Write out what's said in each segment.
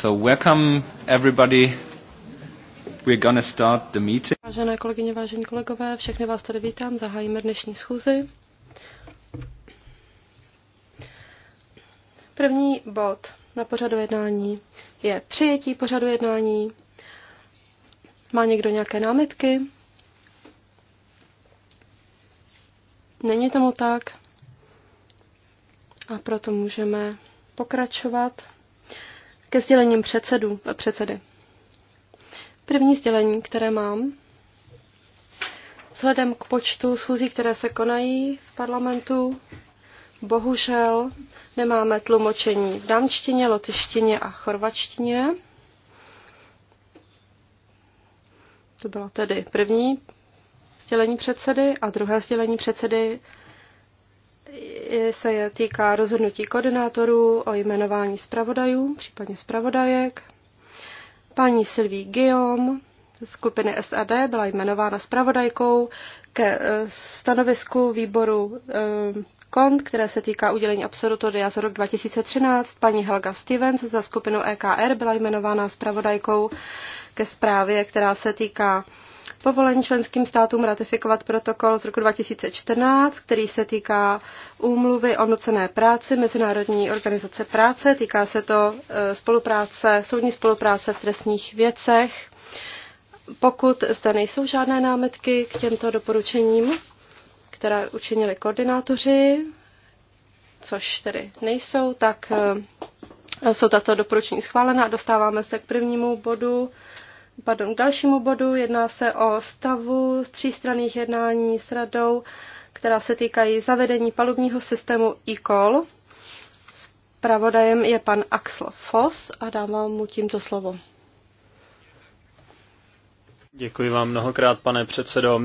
So welcome everybody. We're gonna start the meeting. Vážené kolegyně, vážení kolegové, všechny vás tady vítám. Zahájíme dnešní schůzi. První bod na pořadu jednání je přijetí pořadu jednání. Má někdo nějaké námitky? Není tomu tak. A proto můžeme pokračovat ke sdělením předsedu, předsedy. První sdělení, které mám, vzhledem k počtu schůzí, které se konají v parlamentu, bohužel nemáme tlumočení v dánštině, lotyštině a chorvačtině. To bylo tedy první sdělení předsedy a druhé sdělení předsedy se týká rozhodnutí koordinátorů o jmenování zpravodajů, případně zpravodajek. Paní Sylvie Guillaume z skupiny SAD byla jmenována zpravodajkou ke eh, stanovisku výboru eh, KONT, které se týká udělení absolutoria za rok 2013. Paní Helga Stevens za skupinu EKR byla jmenována zpravodajkou ke zprávě, která se týká Povolení členským státům ratifikovat protokol z roku 2014, který se týká úmluvy o nucené práci Mezinárodní organizace práce. Týká se to e, spolupráce, soudní spolupráce v trestních věcech. Pokud zde nejsou žádné námitky k těmto doporučením, které učinili koordinátoři, což tedy nejsou, tak e, jsou tato doporučení schválena. Dostáváme se k prvnímu bodu pardon, k dalšímu bodu. Jedná se o stavu třístranných jednání s radou, která se týkají zavedení palubního systému e-call. Pravodajem je pan Axel Foss a dávám mu tímto slovo. Děkuji vám mnohokrát, pane předsedo.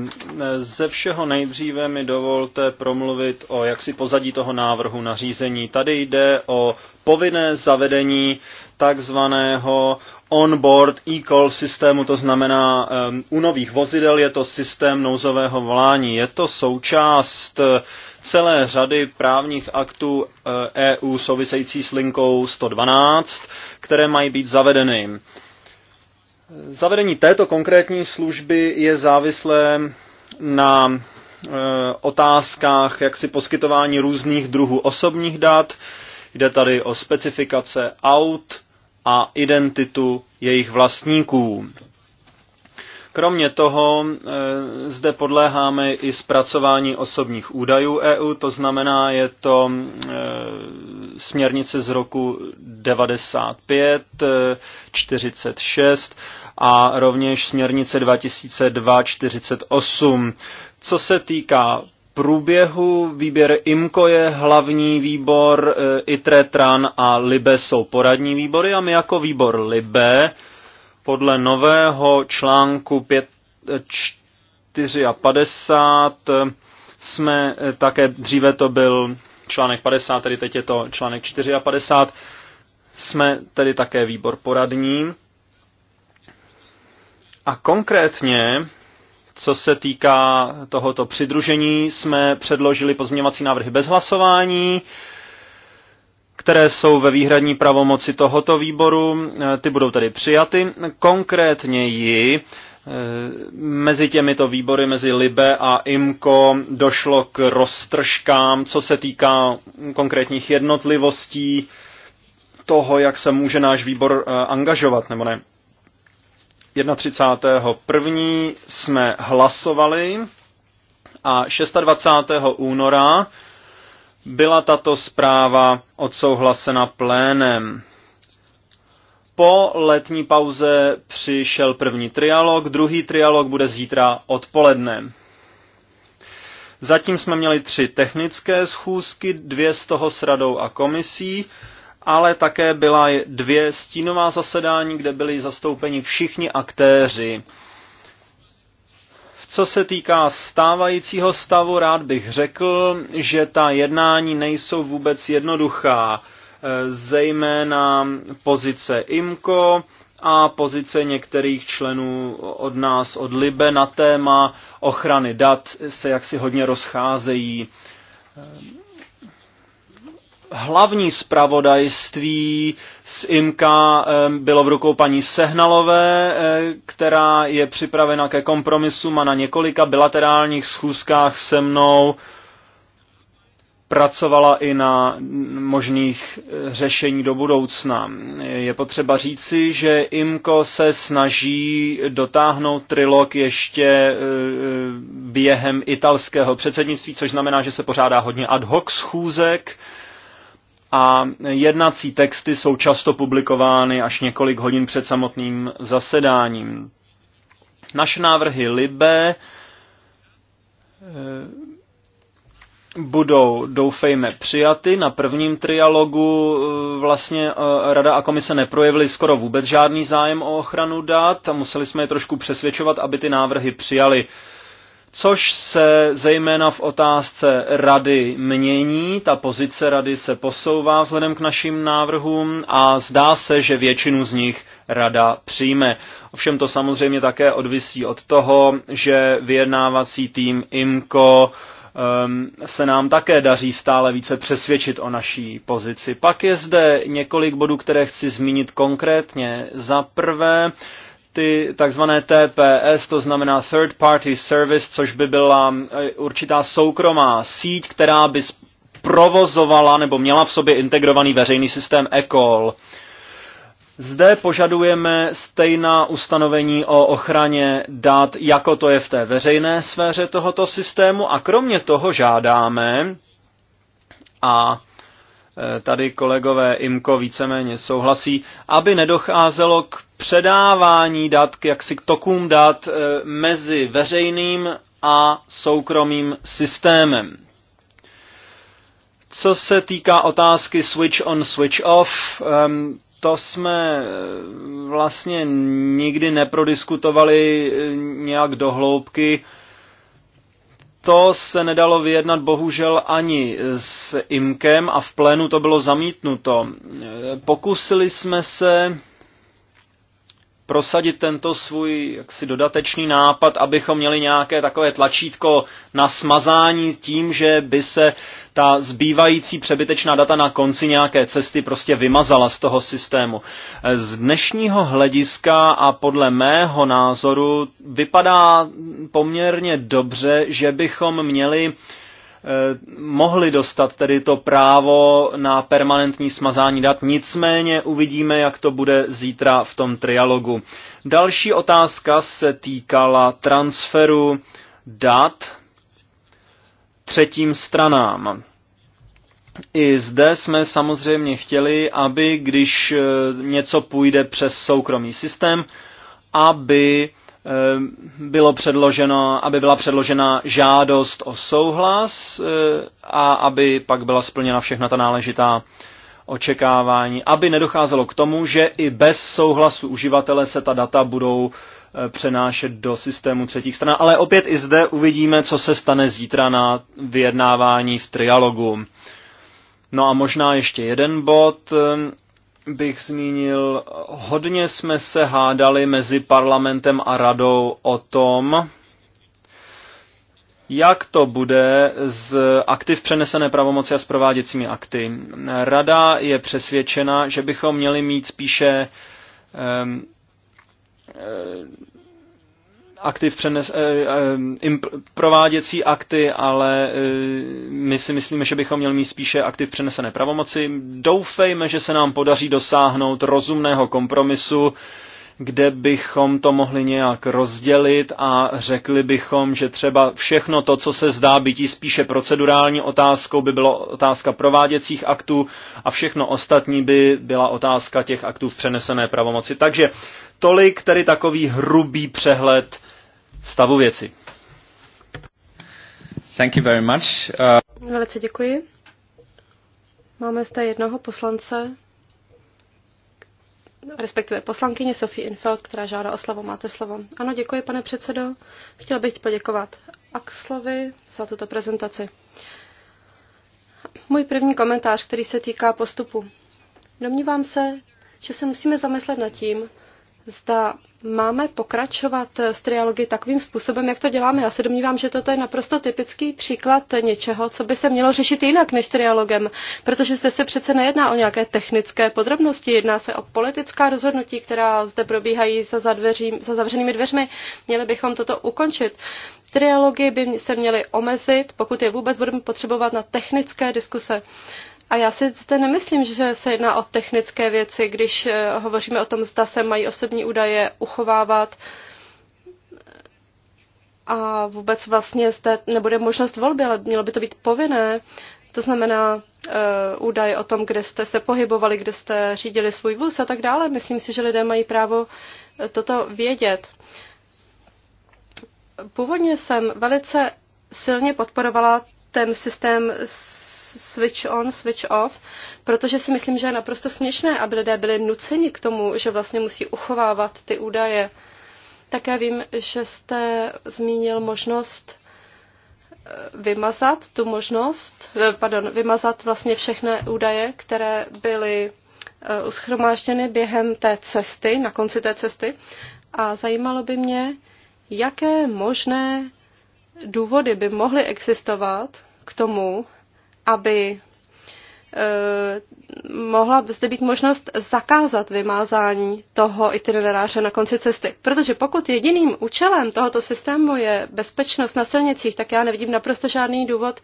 Ze všeho nejdříve mi dovolte promluvit o jaksi pozadí toho návrhu nařízení. Tady jde o povinné zavedení takzvaného on-board e-call systému, to znamená um, u nových vozidel je to systém nouzového volání. Je to součást eh, celé řady právních aktů EU eh, e související s linkou 112, které mají být zavedeny. Zavedení této konkrétní služby je závislé na e, otázkách jaksi poskytování různých druhů osobních dat. Jde tady o specifikace aut a identitu jejich vlastníků. Kromě toho eh, zde podléháme i zpracování osobních údajů EU, to znamená, je to eh, směrnice z roku 95, 46 a rovněž směrnice 2002, 48. Co se týká průběhu výběr IMKO je hlavní výbor, eh, ITRE, TRAN a LIBE jsou poradní výbory a my jako výbor LIBE podle nového článku 5, 54 eh, jsme eh, také, dříve to byl článek 50, tedy teď je to článek 54, jsme tedy také výbor poradní. A konkrétně, co se týká tohoto přidružení, jsme předložili pozměňovací návrhy bez hlasování, které jsou ve výhradní pravomoci tohoto výboru, eh, ty budou tedy přijaty. Konkrétně ji eh, mezi těmito výbory, mezi Libe a IMKO, došlo k roztržkám, co se týká konkrétních jednotlivostí, toho, jak se může náš výbor eh, angažovat, nebo ne. 31. jsme hlasovali a 26. února byla tato zpráva odsouhlasena plénem. Po letní pauze přišel první trialog, druhý trialog bude zítra odpoledne. Zatím jsme měli tři technické schůzky, dvě z toho s radou a komisí, ale také byla dvě stínová zasedání, kde byli zastoupeni všichni aktéři co se týká stávajícího stavu, rád bych řekl, že ta jednání nejsou vůbec jednoduchá, e, zejména pozice IMCO a pozice některých členů od nás, od Libe na téma ochrany dat se jaksi hodně rozcházejí hlavní zpravodajství z IMKA bylo v rukou paní Sehnalové, eh, která je připravena ke kompromisům a na několika bilaterálních schůzkách se mnou pracovala i na možných eh, řešení do budoucna. Je potřeba říci, že Imko se snaží dotáhnout trilog ještě eh, během italského předsednictví, což znamená, že se pořádá hodně ad hoc schůzek, a jednací texty jsou často publikovány až několik hodin před samotným zasedáním. Naše návrhy Libe eh, budou, doufejme, přijaty. Na prvním trialogu eh, vlastně eh, Rada a komise neprojevily skoro vůbec žádný zájem o ochranu dat a museli jsme je trošku přesvědčovat, aby ty návrhy přijali což se zejména v otázce rady mění, ta pozice rady se posouvá vzhledem k našim návrhům a zdá se, že většinu z nich rada přijme. Ovšem to samozřejmě také odvisí od toho, že vyjednávací tým IMCO ehm, se nám také daří stále více přesvědčit o naší pozici. Pak je zde několik bodů, které chci zmínit konkrétně. Za prvé, ty takzvané TPS, to znamená Third Party Service, což by byla eh, určitá soukromá síť, která by provozovala nebo měla v sobě integrovaný veřejný systém ECOL. Zde požadujeme stejná ustanovení o ochraně dat, jako to je v té veřejné sféře tohoto systému a kromě toho žádáme, a Eh, tady kolegové IMKO víceméně souhlasí, aby nedocházelo k předávání dat, k jaksi k tokům dat eh, mezi veřejným a soukromým systémem. Co se týká otázky switch on, switch off, ehm, to jsme eh, vlastně nikdy neprodiskutovali nějak dohloubky. hloubky to se nedalo vyjednat bohužel ani s IMKem a v plénu to bylo zamítnuto. Pokusili jsme se prosadit tento svůj jaksi dodatečný nápad, abychom měli nějaké takové tlačítko na smazání tím, že by se ta zbývající přebytečná data na konci nějaké cesty prostě vymazala z toho systému. Z dnešního hlediska a podle mého názoru vypadá poměrně dobře, že bychom měli Eh, mohli dostat tedy to právo na permanentní smazání dat. Nicméně uvidíme, jak to bude zítra v tom trialogu. Další otázka se týkala transferu dat třetím stranám. I zde jsme samozřejmě chtěli, aby když eh, něco půjde přes soukromý systém, aby Ehm, bylo předloženo, aby byla předložena žádost o souhlas eh, a aby pak byla splněna všechna ta náležitá očekávání, aby nedocházelo k tomu, že i bez souhlasu uživatele se ta data budou eh, přenášet do systému třetích stran. Ale opět i zde uvidíme, co se stane zítra na vyjednávání v trialogu. No a možná ještě jeden bod. Ehm, bych zmínil, hodně jsme se hádali mezi parlamentem a radou o tom, jak to bude z aktiv přenesené pravomoci a s prováděcími akty. Rada je přesvědčena, že bychom měli mít spíše um, aktiv přenes, eh, eh, imp, prováděcí akty, ale eh, my si myslíme, že bychom měli mít spíše aktiv přenesené pravomoci. Doufejme, že se nám podaří dosáhnout rozumného kompromisu, kde bychom to mohli nějak rozdělit a řekli bychom, že třeba všechno to, co se zdá být spíše procedurální otázkou, by bylo otázka prováděcích aktů a všechno ostatní by byla otázka těch aktů v přenesené pravomoci. Takže tolik tedy takový hrubý přehled stavu věci. Thank you very much. Uh... Velice děkuji. Máme zde jednoho poslance, respektive poslankyně Sofie Infeld, která žádá o slovo. Máte slovo. Ano, děkuji, pane předsedo. Chtěl bych poděkovat Axlovi za tuto prezentaci. Můj první komentář, který se týká postupu. Domnívám se, že se musíme zamyslet nad tím, zda máme pokračovat s trialogy takovým způsobem, jak to děláme. Já se domnívám, že toto je naprosto typický příklad něčeho, co by se mělo řešit jinak než trialogem, protože zde se přece nejedná o nějaké technické podrobnosti, jedná se o politická rozhodnutí, která zde probíhají za, zadveří, za zavřenými dveřmi. Měli bychom toto ukončit. Trialogy by se měly omezit, pokud je vůbec budeme potřebovat na technické diskuse. A já si zde nemyslím, že se jedná o technické věci, když eh, hovoříme o tom, zda se mají osobní údaje uchovávat a vůbec vlastně zde nebude možnost volby, ale mělo by to být povinné. To znamená e, eh, údaj o tom, kde jste se pohybovali, kde jste řídili svůj vůz a tak dále. Myslím si, že lidé mají právo eh, toto vědět. Původně jsem velice silně podporovala ten systém s switch on, switch off, protože si myslím, že je naprosto směšné, aby lidé byli nuceni k tomu, že vlastně musí uchovávat ty údaje. Také vím, že jste zmínil možnost eh, vymazat tu možnost, eh, pardon, vymazat vlastně všechny údaje, které byly eh, uschromážděny během té cesty, na konci té cesty. A zajímalo by mě, jaké možné důvody by mohly existovat k tomu, aby eh, mohla zde být možnost zakázat vymázání toho itineráře na konci cesty. Protože pokud jediným účelem tohoto systému je bezpečnost na silnicích, tak já nevidím naprosto žádný důvod,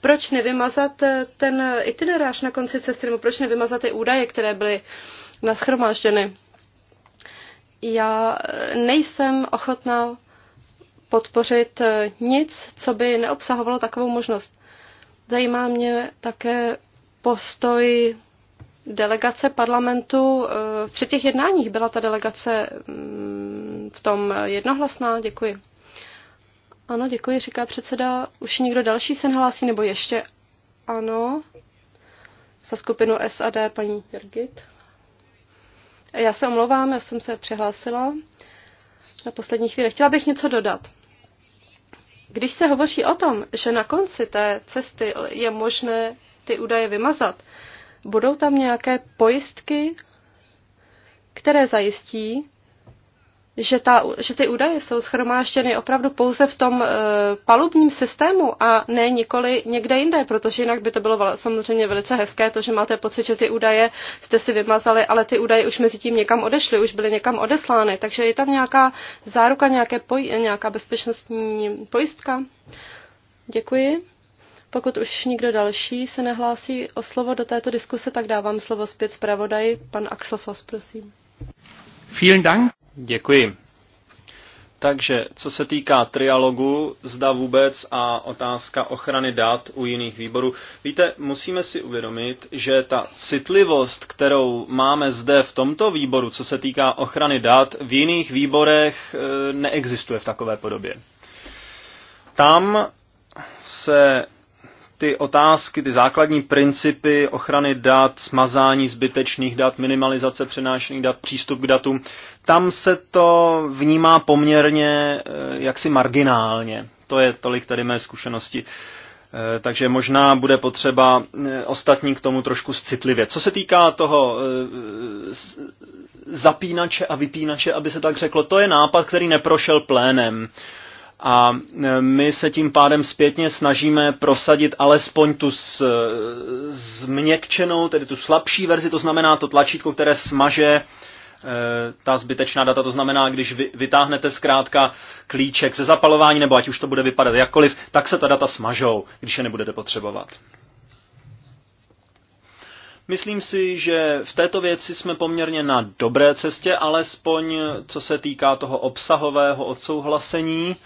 proč nevymazat eh, ten itinerář na konci cesty, nebo proč nevymazat ty údaje, které byly naschromážděny. Já eh, nejsem ochotná podpořit nic, co by neobsahovalo takovou možnost. Zajímá mě také postoj delegace parlamentu. Eh, při těch jednáních byla ta delegace mm, v tom jednohlasná? Děkuji. Ano, děkuji, říká předseda. Už někdo další se nahlásí, nebo ještě? Ano. Za skupinu SAD paní Jirgit. Já se omlouvám, já jsem se přihlásila na poslední chvíli. Chtěla bych něco dodat. Když se hovoří o tom, že na konci té cesty je možné ty údaje vymazat, budou tam nějaké pojistky, které zajistí, že, ta, že ty údaje jsou schromáštěny opravdu pouze v tom e, palubním systému a ne nikoli někde jinde, protože jinak by to bylo samozřejmě velice hezké, to, že máte pocit, že ty údaje jste si vymazali, ale ty údaje už mezi tím někam odešly, už byly někam odeslány, takže je tam nějaká záruka, nějaké poj- nějaká bezpečnostní pojistka. Děkuji. Pokud už nikdo další se nehlásí o slovo do této diskuse, tak dávám slovo zpět zpravodaji. Pan Axel Foss, prosím. Vielen Dank. Děkuji. Takže, co se týká trialogu, zda vůbec a otázka ochrany dat u jiných výborů. Víte, musíme si uvědomit, že ta citlivost, kterou máme zde v tomto výboru, co se týká ochrany dat, v jiných výborech e, neexistuje v takové podobě. Tam se ty otázky, ty základní principy ochrany dat, smazání zbytečných dat, minimalizace přenášených dat, přístup k datům, tam se to vnímá poměrně eh, jaksi marginálně. To je tolik tady mé zkušenosti. Eh, takže možná bude potřeba eh, ostatní k tomu trošku citlivě. Co se týká toho zapínače a vypínače, aby se tak řeklo, to je nápad, který neprošel plénem a e, my se tím pádem zpětně snažíme prosadit alespoň tu e, změkčenou, tedy tu slabší verzi, to znamená to tlačítko, které smaže e, ta zbytečná data, to znamená, když vy, vytáhnete zkrátka klíček ze zapalování, nebo ať už to bude vypadat jakkoliv, tak se ta data smažou, když je nebudete potřebovat. Myslím si, že v této věci jsme poměrně na dobré cestě, alespoň co se týká toho obsahového odsouhlasení.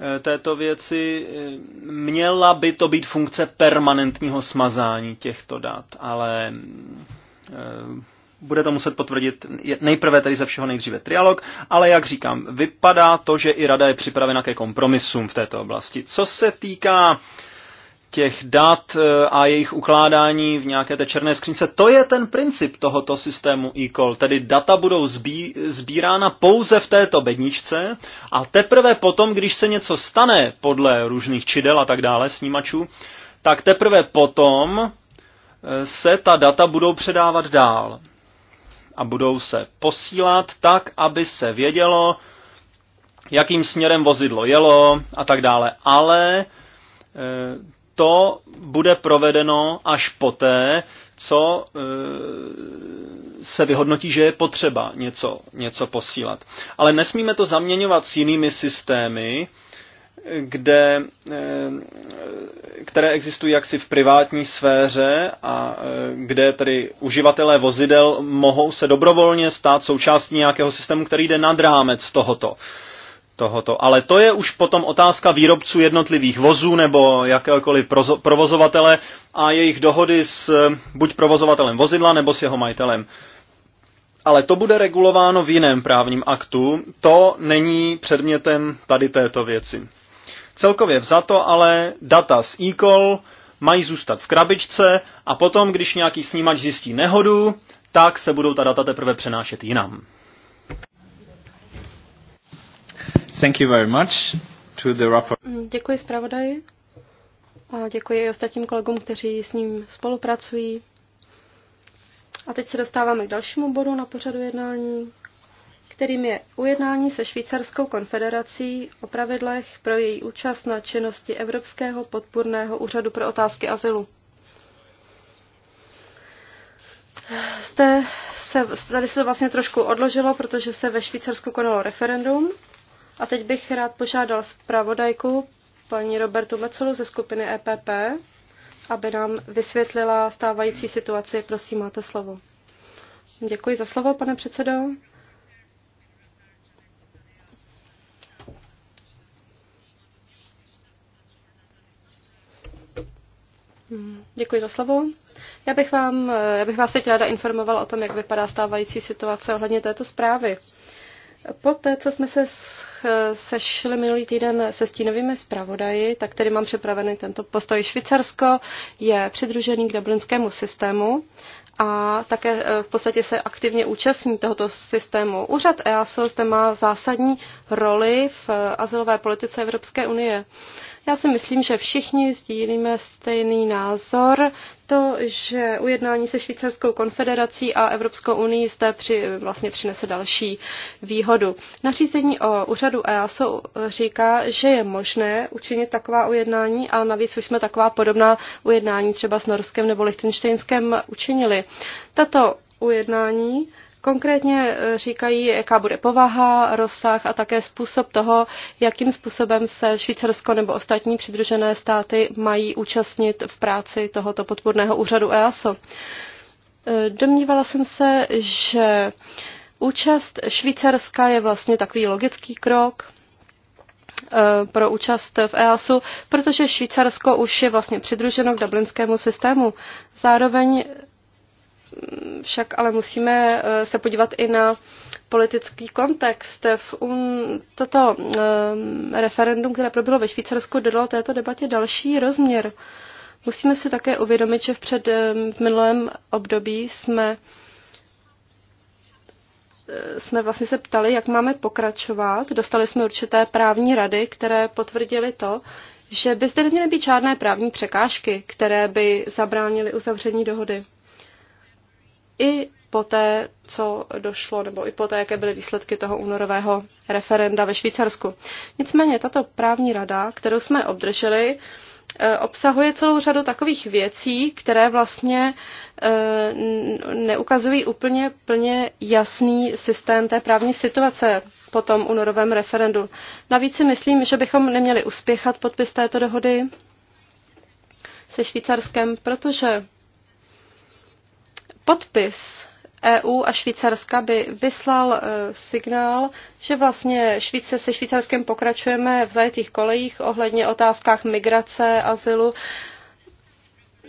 Eh, této věci, eh, měla by to být funkce permanentního smazání těchto dat, ale eh, bude to muset potvrdit nejprve tedy ze všeho nejdříve trialog, ale jak říkám, vypadá to, že i rada je připravena ke kompromisům v této oblasti. Co se týká uh, těch dat eh, a jejich ukládání v nějaké té černé skřínce. To je ten princip tohoto systému e-call, tedy data budou zbí, pouze v této bedničce a teprve potom, když se něco stane podle různých čidel a tak dále, snímačů, tak teprve potom eh, se ta data budou předávat dál a budou se posílat tak, aby se vědělo, jakým směrem vozidlo jelo a tak dále. Ale eh, to bude provedeno až poté, co e, se vyhodnotí, že je potřeba něco, něco posílat. Ale nesmíme to zaměňovat s jinými systémy, kde, e, které existují jaksi v privátní sféře a e, kde tedy uživatelé vozidel mohou se dobrovolně stát součástí nějakého systému, který jde nad rámec tohoto tohoto. Ale to je už potom otázka výrobců jednotlivých vozů nebo jakéhokoliv provozovatele a jejich dohody s eh, buď provozovatelem vozidla nebo s jeho majitelem. Ale to bude regulováno v jiném právním aktu, to není předmětem tady této věci. Celkově vzato ale data z e mají zůstat v krabičce a potom, když nějaký snímač zjistí nehodu, tak se budou ta data teprve přenášet jinam. Thank you very much to the mm, Děkuji zpravodaji a děkuji i ostatním kolegům, kteří s ním spolupracují. A teď se dostáváme k dalšímu bodu na pořadu jednání, kterým je ujednání se Švýcarskou konfederací o pravidlech pro její účast na činnosti Evropského podpůrného úřadu pro otázky azylu. Zde se, tady se to vlastně trošku odložilo, protože se ve Švýcarsku konalo referendum a teď bych rád požádal zpravodajku paní Robertu Mecelu ze skupiny EPP, aby nám vysvětlila stávající situaci. Prosím, máte slovo. Děkuji za slovo, pane předsedo. Děkuji za slovo. Já bych, vám, já bych vás teď ráda informovala o tom, jak vypadá stávající situace ohledně této zprávy té, co jsme se sešli minulý týden se stínovými zpravodaji, tak tedy mám připravený tento postoj. Švýcarsko je přidružený k dublinskému systému a také eh, v podstatě se aktivně účastní tohoto systému. Úřad EASO zde má zásadní roli v eh, azylové politice Evropské unie. Já si myslím, že všichni sdílíme stejný názor, to, že ujednání se Švýcarskou konfederací a Evropskou unii zde při, vlastně přinese další výhodu. Nařízení o úřadu EASO říká, že je možné učinit taková ujednání, ale navíc už jsme taková podobná ujednání třeba s Norskem nebo Lichtensteinskem učinili. Tato ujednání Konkrétně eh, říkají, jaká bude povaha, rozsah a také způsob toho, jakým způsobem se Švýcarsko nebo ostatní přidružené státy mají účastnit v práci tohoto podpůrného úřadu EASO. Eh, domnívala jsem se, že účast Švýcarska je vlastně takový logický krok eh, pro účast v EASu, protože Švýcarsko už je vlastně přidruženo k dublinskému systému. Zároveň však ale musíme eh, se podívat i na politický kontext. V um, toto eh, referendum, které proběhlo ve Švýcarsku, dodalo této debatě další rozměr. Musíme si také uvědomit, že v, před, eh, v minulém období jsme jsme vlastně se ptali, jak máme pokračovat. Dostali jsme určité právní rady, které potvrdily to, že by zde neměly být žádné právní překážky, které by zabránily uzavření dohody i po té, co došlo, nebo i po té, jaké byly výsledky toho únorového referenda ve Švýcarsku. Nicméně tato právní rada, kterou jsme obdrželi, e, obsahuje celou řadu takových věcí, které vlastně e, neukazují úplně plně jasný systém té právní situace po tom únorovém referendu. Navíc si myslím, že bychom neměli uspěchat podpis této dohody se Švýcarskem, protože podpis EU a Švýcarska by vyslal e, signál, že vlastně Švýce, se Švýcarskem pokračujeme v zajetých kolejích ohledně otázkách migrace, azylu.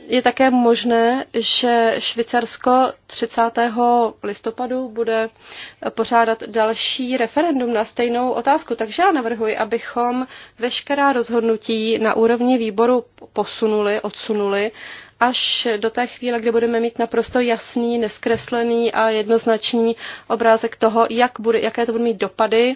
Je také možné, že Švýcarsko 30. listopadu bude pořádat další referendum na stejnou otázku. Takže já navrhuji, abychom veškerá rozhodnutí na úrovni výboru posunuli, odsunuli až do té chvíle, kdy budeme mít naprosto jasný, neskreslený a jednoznačný obrázek toho, jak bude, jaké to budou mít dopady,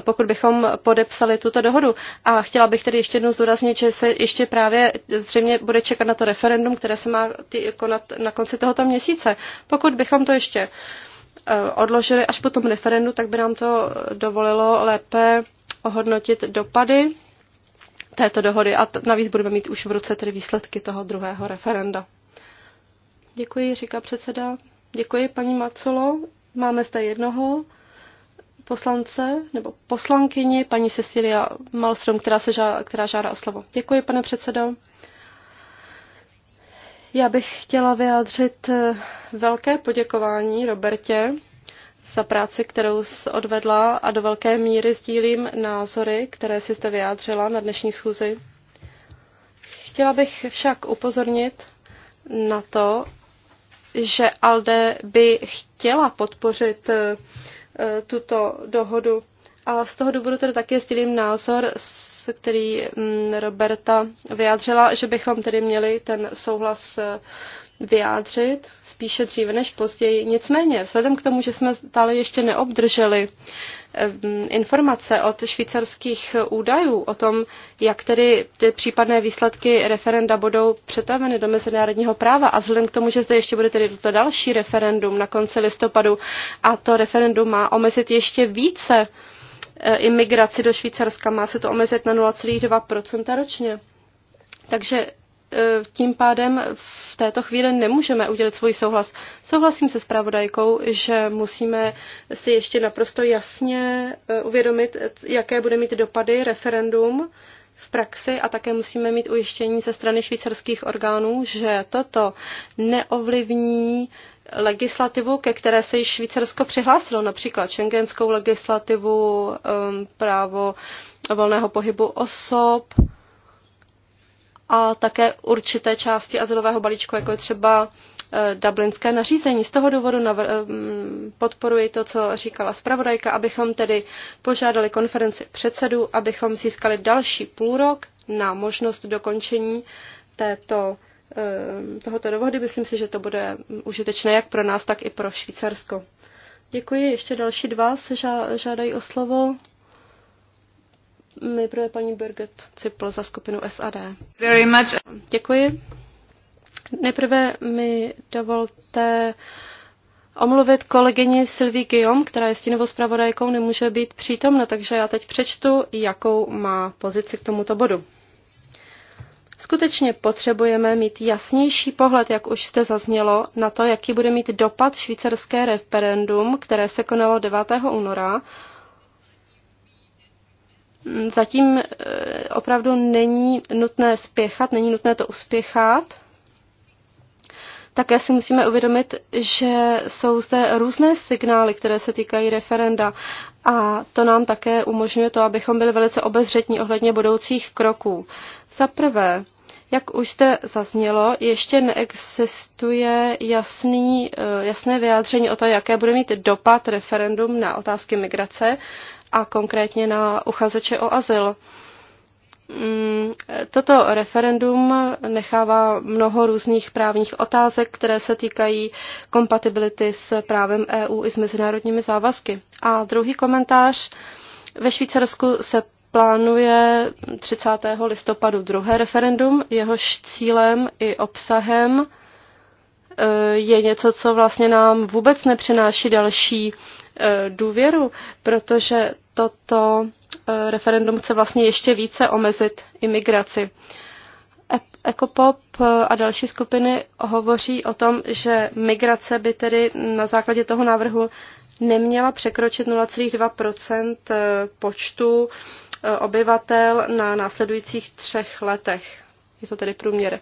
pokud bychom podepsali tuto dohodu. A chtěla bych tedy ještě jednou zdůraznit, že se ještě právě zřejmě bude čekat na to referendum, které se má konat na konci tohoto měsíce. Pokud bychom to ještě eh, odložili až po tom referendu, tak by nám to dovolilo lépe ohodnotit dopady této dohody a navíc budeme mít už v ruce tedy výsledky toho druhého referenda. Děkuji, říká předseda. Děkuji, paní Macolo. Máme zde jednoho poslance nebo poslankyni, paní Cecilia Malstrom, která, se žá, která žádá o slovo. Děkuji, pane předsedo. Já bych chtěla vyjádřit eh, velké poděkování Robertě za práci, kterou odvedla a do velké míry sdílím názory, které si jste vyjádřila na dnešní schůzi. Chtěla bych však upozornit na to, že ALDE by chtěla podpořit eh, tuto dohodu. A z toho důvodu tedy také sdílím názor, který mm, Roberta vyjádřila, že bychom tedy měli ten souhlas eh, vyjádřit, spíše dříve než později. Nicméně, vzhledem k tomu, že jsme stále ještě neobdrželi ehm, informace od švýcarských údajů o tom, jak tedy ty případné výsledky referenda budou přetaveny do mezinárodního práva a vzhledem k tomu, že zde ještě bude tedy toto další referendum na konci listopadu a to referendum má omezit ještě více e, imigraci do Švýcarska, má se to omezit na 0,2% ročně. Takže E, tím pádem v této chvíli nemůžeme udělat svůj souhlas. Souhlasím se zpravodajkou, že musíme si ještě naprosto jasně e, uvědomit, jaké bude mít dopady referendum v praxi a také musíme mít ujištění ze strany švýcarských orgánů, že toto neovlivní legislativu, ke které se již Švýcarsko přihlásilo, například šengenskou legislativu, e, právo volného pohybu osob, a také určité části azylového balíčku, jako je třeba eh, dublinské nařízení. Z toho důvodu eh, mm, podporuji to, co říkala zpravodajka, abychom tedy požádali konferenci předsedů, abychom získali další půl rok na možnost dokončení této, eh, tohoto dohody. Myslím si, že to bude užitečné jak pro nás, tak i pro Švýcarsko. Děkuji. Ještě další dva se žádají o slovo. Nejprve paní Birgit Cipl za skupinu SAD. Very much. Děkuji. Nejprve mi dovolte omluvit kolegyni Sylvie Guillaume, která je stínovou zpravodajkou, nemůže být přítomna, takže já teď přečtu, jakou má pozici k tomuto bodu. Skutečně potřebujeme mít jasnější pohled, jak už jste zaznělo, na to, jaký bude mít dopad švýcarské referendum, které se konalo 9. února Zatím eh, opravdu není nutné spěchat, není nutné to uspěchat. Také si musíme uvědomit, že jsou zde různé signály, které se týkají referenda a to nám také umožňuje to, abychom byli velice obezřetní ohledně budoucích kroků. Za prvé, jak už zde zaznělo, ještě neexistuje jasný, eh, jasné vyjádření o to, jaké bude mít dopad referendum na otázky migrace a konkrétně na uchazeče o azyl. Mm, toto referendum nechává mnoho různých právních otázek, které se týkají kompatibility s právem EU i s mezinárodními závazky. A druhý komentář. Ve Švýcarsku se plánuje 30. listopadu druhé referendum, jehož cílem i obsahem e, je něco, co vlastně nám vůbec nepřináší další E, důvěru, protože toto e, referendum chce vlastně ještě více omezit imigraci. Ekopop e, a další skupiny hovoří o tom, že migrace by tedy na základě toho návrhu neměla překročit 0,2 počtu obyvatel na následujících třech letech. Je to tedy průměr.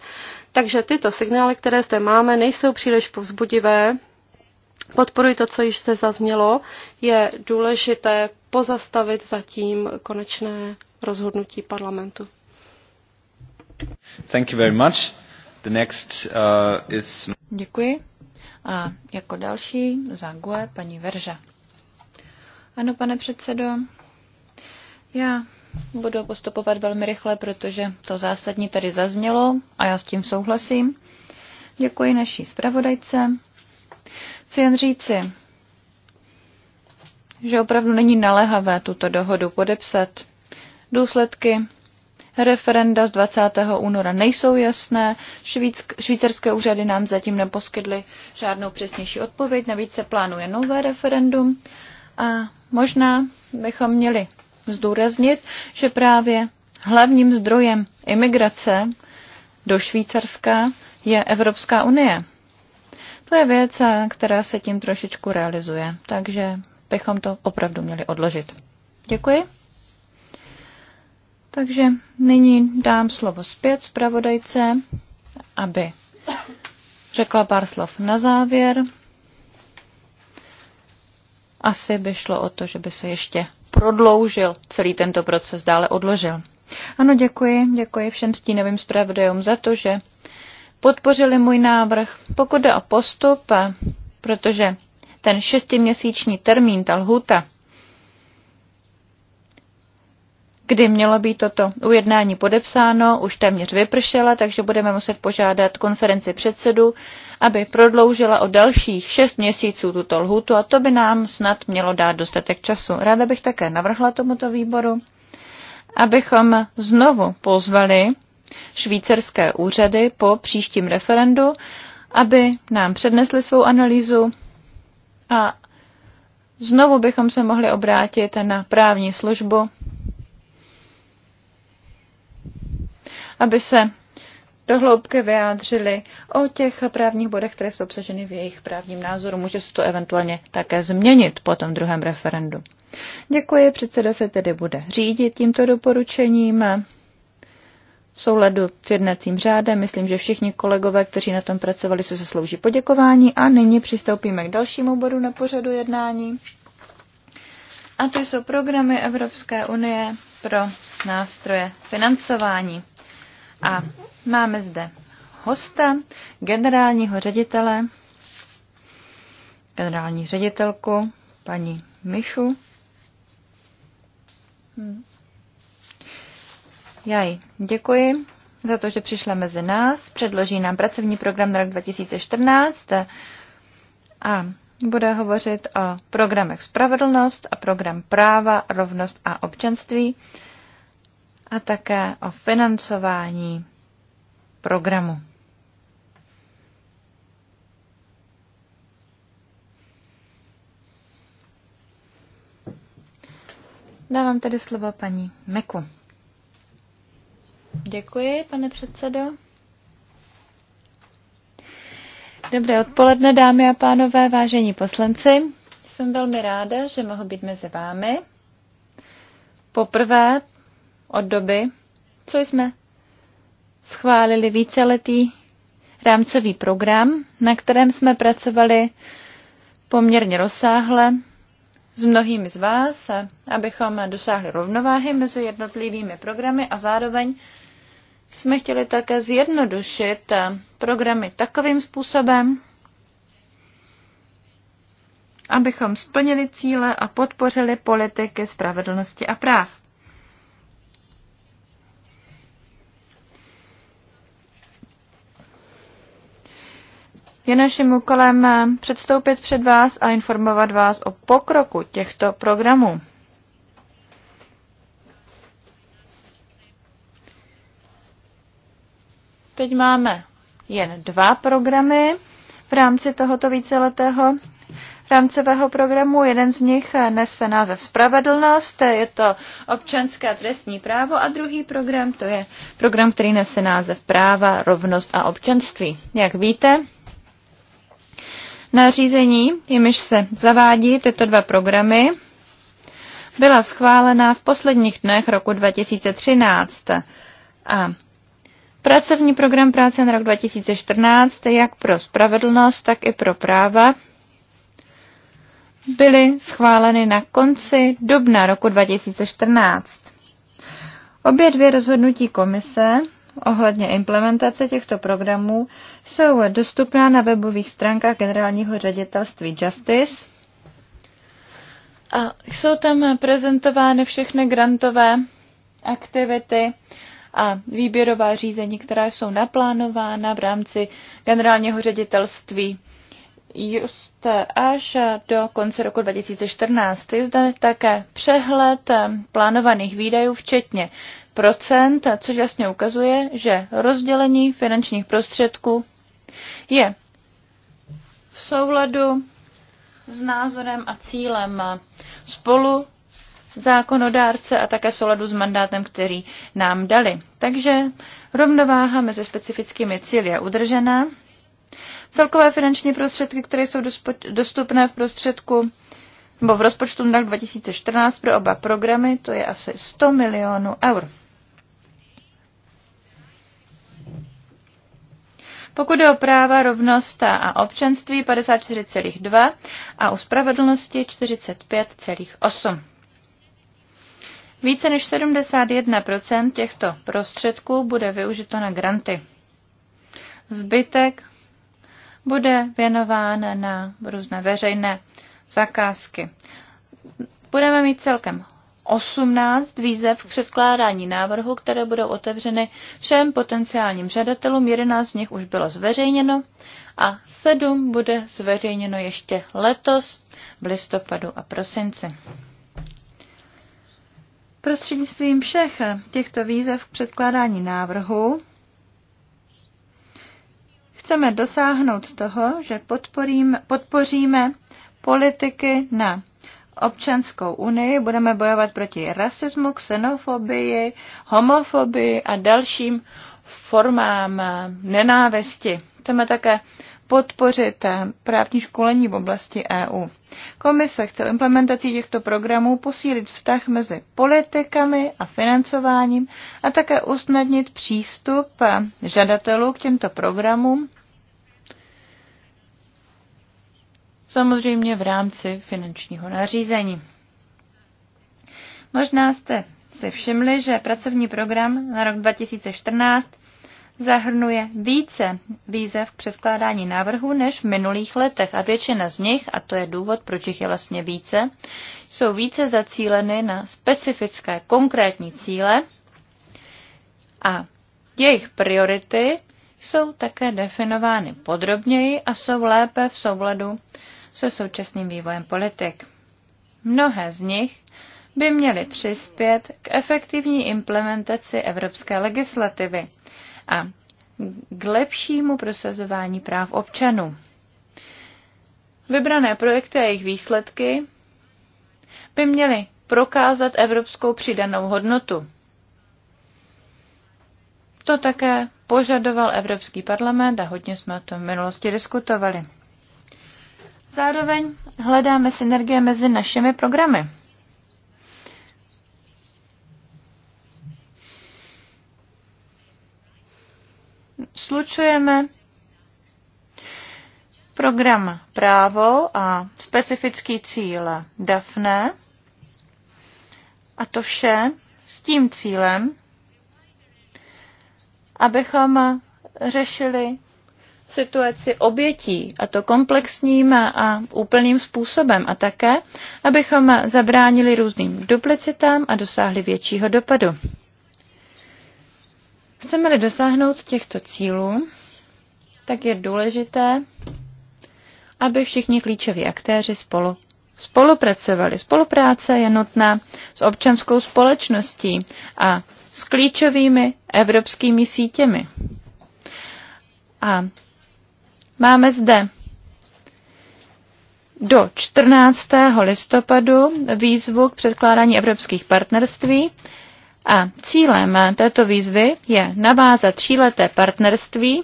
Takže tyto signály, které zde máme, nejsou příliš povzbudivé Podporuji to, co již se zaznělo. Je důležité pozastavit zatím konečné rozhodnutí parlamentu. Thank you very much. The next, uh, is... Děkuji. A jako další za GUE paní Verža. Ano, pane předsedo, já budu postupovat velmi rychle, protože to zásadní tady zaznělo a já s tím souhlasím. Děkuji naší zpravodajce. Chci jen říci, že opravdu není naléhavé tuto dohodu podepsat. Důsledky referenda z 20. února nejsou jasné, Švýck, švýcarské úřady nám zatím neposkytly žádnou přesnější odpověď, navíc se plánuje nové referendum a možná bychom měli zdůraznit, že právě hlavním zdrojem imigrace do Švýcarska je Evropská unie. To je věc, která se tím trošičku realizuje, takže bychom to opravdu měli odložit. Děkuji. Takže nyní dám slovo zpět zpravodajce, aby řekla pár slov na závěr. Asi by šlo o to, že by se ještě prodloužil celý tento proces, dále odložil. Ano, děkuji. Děkuji všem stínovým zpravodajům za to, že podpořili můj návrh. Pokud jde o postup, eh, protože ten šestiměsíční termín, ta lhuta, kdy mělo být toto ujednání podepsáno, už téměř vypršela, takže budeme muset požádat konferenci předsedu, aby prodloužila o dalších šest měsíců tuto lhutu a to by nám snad mělo dát dostatek času. Ráda bych také navrhla tomuto výboru, abychom znovu pozvali švýcarské úřady po příštím referendu, aby nám přednesli svou analýzu a znovu bychom se mohli obrátit na právní službu, aby se dohloubky vyjádřili o těch právních bodech, které jsou obsaženy v jejich právním názoru. Může se to eventuálně také změnit po tom druhém referendu. Děkuji, předseda se tedy bude řídit tímto doporučením v souladu s jednacím řádem. Myslím, že všichni kolegové, kteří na tom pracovali, se zaslouží poděkování. A nyní přistoupíme k dalšímu bodu na pořadu jednání. A to jsou programy Evropské unie pro nástroje financování. A máme zde hosta, generálního ředitele, generální ředitelku, paní Mišu. Hmm. Já jí děkuji za to, že přišla mezi nás, předloží nám pracovní program na rok 2014 a bude hovořit o programech Spravedlnost a program Práva, rovnost a občanství a také o financování programu. Dávám tedy slovo paní Meku. Děkuji, pane předsedo. Dobré odpoledne, dámy a pánové, vážení poslanci. Jsem velmi ráda, že mohu být mezi vámi. Poprvé od doby, co jsme schválili víceletý rámcový program, na kterém jsme pracovali poměrně rozsáhle s mnohými z vás, abychom dosáhli rovnováhy mezi jednotlivými programy a zároveň jsme chtěli také zjednodušit eh, programy takovým způsobem, abychom splnili cíle a podpořili politiky spravedlnosti a práv. Je naším úkolem eh, předstoupit před vás a informovat vás o pokroku těchto programů. Teď máme jen dva programy v rámci tohoto víceletého rámcového programu. Jeden z nich nese název Spravedlnost, je to občanské a trestní právo a druhý program, to je program, který nese název Práva, rovnost a občanství. Jak víte, nařízení, jimiž se zavádí tyto dva programy, byla schválena v posledních dnech roku 2013 a Pracovní program práce na rok 2014, jak pro spravedlnost, tak i pro práva, byly schváleny na konci dubna roku 2014. Obě dvě rozhodnutí komise ohledně implementace těchto programů jsou dostupná na webových stránkách generálního ředitelství Justice a jsou tam prezentovány všechny grantové aktivity a výběrová řízení, která jsou naplánována v rámci generálního ředitelství just až do konce roku 2014. Je zde také přehled plánovaných výdajů, včetně procent, což jasně ukazuje, že rozdělení finančních prostředků je v souladu s názorem a cílem spolu zákonodárce a také souladu s mandátem, který nám dali. Takže rovnováha mezi specifickými cíly je udržená. Celkové finanční prostředky, které jsou dostupné v prostředku nebo v rozpočtu na 2014 pro oba programy, to je asi 100 milionů eur. Pokud je o práva, rovnost a občanství 54,2 a o spravedlnosti 45,8. Více než 71% těchto prostředků bude využito na granty. Zbytek bude věnován na různé veřejné zakázky. Budeme mít celkem 18 výzev k předkládání návrhu, které budou otevřeny všem potenciálním žadatelům, 11 z nich už bylo zveřejněno a 7 bude zveřejněno ještě letos v listopadu a prosinci. Prostřednictvím všech těchto výzev k předkládání návrhu chceme dosáhnout toho, že podpoříme politiky na občanskou unii, budeme bojovat proti rasismu, xenofobii, homofobii a dalším formám nenávisti. Chceme také podpořit eh, právní školení v oblasti EU. Komise chce implementací těchto programů posílit vztah mezi politikami a financováním a také usnadnit přístup eh, žadatelů k těmto programům, samozřejmě v rámci finančního nařízení. Možná jste si všimli, že pracovní program na rok 2014 zahrnuje více výzev k předkládání návrhů než v minulých letech a většina z nich, a to je důvod, proč jich je vlastně více, jsou více zacíleny na specifické konkrétní cíle a jejich priority jsou také definovány podrobněji a jsou lépe v souladu se současným vývojem politik. Mnohé z nich by měly přispět k efektivní implementaci evropské legislativy a k lepšímu prosazování práv občanů. Vybrané projekty a jejich výsledky by měly prokázat evropskou přidanou hodnotu. To také požadoval Evropský parlament a hodně jsme o tom v minulosti diskutovali. Zároveň hledáme synergie mezi našimi programy. slučujeme program právo a specifický cíl DAFNE a to vše s tím cílem, abychom řešili situaci obětí, a to komplexním a úplným způsobem, a také, abychom zabránili různým duplicitám a dosáhli většího dopadu. Chceme-li dosáhnout těchto cílů, tak je důležité, aby všichni klíčoví aktéři spolu spolupracovali. Spolupráce je nutná s občanskou společností a s klíčovými evropskými sítěmi. A máme zde do 14. listopadu výzvu k předkládání evropských partnerství. A cílem této výzvy je navázat tříleté partnerství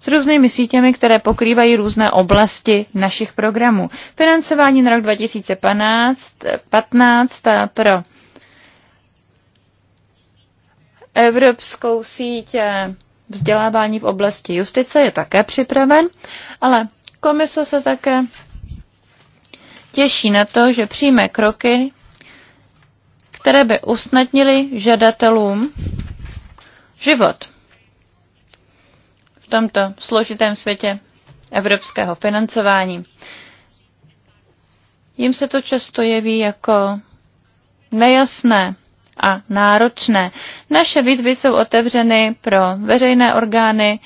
s různými sítěmi, které pokrývají různé oblasti našich programů. Financování na rok 2015 15 eh, pro Evropskou síť eh, vzdělávání v oblasti justice je také připraven, ale komise se také těší na to, že přijme kroky které by usnadnily žadatelům život v tomto složitém světě evropského financování. Jim se to často jeví jako nejasné a náročné. Naše výzvy jsou otevřeny pro veřejné orgány,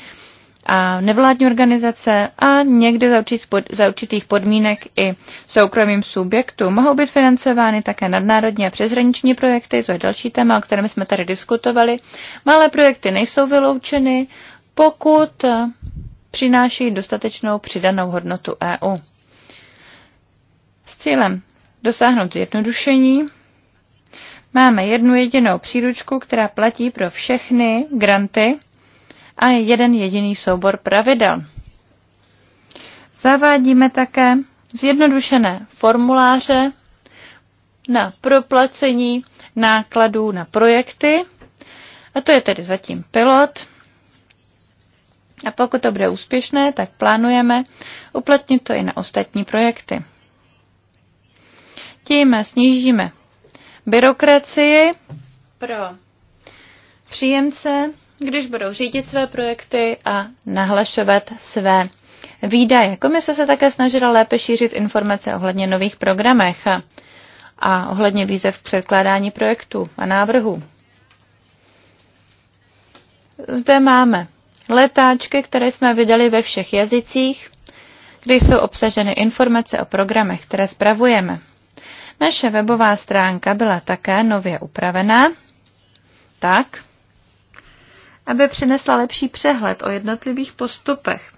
a nevládní organizace a někde za, určit, za určitých podmínek i soukromým subjektu Mohou být financovány také nadnárodní a přeshraniční projekty, to je další téma, o kterém jsme tady diskutovali. Malé projekty nejsou vyloučeny, pokud přináší dostatečnou přidanou hodnotu EU. S cílem dosáhnout zjednodušení máme jednu jedinou příručku, která platí pro všechny granty a jeden jediný soubor pravidel. Zavádíme také zjednodušené formuláře na proplacení nákladů na projekty. A to je tedy zatím pilot. A pokud to bude úspěšné, tak plánujeme uplatnit to i na ostatní projekty. Tím snížíme byrokracii pro příjemce když budou řídit své projekty a nahlašovat své výdaje. Komise se také snažila lépe šířit informace ohledně nových programech a ohledně výzev předkládání projektů a návrhů. Zde máme letáčky, které jsme vydali ve všech jazycích, kde jsou obsaženy informace o programech, které spravujeme. Naše webová stránka byla také nově upravená tak, aby přinesla lepší přehled o jednotlivých postupech.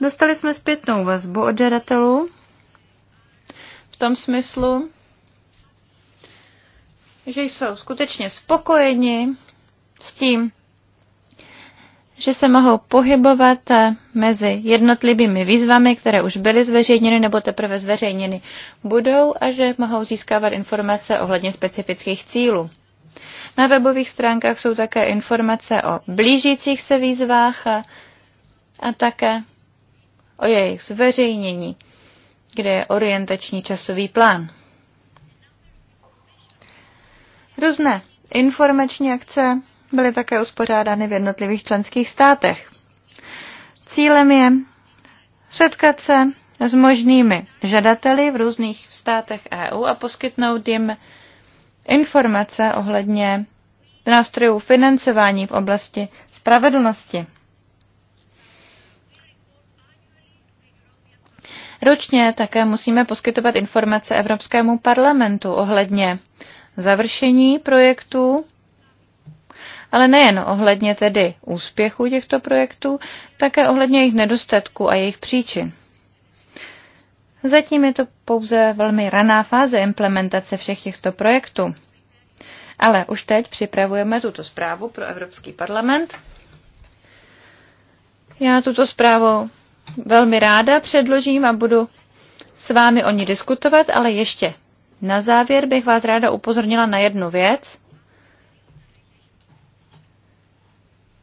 Dostali jsme zpětnou vazbu od žadatelů v tom smyslu, že jsou skutečně spokojeni s tím, že se mohou pohybovat mezi jednotlivými výzvami, které už byly zveřejněny nebo teprve zveřejněny budou a že mohou získávat informace ohledně specifických cílů. Na webových stránkách jsou také informace o blížících se výzvách a, a také o jejich zveřejnění, kde je orientační časový plán. Různé informační akce byly také uspořádány v jednotlivých členských státech. Cílem je setkat se s možnými žadateli v různých státech EU a poskytnout jim informace ohledně nástrojů financování v oblasti spravedlnosti. Ročně také musíme poskytovat informace Evropskému parlamentu ohledně završení projektů, ale nejen ohledně tedy úspěchu těchto projektů, také ohledně jejich nedostatků a jejich příčin. Zatím je to pouze velmi raná fáze implementace všech těchto projektů. Ale už teď připravujeme tuto zprávu pro Evropský parlament. Já tuto zprávu velmi ráda předložím a budu s vámi o ní diskutovat, ale ještě na závěr bych vás ráda upozornila na jednu věc,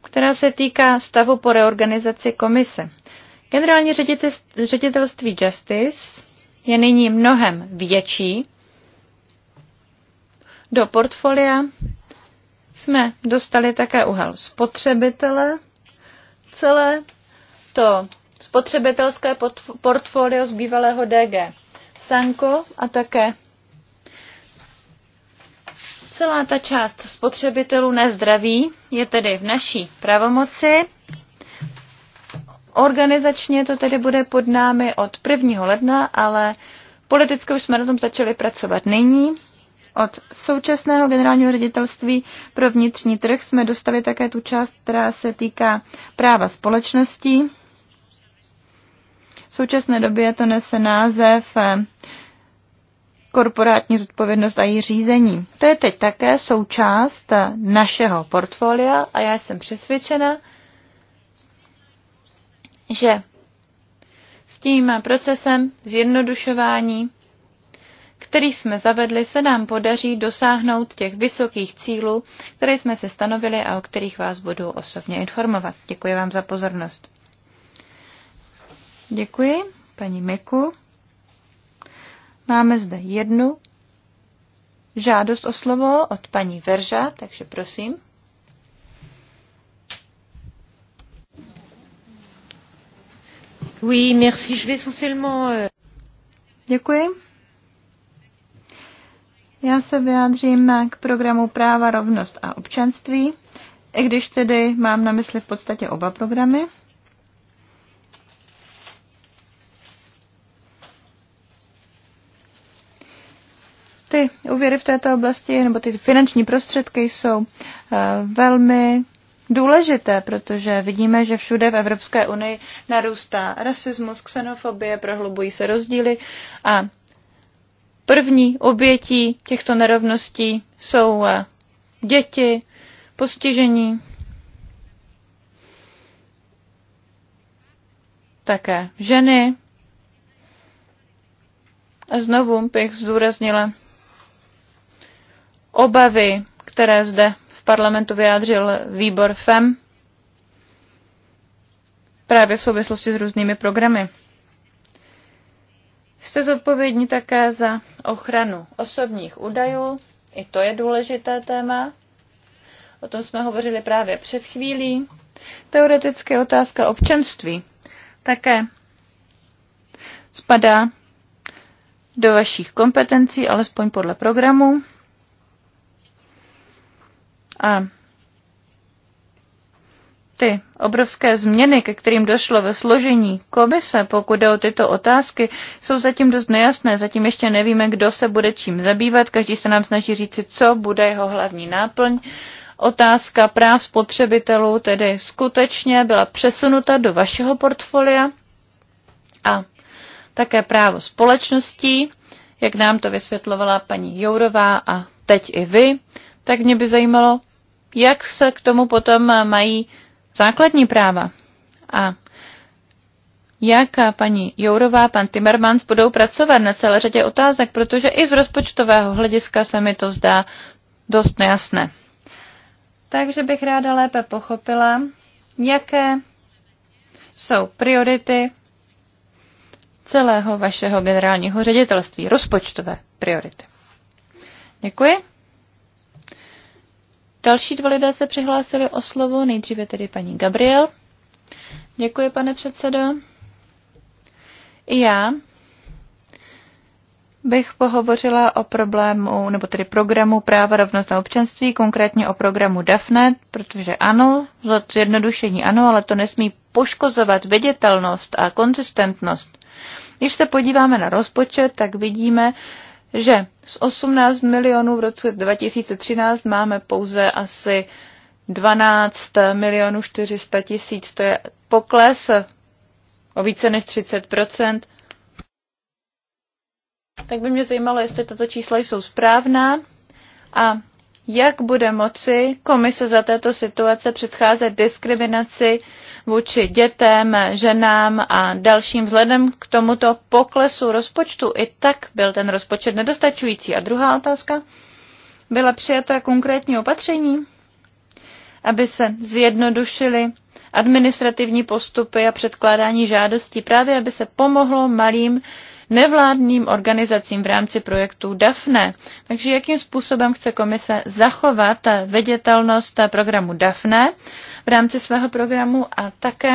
která se týká stavu po reorganizaci komise. Generální ředitelství Justice je nyní mnohem větší. Do portfolia jsme dostali také uhel spotřebitele. Celé to spotřebitelské portfolio z bývalého DG Sanko a také celá ta část spotřebitelů nezdraví je tedy v naší pravomoci Organizačně to tedy bude pod námi od 1. ledna, ale politicky už jsme na tom začali pracovat nyní. Od současného generálního ředitelství pro vnitřní trh jsme dostali také tu část, která se týká práva společností. V současné době to nese název eh, korporátní zodpovědnost a její řízení. To je teď také součást eh, našeho portfolia a já jsem přesvědčena, že s tím procesem zjednodušování, který jsme zavedli, se nám podaří dosáhnout těch vysokých cílů, které jsme se stanovili a o kterých vás budu osobně informovat. Děkuji vám za pozornost. Děkuji, paní Miku. Máme zde jednu žádost o slovo od paní Verža, takže prosím. Euh, Děkuji. Já se vyjádřím k programu Práva, rovnost a občanství, i když tedy mám na mysli v podstatě oba programy. Ty úvěry v této oblasti, nebo ty finanční prostředky jsou eh, velmi důležité, protože vidíme, že všude v Evropské unii narůstá rasismus, xenofobie, prohlubují se rozdíly a první obětí těchto nerovností jsou eh, děti, postižení, také ženy. A znovu bych zdůraznila obavy, které zde parlamentu vyjádřil výbor FEM právě v souvislosti s různými programy. Jste zodpovědní také za ochranu osobních údajů, i to je důležité téma. O tom jsme hovořili právě před chvílí. Teoreticky otázka občanství také spadá do vašich kompetencí, alespoň podle programu. A ty obrovské změny, ke kterým došlo ve složení komise, pokud jde o tyto otázky, jsou zatím dost nejasné. Zatím ještě nevíme, kdo se bude čím zabývat. Každý se nám snaží říci, co bude jeho hlavní náplň. Otázka práv spotřebitelů tedy skutečně byla přesunuta do vašeho portfolia a také právo společností, jak nám to vysvětlovala paní Jourová a teď i vy, tak mě by zajímalo, jak se k tomu potom mají základní práva. A jak paní Jourová, pan Timmermans budou pracovat na celé řadě otázek, protože i z rozpočtového hlediska se mi to zdá dost nejasné. Takže bych ráda lépe pochopila, jaké jsou priority celého vašeho generálního ředitelství, rozpočtové priority. Děkuji. Další dva lidé se přihlásili o slovo, nejdříve tedy paní Gabriel. Děkuji, pane předsedo. I já bych pohovořila o problému, nebo tedy programu práva rovnost a občanství, konkrétně o programu DAFNE, protože ano, zjednodušení ano, ale to nesmí poškozovat viditelnost a konzistentnost. Když se podíváme na rozpočet, tak vidíme, že z 18 milionů v roce 2013 máme pouze asi 12 milionů 400 tisíc. To je pokles o více než 30 Tak by mě zajímalo, jestli tato čísla jsou správná a jak bude moci komise za této situace předcházet diskriminaci vůči dětem, ženám a dalším vzhledem k tomuto poklesu rozpočtu. I tak byl ten rozpočet nedostačující. A druhá otázka. Byla přijata konkrétní opatření, aby se zjednodušily administrativní postupy a předkládání žádostí, právě aby se pomohlo malým nevládním organizacím v rámci projektu DAFNE. Takže jakým způsobem chce komise zachovat vědětelnost programu DAFNE v rámci svého programu a také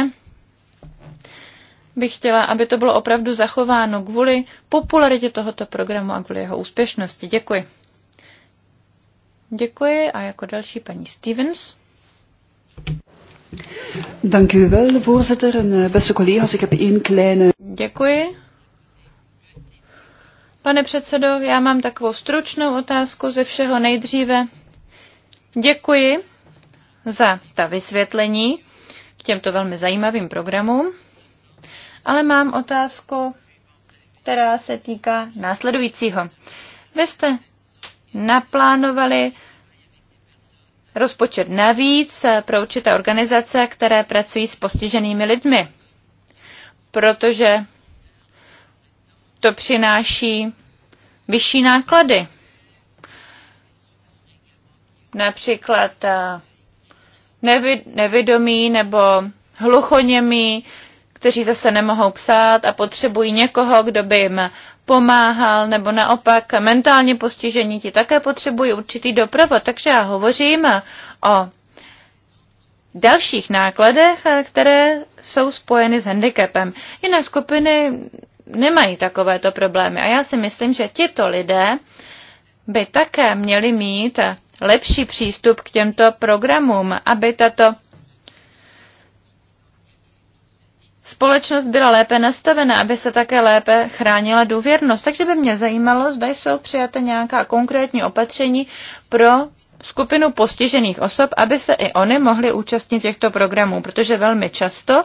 bych chtěla, aby to bylo opravdu zachováno kvůli popularitě tohoto programu a kvůli jeho úspěšnosti. Děkuji. Děkuji a jako další paní Stevens. Dank u wel, voorzitter. En eh, beste collega's, ik heb één kleine... Děkuji, Pane předsedo, já mám takovou stručnou otázku ze všeho nejdříve. Děkuji za ta vysvětlení k těmto velmi zajímavým programům, ale mám otázku, která se týká následujícího. Vy jste naplánovali rozpočet navíc pro určité organizace, které pracují s postiženými lidmi, protože to přináší vyšší náklady. Například eh, nevědomí nebo hluchoněmí, kteří zase nemohou psát a potřebují někoho, kdo by jim pomáhal, nebo naopak mentálně postižení ti také potřebují určitý doprovod. Takže já hovořím o dalších nákladech, eh, které jsou spojeny s handicapem. Jiné skupiny nemají takovéto problémy. A já si myslím, že tito lidé by také měli mít lepší přístup k těmto programům, aby tato společnost byla lépe nastavena, aby se také lépe chránila důvěrnost. Takže by mě zajímalo, zda jsou přijaté nějaká konkrétní opatření pro skupinu postižených osob, aby se i oni mohli účastnit těchto programů, protože velmi často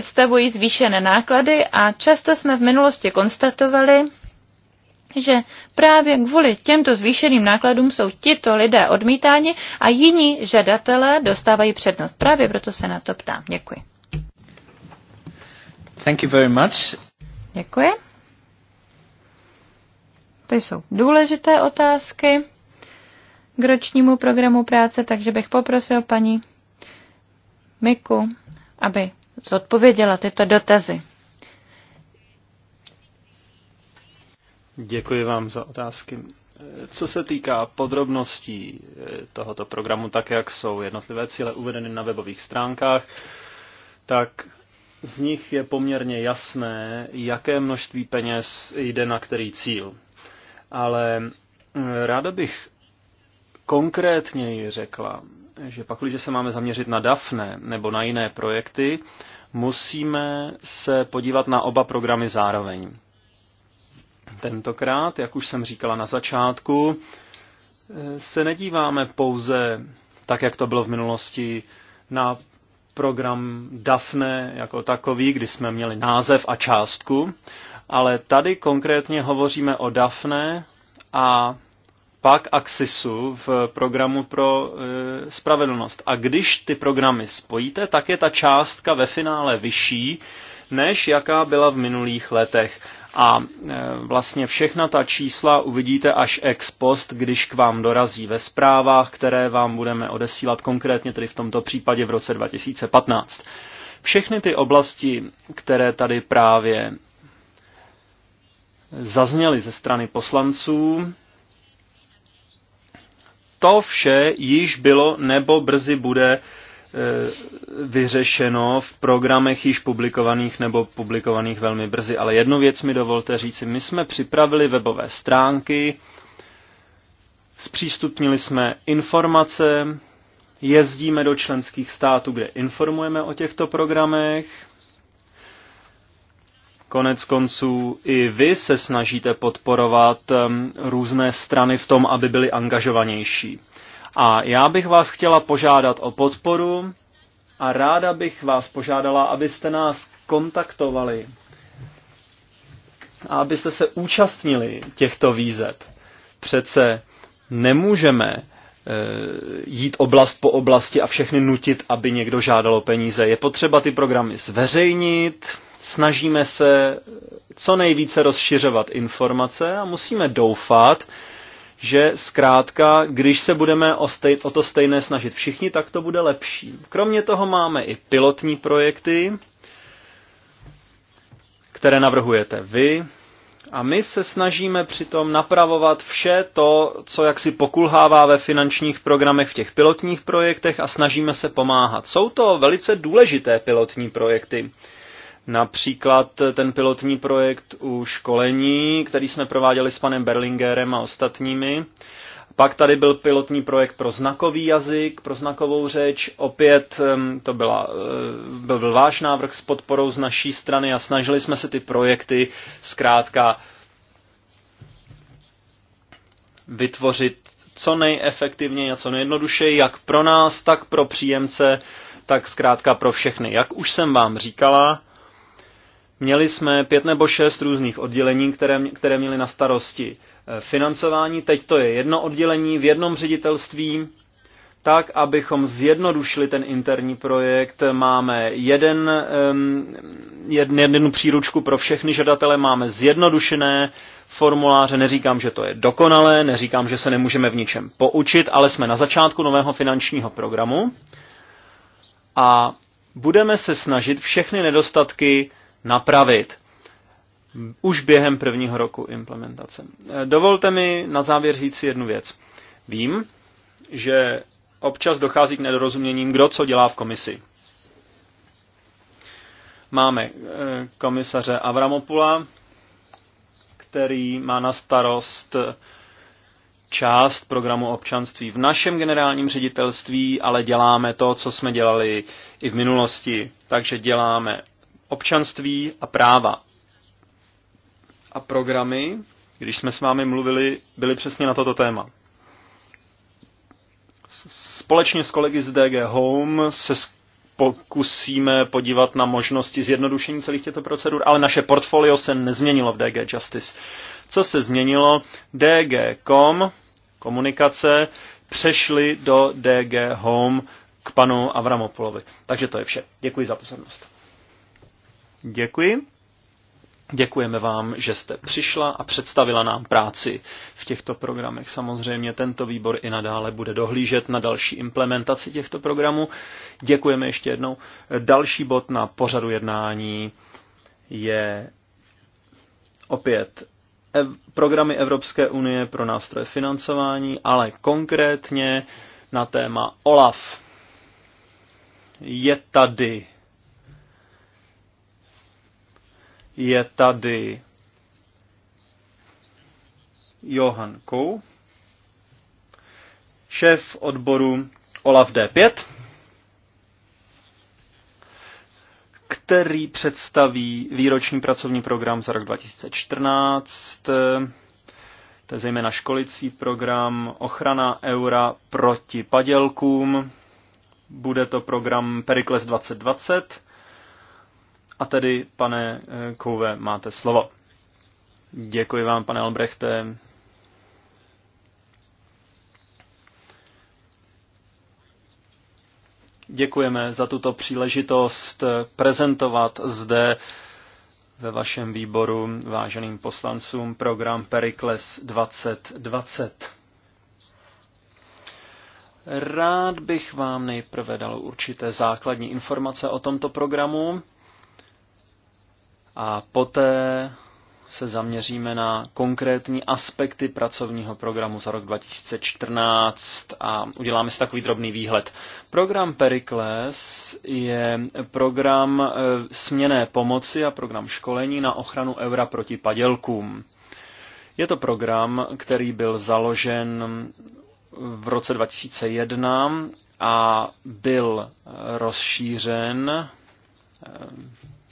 představují zvýšené náklady a často jsme v minulosti konstatovali, že právě kvůli těmto zvýšeným nákladům jsou tito lidé odmítáni a jiní žadatelé dostávají přednost. Právě proto se na to ptám. Děkuji. Thank you very much. Děkuji. To jsou důležité otázky k ročnímu programu práce, takže bych poprosil paní Miku, aby zodpověděla tyto dotazy. Děkuji vám za otázky. Co se týká podrobností eh, tohoto programu, tak jak jsou jednotlivé cíle uvedeny na webových stránkách, tak z nich je poměrně jasné, jaké množství peněz jde na který cíl. Ale eh, ráda bych konkrétněji řekla, že pakliže se máme zaměřit na DAFNE nebo na jiné projekty, musíme se podívat na oba programy zároveň. Tentokrát, jak už jsem říkala na začátku, se nedíváme pouze, tak jak to bylo v minulosti, na program DAFNE jako takový, kdy jsme měli název a částku, ale tady konkrétně hovoříme o DAFNE a pak AXISu v programu pro e, spravedlnost. A když ty programy spojíte, tak je ta částka ve finále vyšší, než jaká byla v minulých letech. A e, vlastně všechna ta čísla uvidíte až ex post, když k vám dorazí ve zprávách, které vám budeme odesílat konkrétně tedy v tomto případě v roce 2015. Všechny ty oblasti, které tady právě zazněly ze strany poslanců, to vše již bylo nebo brzy bude e, vyřešeno v programech již publikovaných nebo publikovaných velmi brzy. Ale jednu věc mi dovolte říci. My jsme připravili webové stránky, zpřístupnili jsme informace, jezdíme do členských států, kde informujeme o těchto programech, Konec konců i vy se snažíte podporovat různé strany v tom, aby byly angažovanější. A já bych vás chtěla požádat o podporu a ráda bych vás požádala, abyste nás kontaktovali a abyste se účastnili těchto výzev. Přece nemůžeme Eh, jít oblast po oblasti a všechny nutit, aby někdo žádalo peníze. Je potřeba ty programy zveřejnit, snažíme se co nejvíce rozšiřovat informace a musíme doufat, že zkrátka, když se budeme o, stej, o to stejné snažit všichni, tak to bude lepší. Kromě toho máme i pilotní projekty, které navrhujete vy, a my se snažíme přitom napravovat vše to, co jaksi pokulhává ve finančních programech, v těch pilotních projektech a snažíme se pomáhat. Jsou to velice důležité pilotní projekty. Například ten pilotní projekt u školení, který jsme prováděli s panem Berlingerem a ostatními, pak tady byl pilotní projekt pro znakový jazyk, pro znakovou řeč. Opět to byla, eh, byl, byl váš návrh s podporou z naší strany a snažili jsme se ty projekty zkrátka vytvořit co nejefektivněji a co nejjednodušeji, jak pro nás, tak pro příjemce, tak zkrátka pro všechny. Jak už jsem vám říkala, Měli jsme pět nebo šest různých oddělení, které, které měly na starosti eh, financování. Teď to je jedno oddělení v jednom ředitelství, tak, abychom zjednodušili ten interní projekt. Máme jeden, jedn, jednu příručku pro všechny žadatele, máme zjednodušené formuláře. Neříkám, že to je dokonalé, neříkám, že se nemůžeme v ničem poučit, ale jsme na začátku nového finančního programu a budeme se snažit všechny nedostatky napravit už během prvního roku implementace. Dovolte mi na závěr říct jednu věc. Vím, že občas dochází k nedorozuměním, kdo co dělá v komisi. Máme eh, komisaře Avramopula, který má na starost část programu občanství v našem generálním ředitelství, ale děláme to, co jsme dělali i v minulosti. Takže děláme občanství a práva. A programy, když jsme s vámi mluvili, byly přesně na toto téma. Společně s kolegy z DG Home se pokusíme podívat na možnosti zjednodušení celých těchto procedur, ale naše portfolio se nezměnilo v DG Justice. Co se změnilo? DG.com, komunikace, přešly do DG Home k panu Avramopolovi. Takže to je vše. Děkuji za pozornost. Děkuji. Děkujeme vám, že jste přišla a představila nám práci v těchto programech. Samozřejmě tento výbor i nadále bude dohlížet na další implementaci těchto programů. Děkujeme ještě jednou. Další bod na pořadu jednání je opět ev- programy Evropské unie pro nástroje financování, ale konkrétně na téma OLAF. Je tady je tady Johan Kou, šéf odboru OLAF D5, který představí výroční pracovní program za rok 2014, to je zejména školicí program Ochrana eura proti padělkům, bude to program Perikles 2020, a tedy, pane eh, Kouve, máte slovo. Děkuji vám, pane Albrechte. Děkujeme za tuto příležitost eh, prezentovat zde ve vašem výboru váženým poslancům program Perikles 2020. Rád bych vám nejprve dal určité základní informace o tomto programu a poté se zaměříme na konkrétní aspekty pracovního programu za rok 2014 a uděláme si takový drobný výhled. Program Pericles je program eh, směné pomoci a program školení na ochranu eura proti padělkům. Je to program, který byl založen v roce 2001 a byl rozšířen eh,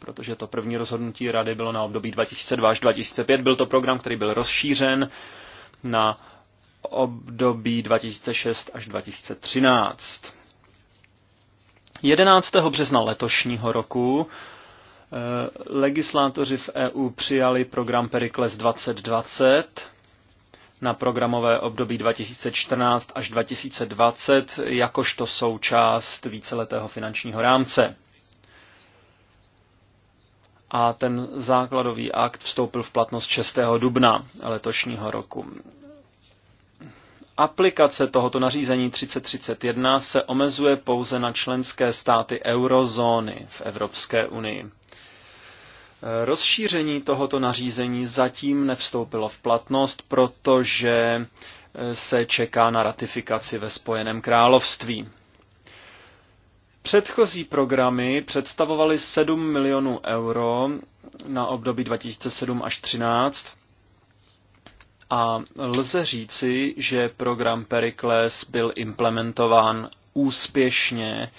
protože to první rozhodnutí rady bylo na období 2002 až 2005. Byl to program, který byl rozšířen na období 2006 až 2013. 11. března letošního roku eh, legislátoři v EU přijali program Perikles 2020 na programové období 2014 až 2020 jakožto součást víceletého finančního rámce a ten základový akt vstoupil v platnost 6. dubna letošního roku. Aplikace tohoto nařízení 3031 se omezuje pouze na členské státy eurozóny v Evropské unii. Rozšíření tohoto nařízení zatím nevstoupilo v platnost, protože se čeká na ratifikaci ve Spojeném království. Předchozí programy představovaly 7 milionů euro na období 2007 až 2013 a lze říci, že program Pericles byl implementován úspěšně.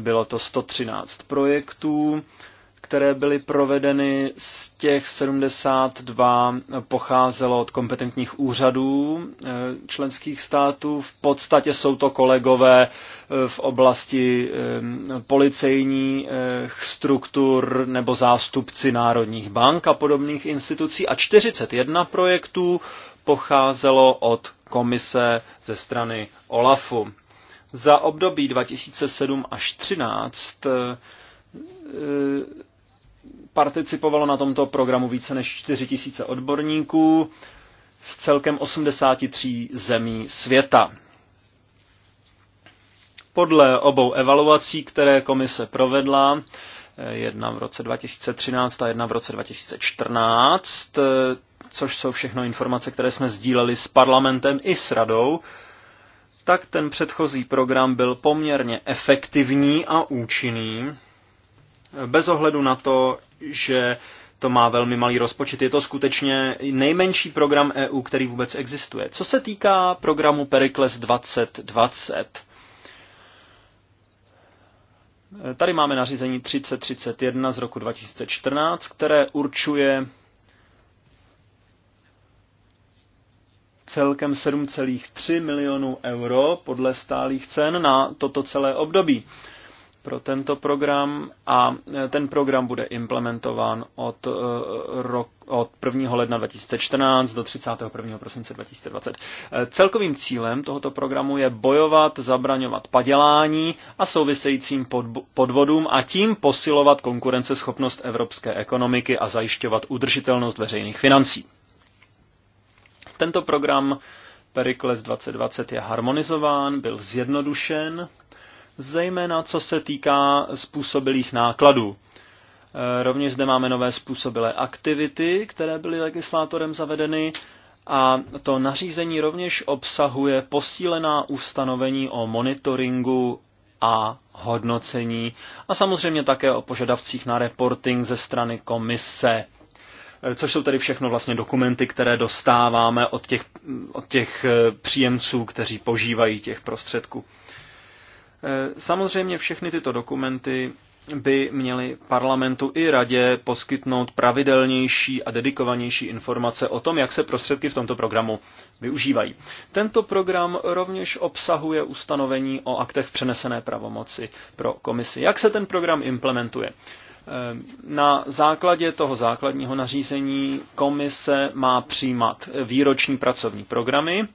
Bylo to 113 projektů, které byly provedeny, z těch 72 pocházelo od kompetentních úřadů eh, členských států. V podstatě jsou to kolegové eh, v oblasti eh, policejních struktur nebo zástupci národních bank a podobných institucí a 41 projektů pocházelo od komise ze strany OLAFu. Za období 2007 až 2013 participovalo na tomto programu více než 4 000 odborníků z celkem 83 zemí světa. Podle obou evaluací, které komise provedla, eh, jedna v roce 2013 a jedna v roce 2014, eh, což jsou všechno informace, které jsme sdíleli s parlamentem i s radou, tak ten předchozí program byl poměrně efektivní a účinný bez ohledu na to, že to má velmi malý rozpočet. Je to skutečně nejmenší program EU, který vůbec existuje. Co se týká programu Pericles 2020, tady máme nařízení 3031 z roku 2014, které určuje celkem 7,3 milionů euro podle stálých cen na toto celé období pro tento program a e, ten program bude implementován od, e, rok, od 1. ledna 2014 do 31. prosince 2020. E, celkovým cílem tohoto programu je bojovat, zabraňovat padělání a souvisejícím podvodům a tím posilovat konkurenceschopnost evropské ekonomiky a zajišťovat udržitelnost veřejných financí. Tento program Perikles 2020 je harmonizován, byl zjednodušen zejména co se týká způsobilých nákladů. E, rovněž zde máme nové způsobilé aktivity, které byly legislátorem zavedeny a to nařízení rovněž obsahuje posílená ustanovení o monitoringu a hodnocení a samozřejmě také o požadavcích na reporting ze strany komise e, což jsou tedy všechno vlastně dokumenty, které dostáváme od těch, od těch e, příjemců, kteří požívají těch prostředků. Eh, samozřejmě všechny tyto dokumenty by měly parlamentu i radě poskytnout pravidelnější a dedikovanější informace o tom, jak se prostředky v tomto programu využívají. Tento program rovněž obsahuje ustanovení o aktech přenesené pravomoci pro komisi. Jak se ten program implementuje? Eh, na základě toho základního nařízení komise má přijímat výroční pracovní programy,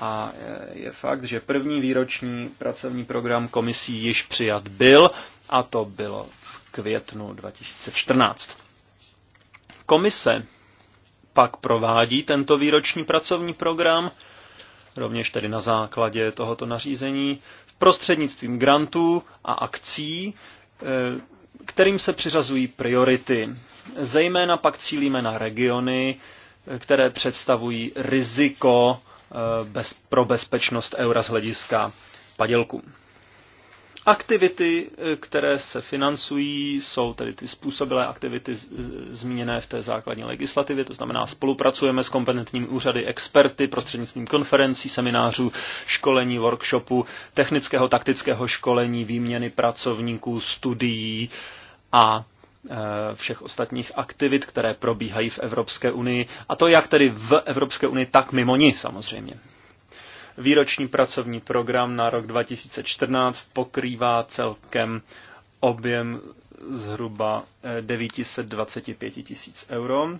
a je fakt, že první výroční pracovní program komisí již přijat byl, a to bylo v květnu 2014. Komise pak provádí tento výroční pracovní program, rovněž tedy na základě tohoto nařízení, v prostřednictvím grantů a akcí, eh, kterým se přiřazují priority. Zejména pak cílíme na regiony, eh, které představují riziko Eh, bez, pro bezpečnost eura z hlediska padělku. Aktivity, eh, které se financují, jsou tedy ty způsobilé aktivity zmíněné v té základní legislativě, to znamená spolupracujeme s kompetentními úřady, experty, prostřednictvím konferencí, seminářů, školení, workshopu, technického, taktického školení, výměny pracovníků, studií a Eh, všech ostatních aktivit, které probíhají v Evropské unii, a to jak tedy v Evropské unii, tak mimo ní samozřejmě. Výroční pracovní program na rok 2014 pokrývá celkem objem zhruba 925 eh, tisíc euro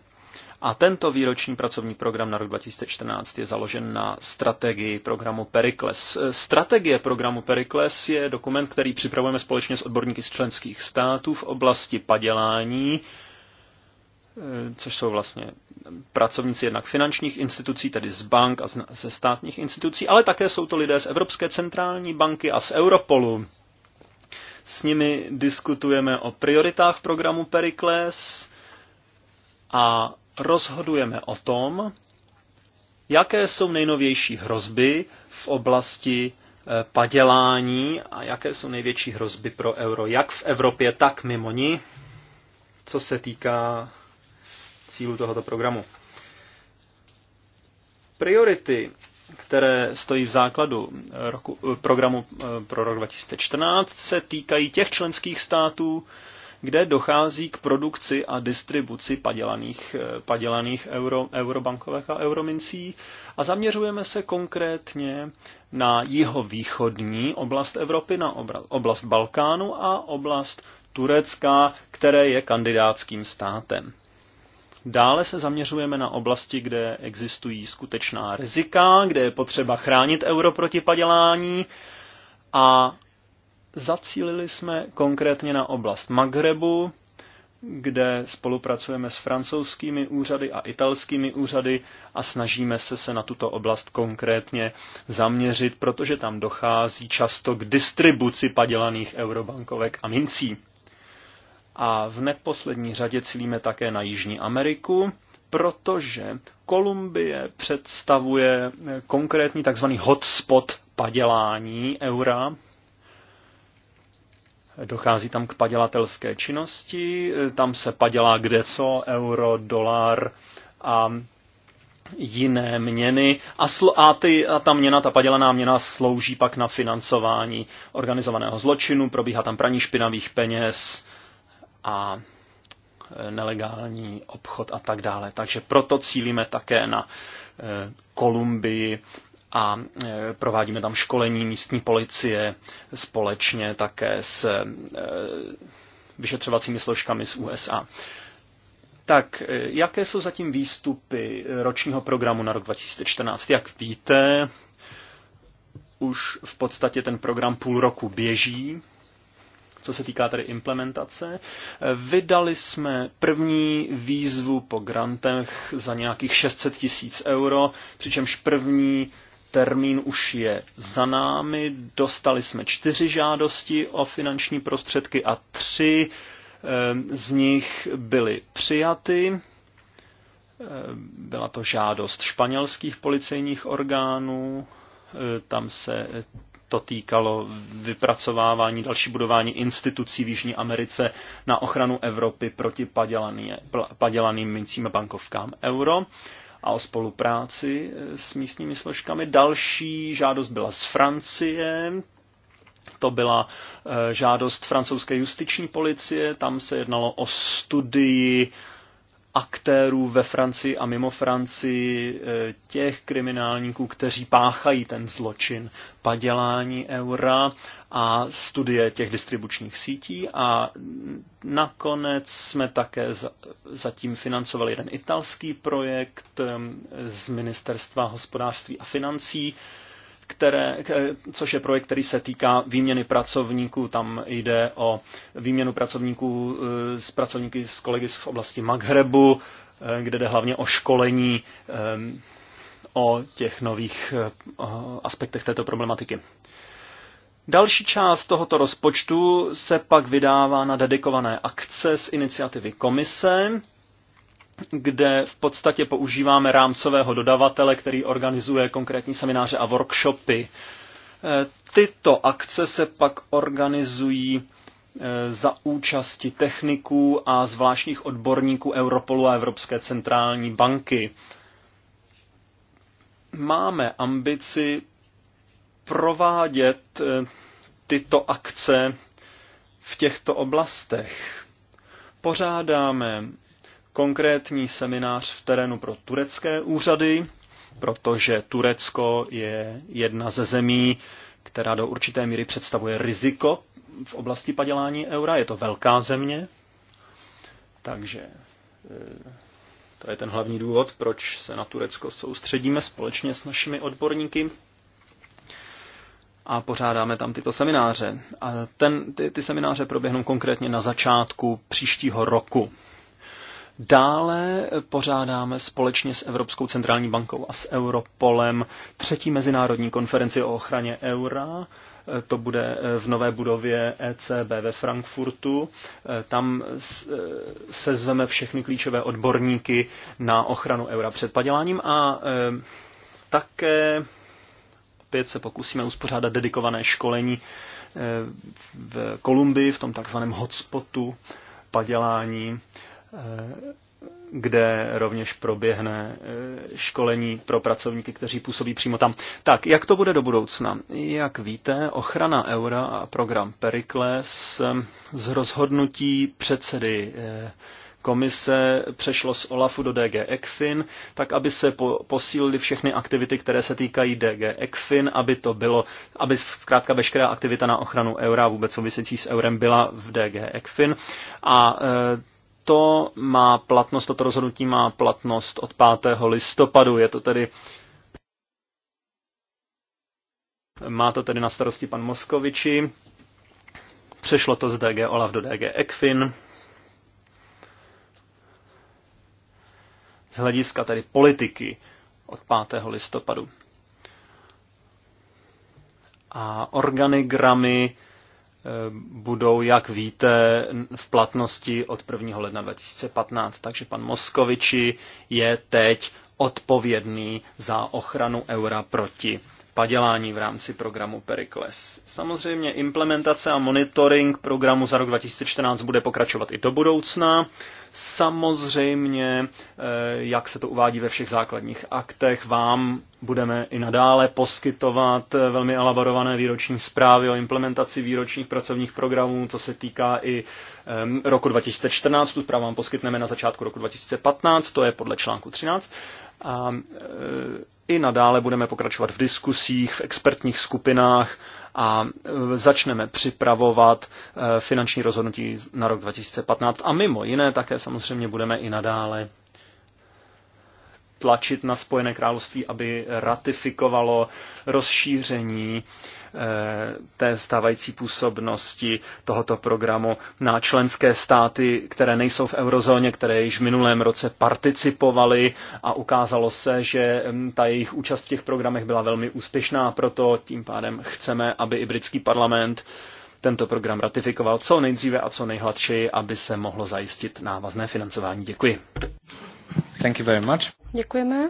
a tento výroční pracovní program na rok 2014 je založen na strategii programu Perikles. Strategie programu Perikles je dokument, který připravujeme společně s odborníky z členských států v oblasti padělání, eh, což jsou vlastně pracovníci jednak finančních institucí, tedy z bank a ze státních institucí, ale také jsou to lidé z Evropské centrální banky a z Europolu. S nimi diskutujeme o prioritách programu Perikles a rozhodujeme o tom, jaké jsou nejnovější hrozby v oblasti eh, padělání a jaké jsou největší hrozby pro euro, jak v Evropě, tak mimo ní, co se týká cílu tohoto programu. Priority, které stojí v základu eh, roku, eh, programu pro rok 2014, se týkají těch členských států, kde dochází k produkci a distribuci padělaných, eh, padělaných euro, eurobankovek a euromincí a zaměřujeme se konkrétně na jihovýchodní oblast Evropy, na oblast Balkánu a oblast Turecka, které je kandidátským státem. Dále se zaměřujeme na oblasti, kde existují skutečná rizika, kde je potřeba chránit euro proti padělání a Zacílili jsme konkrétně na oblast Magrebu, kde spolupracujeme s francouzskými úřady a italskými úřady a snažíme se se na tuto oblast konkrétně zaměřit, protože tam dochází často k distribuci padělaných eurobankovek a mincí. A v neposlední řadě cílíme také na Jižní Ameriku, protože Kolumbie představuje konkrétní takzvaný hotspot padělání eura Dochází tam k padělatelské činnosti, tam se padělá kde co, euro, dolar a jiné měny a, a, ty, a ta měna, ta padělaná měna slouží pak na financování organizovaného zločinu, probíhá tam praní špinavých peněz a e, nelegální obchod a tak dále. Takže proto cílíme také na e, Kolumbii a e, provádíme tam školení místní policie společně také s e, vyšetřovacími složkami z USA. Tak, e, jaké jsou zatím výstupy ročního programu na rok 2014? Jak víte, už v podstatě ten program půl roku běží, co se týká tedy implementace. Vydali jsme první výzvu po grantech za nějakých 600 tisíc euro, přičemž první termín už je za námi. Dostali jsme čtyři žádosti o finanční prostředky a tři ehm, z nich byly přijaty. Ehm, byla to žádost španělských policejních orgánů, ehm, tam se eh, to týkalo vypracovávání, další budování institucí v Jižní Americe na ochranu Evropy proti padělaným mincím a bankovkám euro a o spolupráci eh, s místními složkami. Další žádost byla z Francie, to byla eh, žádost francouzské justiční policie, tam se jednalo o studii aktérů ve Francii a mimo Francii, eh, těch kriminálníků, kteří páchají ten zločin padělání eura a studie těch distribučních sítí. A nakonec jsme také zatím financovali jeden italský projekt eh, z Ministerstva hospodářství a financí, které, eh, což je projekt, který se týká výměny pracovníků. Tam jde o výměnu pracovníků eh, s pracovníky s kolegy v oblasti Maghrebu, eh, kde jde hlavně o školení o těch nových aspektech této problematiky. Další část tohoto rozpočtu se pak vydává na dedikované akce z iniciativy komise, kde v podstatě používáme rámcového dodavatele, který organizuje konkrétní semináře a workshopy. E, tyto akce se pak organizují e, za účasti techniků a zvláštních odborníků Europolu a Evropské centrální banky. Máme ambici provádět e, tyto akce v těchto oblastech. Pořádáme konkrétní seminář v terénu pro turecké úřady, protože Turecko je jedna ze zemí, která do určité míry představuje riziko v oblasti padělání eura. Je to velká země, takže e, to je ten hlavní důvod, proč se na Turecko soustředíme společně s našimi odborníky a pořádáme tam tyto semináře. A ten, ty, ty semináře proběhnou konkrétně na začátku příštího roku. Dále pořádáme společně s Evropskou centrální bankou a s Europolem třetí mezinárodní konferenci o ochraně eura. E, to bude e, v nové budově ECB ve Frankfurtu. E, tam sezveme všechny klíčové odborníky na ochranu eura před paděláním a také opět se pokusíme uspořádat dedikované školení v Kolumbii, v tom takzvaném hotspotu padělání, Eh, kde rovněž proběhne eh, školení pro pracovníky, kteří působí přímo tam. Tak, jak to bude do budoucna? Jak víte, ochrana eura a program Perikles eh, z rozhodnutí předsedy komise přešlo z OLAFu do DG ECFIN, tak aby se po, posílily všechny aktivity, které se týkají DG ECFIN, aby to bylo, aby zkrátka veškerá aktivita na ochranu eura vůbec související s eurem byla v DG ECFIN. A e, to má platnost, toto rozhodnutí má platnost od 5. listopadu. Je to tedy má to tedy na starosti pan Moskoviči. Přešlo to z DG Olaf do DG Ekfin. Z hlediska tedy politiky od 5. listopadu. A organigramy Eh, budou, jak víte, v platnosti od 1. ledna 2015. Takže pan Moskoviči je teď odpovědný za ochranu eura proti padělání v rámci programu Pericles. Samozřejmě implementace a monitoring programu za rok 2014 bude pokračovat i do budoucna. Samozřejmě, eh, jak se to uvádí ve všech základních aktech, vám budeme i nadále poskytovat eh, velmi elaborované výroční zprávy o implementaci výročních pracovních programů, co se týká i ehm, roku 2014, tu zprávu vám poskytneme na začátku roku 2015, to je podle článku 13. A eh, i nadále budeme pokračovat v diskusích, v expertních skupinách a e, začneme připravovat e, finanční rozhodnutí na rok 2015 a mimo jiné také samozřejmě budeme i nadále tlačit na Spojené království, aby ratifikovalo rozšíření eh, té stávající působnosti tohoto programu na členské státy, které nejsou v eurozóně, které již v minulém roce participovaly a ukázalo se, že mm, ta jejich účast v těch programech byla velmi úspěšná, proto tím pádem chceme, aby i britský parlament tento program ratifikoval co nejdříve a co nejhladší, aby se mohlo zajistit návazné financování. Děkuji. Thank you very much. Děkujeme,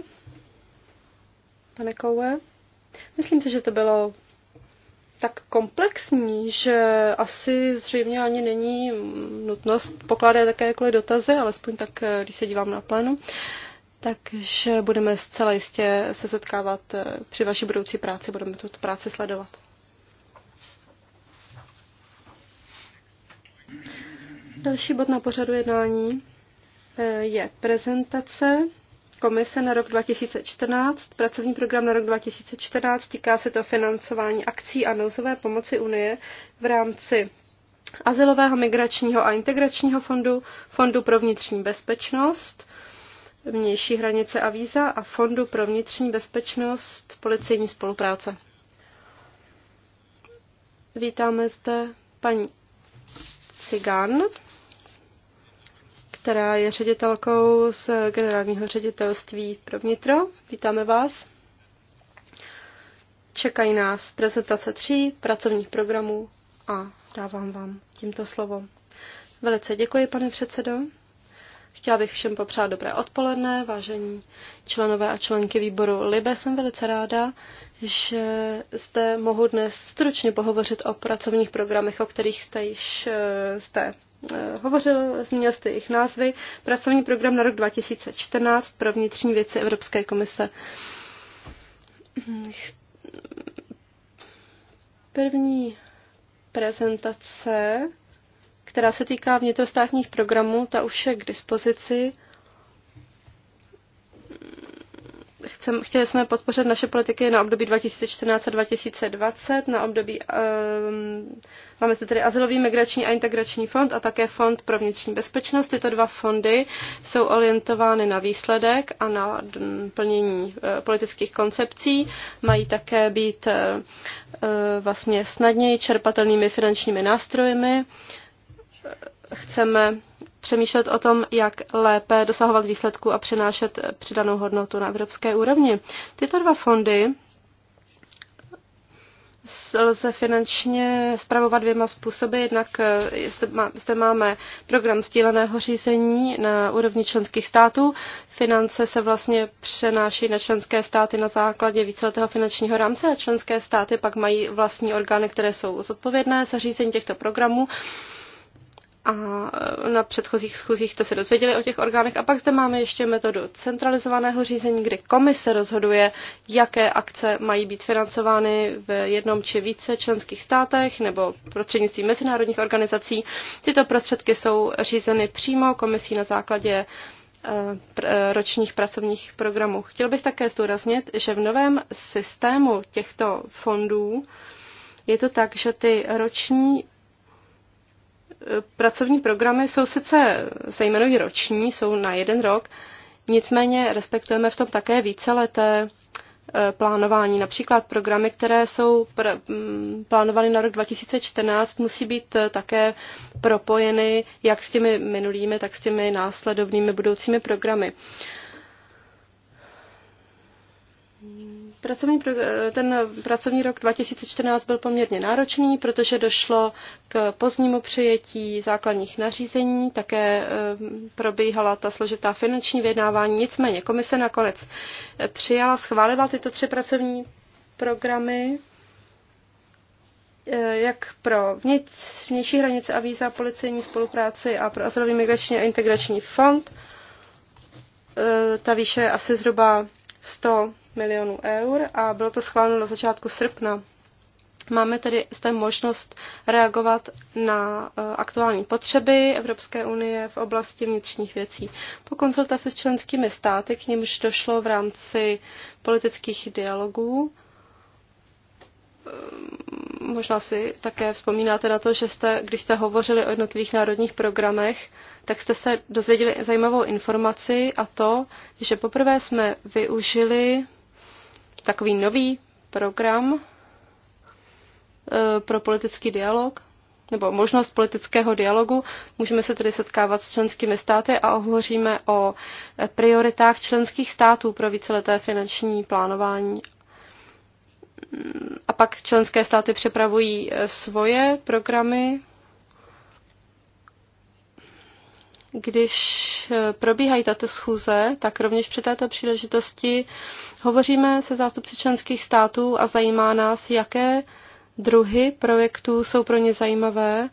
pane Koue. Myslím si, že to bylo tak komplexní, že asi zřejmě ani není nutnost pokládat jakékoliv dotazy, alespoň tak, když se dívám na plénu. Takže budeme zcela jistě se setkávat při vaší budoucí práci, budeme tu práci sledovat. Další bod na pořadu jednání je prezentace Komise na rok 2014, pracovní program na rok 2014, týká se to financování akcí a nouzové pomoci Unie v rámci Azylového, migračního a integračního fondu, Fondu pro vnitřní bezpečnost, vnější hranice a víza a Fondu pro vnitřní bezpečnost, policejní spolupráce. Vítáme zde paní Cigan která je ředitelkou z generálního ředitelství pro vnitro. Vítáme vás. Čekají nás prezentace tří pracovních programů a dávám vám tímto slovo. Velice děkuji, pane předsedo. Chtěla bych všem popřát dobré odpoledne, vážení členové a členky výboru Libe. Jsem velice ráda, že zde mohu dnes stručně pohovořit o pracovních programech, o kterých jste již jste eh, Eh, hovořil, zmínil jste jejich názvy. Pracovní program na rok 2014 pro vnitřní věci Evropské komise. Hmm, první prezentace, která se týká vnitrostátních programů, ta už je k dispozici. chcem, chtěli jsme podpořit naše politiky na období 2014 a 2020, na období, um, máme zde tedy Azylový migrační a integrační fond a také Fond pro vnitřní bezpečnost. Tyto dva fondy jsou orientovány na výsledek a na plnění e, politických koncepcí. Mají také být uh, vlastně snadněji čerpatelnými finančními nástroji. Uh, chceme přemýšlet o tom, jak lépe dosahovat výsledků a přenášet přidanou hodnotu na evropské úrovni. Tyto dva fondy lze finančně zpravovat dvěma způsoby. Jednak eh, zde máme program stíleného řízení na úrovni členských států. Finance se vlastně přenáší na členské státy na základě víceletého finančního rámce a členské státy pak mají vlastní orgány, které jsou zodpovědné za řízení těchto programů a na předchozích schůzích jste se dozvěděli o těch orgánech. A pak zde máme ještě metodu centralizovaného řízení, kde komise rozhoduje, jaké akce mají být financovány v jednom či více členských státech nebo prostřednictvím mezinárodních organizací. Tyto prostředky jsou řízeny přímo komisí na základě eh, eh, ročních pracovních programů. Chtěl bych také zdůraznit, že v novém systému těchto fondů je to tak, že ty roční pracovní programy jsou sice, se jmenují roční, jsou na jeden rok, nicméně respektujeme v tom také víceleté e, plánování. Například programy, které jsou pr- plánovány na rok 2014, musí být e, také propojeny jak s těmi minulými, tak s těmi následovnými budoucími programy. Pracovní, ten pracovní rok 2014 byl poměrně náročný, protože došlo k pozdnímu přijetí základních nařízení, také eh, probíhala ta složitá finanční vyjednávání, nicméně komise nakonec eh, přijala, schválila tyto tři pracovní programy, eh, jak pro vnější hranice a víza, policejní spolupráci a pro azylový migrační a integrační fond. Ta výše je asi zhruba 100 milionů eur a bylo to schváleno na začátku srpna. Máme tedy zde možnost reagovat na e, aktuální potřeby Evropské unie v oblasti vnitřních věcí. Po konzultaci s členskými státy, k nímž došlo v rámci politických dialogů, e, možná si také vzpomínáte na to, že jste, když jste hovořili o jednotlivých národních programech, tak jste se dozvěděli zajímavou informaci a to, že poprvé jsme využili takový nový program eh, pro politický dialog nebo možnost politického dialogu. Můžeme se tedy setkávat s členskými státy a hovoříme o prioritách členských států pro víceleté finanční plánování. A pak členské státy připravují eh, svoje programy Když eh, probíhají tato schůze, tak rovněž při této příležitosti hovoříme se zástupci členských států a zajímá nás, jaké druhy projektů jsou pro ně zajímavé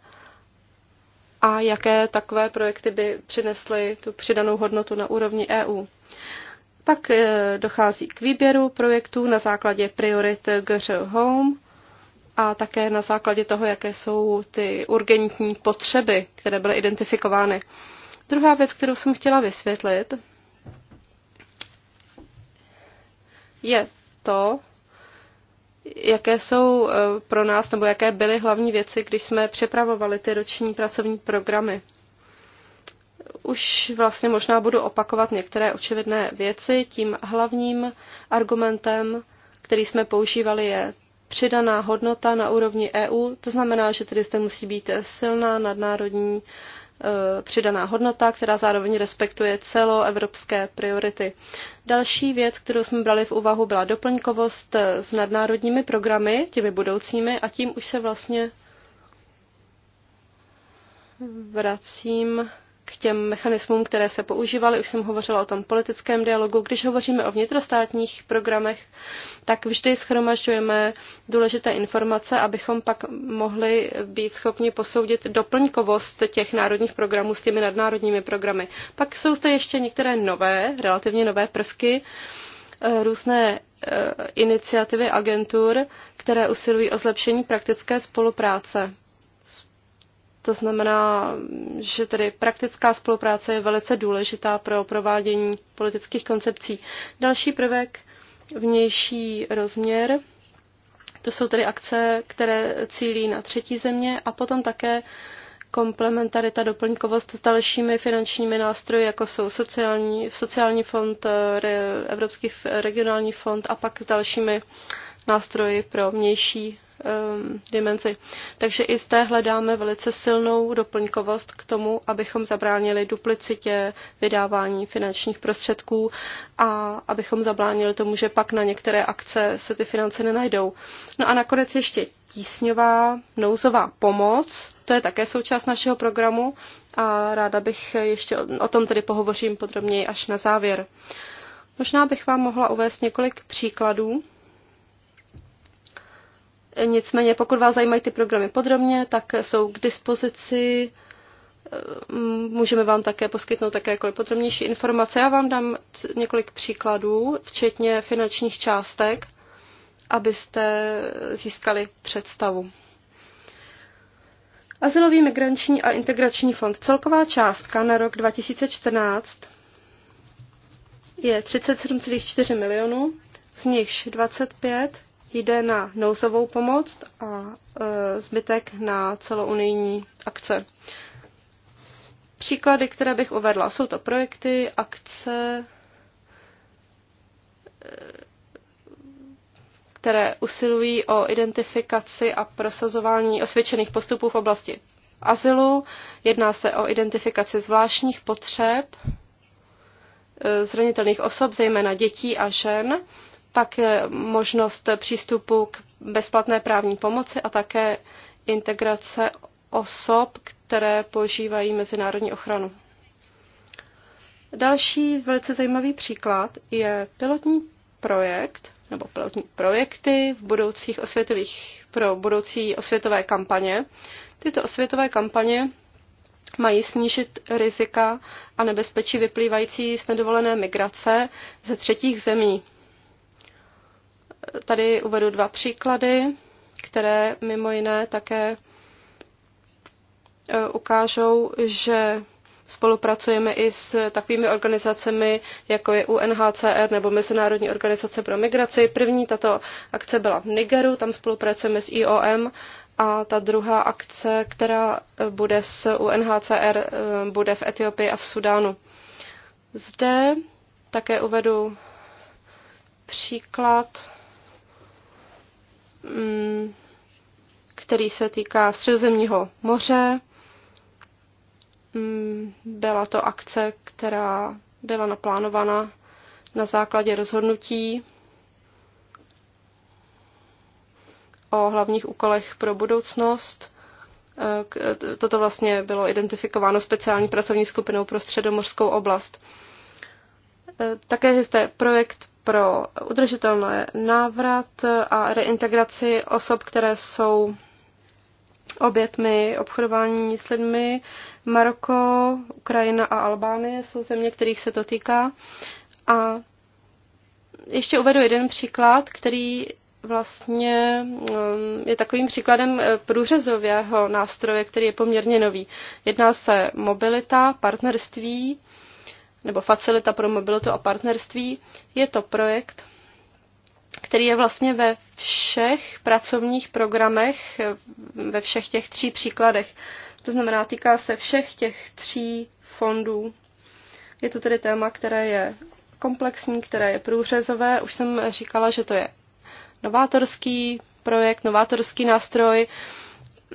a jaké takové projekty by přinesly tu přidanou hodnotu na úrovni EU. Pak eh, dochází k výběru projektů na základě priorit GŘ Home a také na základě toho, jaké jsou ty urgentní potřeby, které byly identifikovány. Druhá věc, kterou jsem chtěla vysvětlit, je to, jaké jsou eh, pro nás, nebo jaké byly hlavní věci, když jsme přepravovali ty roční pracovní programy. Už vlastně možná budu opakovat některé očividné věci. Tím hlavním argumentem, který jsme používali, je přidaná hodnota na úrovni EU. To znamená, že tedy zde musí být silná nadnárodní Eh, přidaná hodnota, která zároveň respektuje celoevropské priority. Další věc, kterou jsme brali v úvahu, byla doplňkovost eh, s nadnárodními programy, těmi budoucími, a tím už se vlastně vracím k těm mechanismům, které se používaly. Už jsem hovořila o tom politickém dialogu. Když hovoříme o vnitrostátních programech, tak vždy schromažďujeme důležité informace, abychom pak mohli být schopni posoudit doplňkovost těch národních programů s těmi nadnárodními programy. Pak jsou zde ještě některé nové, relativně nové prvky, eh, různé eh, iniciativy agentur, které usilují o zlepšení praktické spolupráce. To znamená, že tedy praktická spolupráce je velice důležitá pro provádění politických koncepcí. Další prvek, vnější rozměr, to jsou tedy akce, které cílí na třetí země a potom také komplementarita, doplňkovost s dalšími finančními nástroji, jako jsou sociální, sociální fond, eh, Evropský regionální fond a pak s dalšími nástroji pro vnější Um, dimenzi. Takže i zde hledáme velice silnou doplňkovost k tomu, abychom zabránili duplicitě vydávání finančních prostředků a abychom zabránili tomu, že pak na některé akce se ty finance nenajdou. No a nakonec ještě tísňová nouzová pomoc, to je také součást našeho programu a ráda bych ještě o tom tedy pohovořím podrobněji až na závěr. Možná bych vám mohla uvést několik příkladů Nicméně, pokud vás zajímají ty programy podrobně, tak jsou k dispozici. Můžeme vám také poskytnout také podrobnější informace. Já vám dám několik příkladů, včetně finančních částek, abyste získali představu. Azylový migrační a integrační fond. Celková částka na rok 2014 je 37,4 milionů, z nichž 25 jde na nouzovou pomoc a e, zbytek na celounijní akce. Příklady, které bych uvedla, jsou to projekty, akce, e, které usilují o identifikaci a prosazování osvědčených postupů v oblasti azylu. Jedná se o identifikaci zvláštních potřeb e, zranitelných osob, zejména dětí a žen, pak eh, možnost přístupu k bezplatné právní pomoci a také integrace osob, které požívají mezinárodní ochranu. Další velice zajímavý příklad je pilotní projekt nebo pilotní projekty v budoucích osvětových, pro budoucí osvětové kampaně. Tyto osvětové kampaně mají snížit rizika a nebezpečí vyplývající z nedovolené migrace ze třetích zemí. Tady uvedu dva příklady, které mimo jiné také e, ukážou, že spolupracujeme i s takovými organizacemi, jako je UNHCR nebo Mezinárodní organizace pro migraci. První tato akce byla v Nigeru, tam spolupracujeme s IOM a ta druhá akce, která e, bude s UNHCR, e, bude v Etiopii a v Sudánu. Zde také uvedu příklad Mm, který se týká Středozemního moře. Mm, byla to akce, která byla naplánována na základě rozhodnutí o hlavních úkolech pro budoucnost. E, toto vlastně bylo identifikováno speciální pracovní skupinou pro středomořskou oblast. E, také je zde projekt pro udržitelné návrat a reintegraci osob, které jsou obětmi obchodování s lidmi. Maroko, Ukrajina a Albánie jsou země, kterých se to týká. A ještě uvedu jeden příklad, který vlastně um, je takovým příkladem eh, průřezového nástroje, který je poměrně nový. Jedná se mobilita, partnerství, nebo Facilita pro mobilitu a partnerství. Je to projekt, který je vlastně ve všech pracovních programech, ve všech těch tří příkladech. To znamená, týká se všech těch tří fondů. Je to tedy téma, které je komplexní, které je průřezové. Už jsem říkala, že to je novátorský projekt, novátorský nástroj.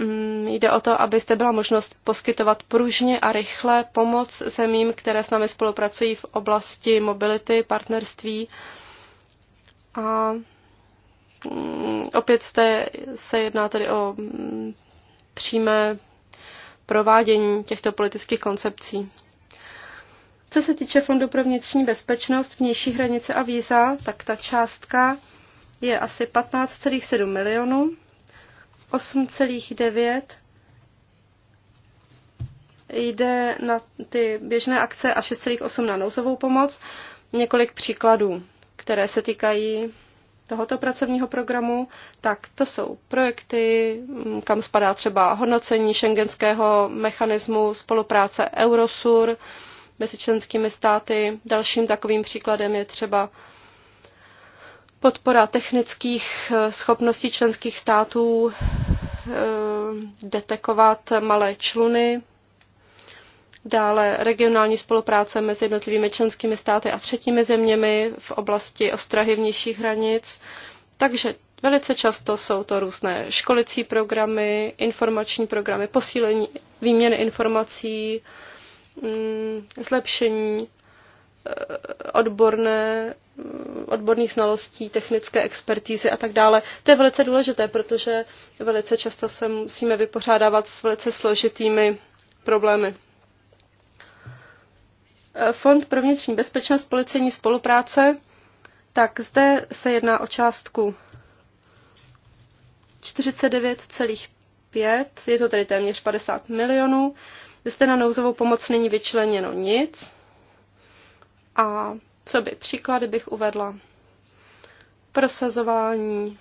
Mm, jde o to, abyste byla možnost poskytovat pružně a rychle pomoc zemím, které s námi spolupracují v oblasti mobility, partnerství. A mm, opět jste, se jedná tedy o mm, přímé provádění těchto politických koncepcí. Co se týče Fondu pro vnitřní bezpečnost, vnější hranice a víza, tak ta částka je asi 15,7 milionů 8,9 jde na ty běžné akce a 6,8 na nouzovou pomoc. Několik příkladů, které se týkají tohoto pracovního programu, tak to jsou projekty, mm, kam spadá třeba hodnocení šengenského mechanismu spolupráce Eurosur mezi členskými státy. Dalším takovým příkladem je třeba podpora technických eh, schopností členských států eh, detekovat malé čluny, dále regionální spolupráce mezi jednotlivými členskými státy a třetími zeměmi v oblasti ostrahy vnějších hranic. Takže velice často jsou to různé školicí programy, informační programy, posílení výměny informací, mm, zlepšení Eh, odborné, mm, odborných znalostí, technické expertízy a tak dále. To je velice důležité, protože velice často se musíme vypořádávat s velice složitými problémy. Eh, Fond pro vnitřní bezpečnost policejní spolupráce, tak zde se jedná o částku 49,5, je to tedy téměř 50 milionů. Zde na nouzovou pomoc není vyčleněno nic, a co by příklady bych uvedla? Prosazování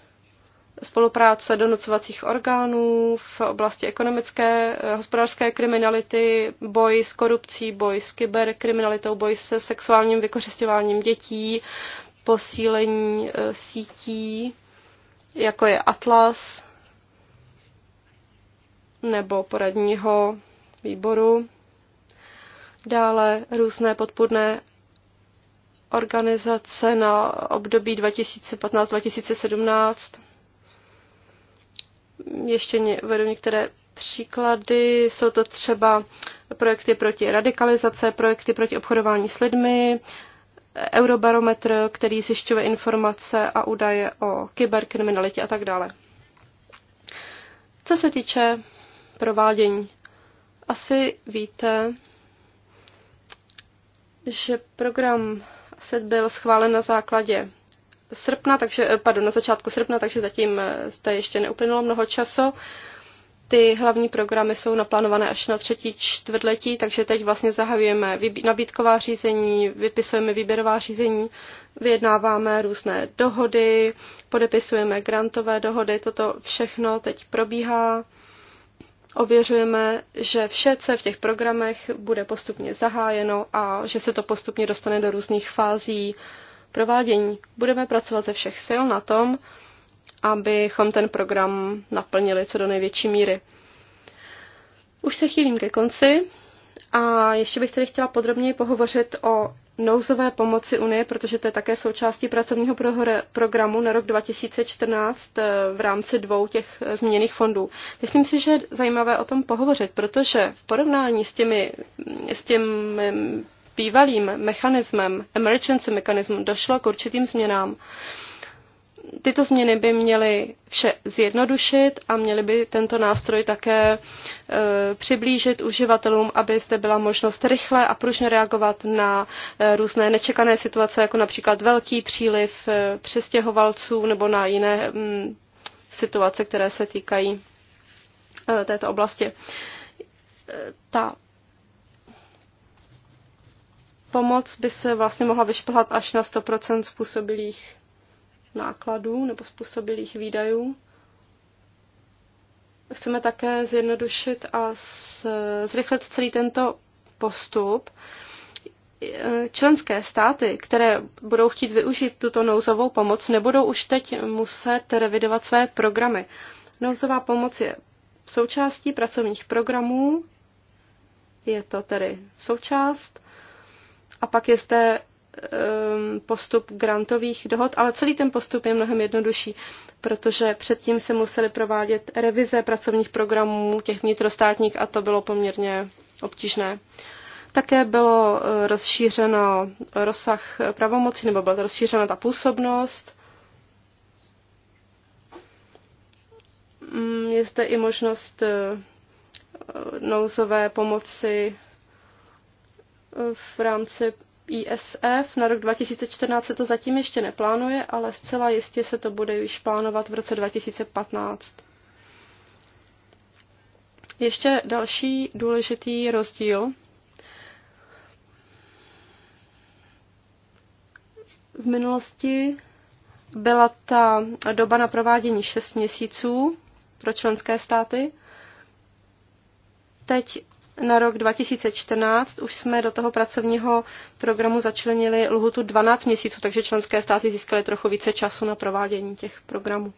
spolupráce donocovacích orgánů v oblasti ekonomické, eh, hospodářské kriminality, boj s korupcí, boj s kyberkriminalitou, boj se sexuálním vykořišťováním dětí, posílení eh, sítí, jako je Atlas nebo poradního výboru. Dále různé podpůrné organizace na období 2015-2017. Ještě uvedu některé příklady. Jsou to třeba projekty proti radikalizace, projekty proti obchodování s lidmi, Eurobarometr, který zjišťuje informace a údaje o kyberkriminalitě a tak dále. Co se týče provádění, asi víte, že program set byl schválen na základě srpna, takže, eh, pardon, na začátku srpna, takže zatím eh, zde ještě neuplynulo mnoho času. Ty hlavní programy jsou naplánované až na třetí čtvrtletí, takže teď vlastně zahajujeme nabídková řízení, vypisujeme výběrová řízení, vyjednáváme různé dohody, podepisujeme grantové dohody, toto všechno teď probíhá ověřujeme, že vše, co v těch programech, bude postupně zahájeno a že se to postupně dostane do různých fází provádění. Budeme pracovat ze všech sil na tom, abychom ten program naplnili co do největší míry. Už se chýlím ke konci a ještě bych tedy chtěla podrobněji pohovořit o nouzové pomoci Unie, protože to je také součástí pracovního programu na rok 2014 eh, v rámci dvou těch eh, zmíněných fondů. Myslím si, že je zajímavé o tom pohovořit, protože v porovnání s, těmi, mm, s tím mm, bývalým mechanismem, emergency mechanismem, došlo k určitým změnám tyto změny by měly vše zjednodušit a měly by tento nástroj také e, přiblížit uživatelům, aby zde byla možnost rychle a pružně reagovat na e, různé nečekané situace, jako například velký příliv e, přestěhovalců nebo na jiné mm, situace, které se týkají této oblasti. Ta pomoc by se vlastně mohla vyšplhat až na 100% způsobilých nákladů nebo způsobilých výdajů. Chceme také zjednodušit a zrychlit celý tento postup. Členské státy, které budou chtít využít tuto nouzovou pomoc, nebudou už teď muset revidovat své programy. Nouzová pomoc je součástí pracovních programů, je to tedy součást. A pak je zde Um, postup grantových dohod, ale celý ten postup je mnohem jednodušší, protože předtím se museli provádět revize pracovních programů těch vnitrostátních a to bylo poměrně obtížné. Také bylo eh, rozšířeno rozsah pravomocí, nebo byla rozšířena ta působnost. Mm, je zde i možnost eh, eh, nouzové pomoci v rámci ISF. Na rok 2014 se to zatím ještě neplánuje, ale zcela jistě se to bude již plánovat v roce 2015. Ještě další důležitý rozdíl. V minulosti byla ta doba na provádění 6 měsíců pro členské státy. Teď na rok 2014 už jsme do toho pracovního programu začlenili lhutu 12 měsíců, takže členské státy získaly trochu více času na provádění těch programů.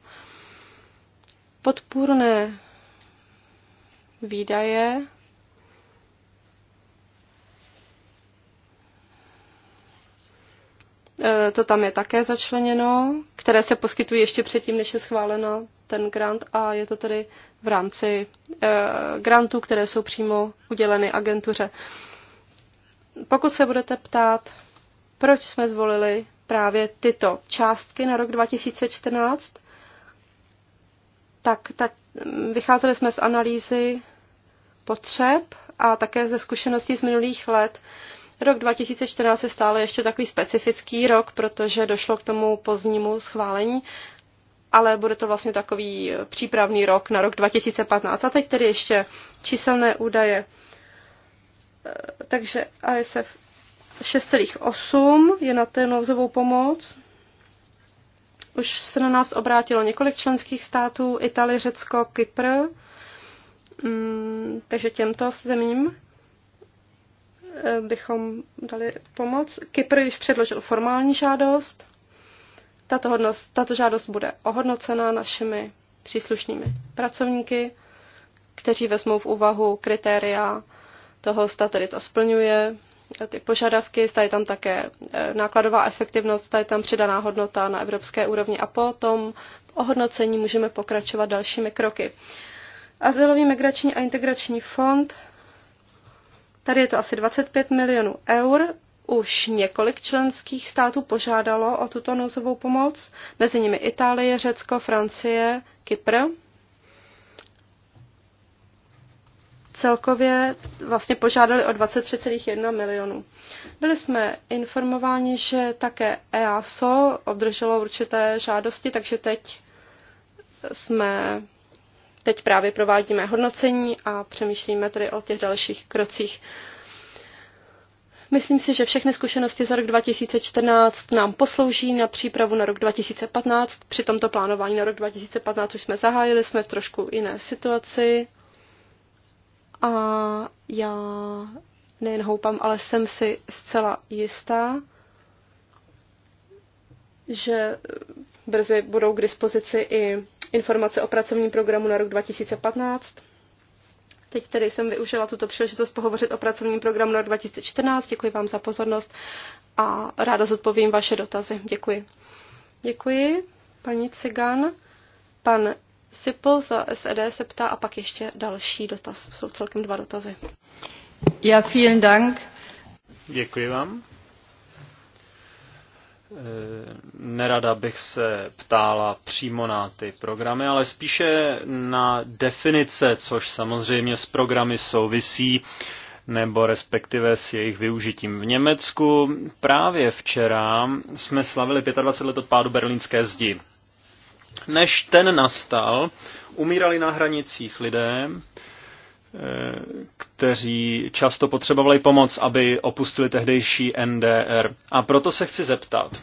Podpůrné výdaje E, to tam je také začleněno, které se poskytují ještě předtím, než je schválena ten grant a je to tedy v rámci e, grantů, které jsou přímo uděleny agentuře. Pokud se budete ptát, proč jsme zvolili právě tyto částky na rok 2014, tak tak vycházeli jsme z analýzy potřeb a také ze zkušeností z minulých let. Rok 2014 je stále ještě takový specifický rok, protože došlo k tomu pozdnímu schválení, ale bude to vlastně takový přípravný rok na rok 2015. A teď tedy ještě číselné údaje. E, takže ASF 6,8 je na té nouzovou pomoc. Už se na nás obrátilo několik členských států, Itálie, Řecko, Kypr. Mm, takže těmto zemím. Eh, bychom dali pomoc. Kypr již předložil formální žádost. Tato, hodnost, tato žádost bude ohodnocena našimi příslušnými pracovníky, kteří vezmou v úvahu kritéria toho, zda tedy to splňuje, eh, ty požadavky, zda je tam také eh, nákladová efektivnost, zda je tam přidaná hodnota na evropské úrovni a potom v ohodnocení můžeme pokračovat dalšími kroky. Azylový migrační a integrační fond Tady je to asi 25 milionů eur. Už několik členských států požádalo o tuto nouzovou pomoc, mezi nimi Itálie, Řecko, Francie, Kypr. celkově vlastně požádali o 23,1 milionů. Byli jsme informováni, že také EASO obdrželo určité žádosti, takže teď jsme Teď právě provádíme hodnocení a přemýšlíme tedy o těch dalších krocích. Myslím si, že všechny zkušenosti za rok 2014 nám poslouží na přípravu na rok 2015. Při tomto plánování na rok 2015 už jsme zahájili, jsme v trošku jiné situaci. A já nejen houpám, ale jsem si zcela jistá, že brzy budou k dispozici i informace o pracovním programu na rok 2015. Teď tedy jsem využila tuto příležitost pohovořit o pracovním programu na rok 2014. Děkuji vám za pozornost a ráda zodpovím vaše dotazy. Děkuji. Děkuji, paní Cigan. Pan Sipol za SED se ptá a pak ještě další dotaz. Jsou celkem dva dotazy. Ja, vielen Dank. Děkuji vám. Eh, nerada bych se ptala přímo na ty programy, ale spíše na definice, což samozřejmě s programy souvisí, nebo respektive s jejich využitím. V Německu právě včera jsme slavili 25 let od pádu berlínské zdi. Než ten nastal, umírali na hranicích lidé, kteří často potřebovali pomoc, aby opustili tehdejší NDR. A proto se chci zeptat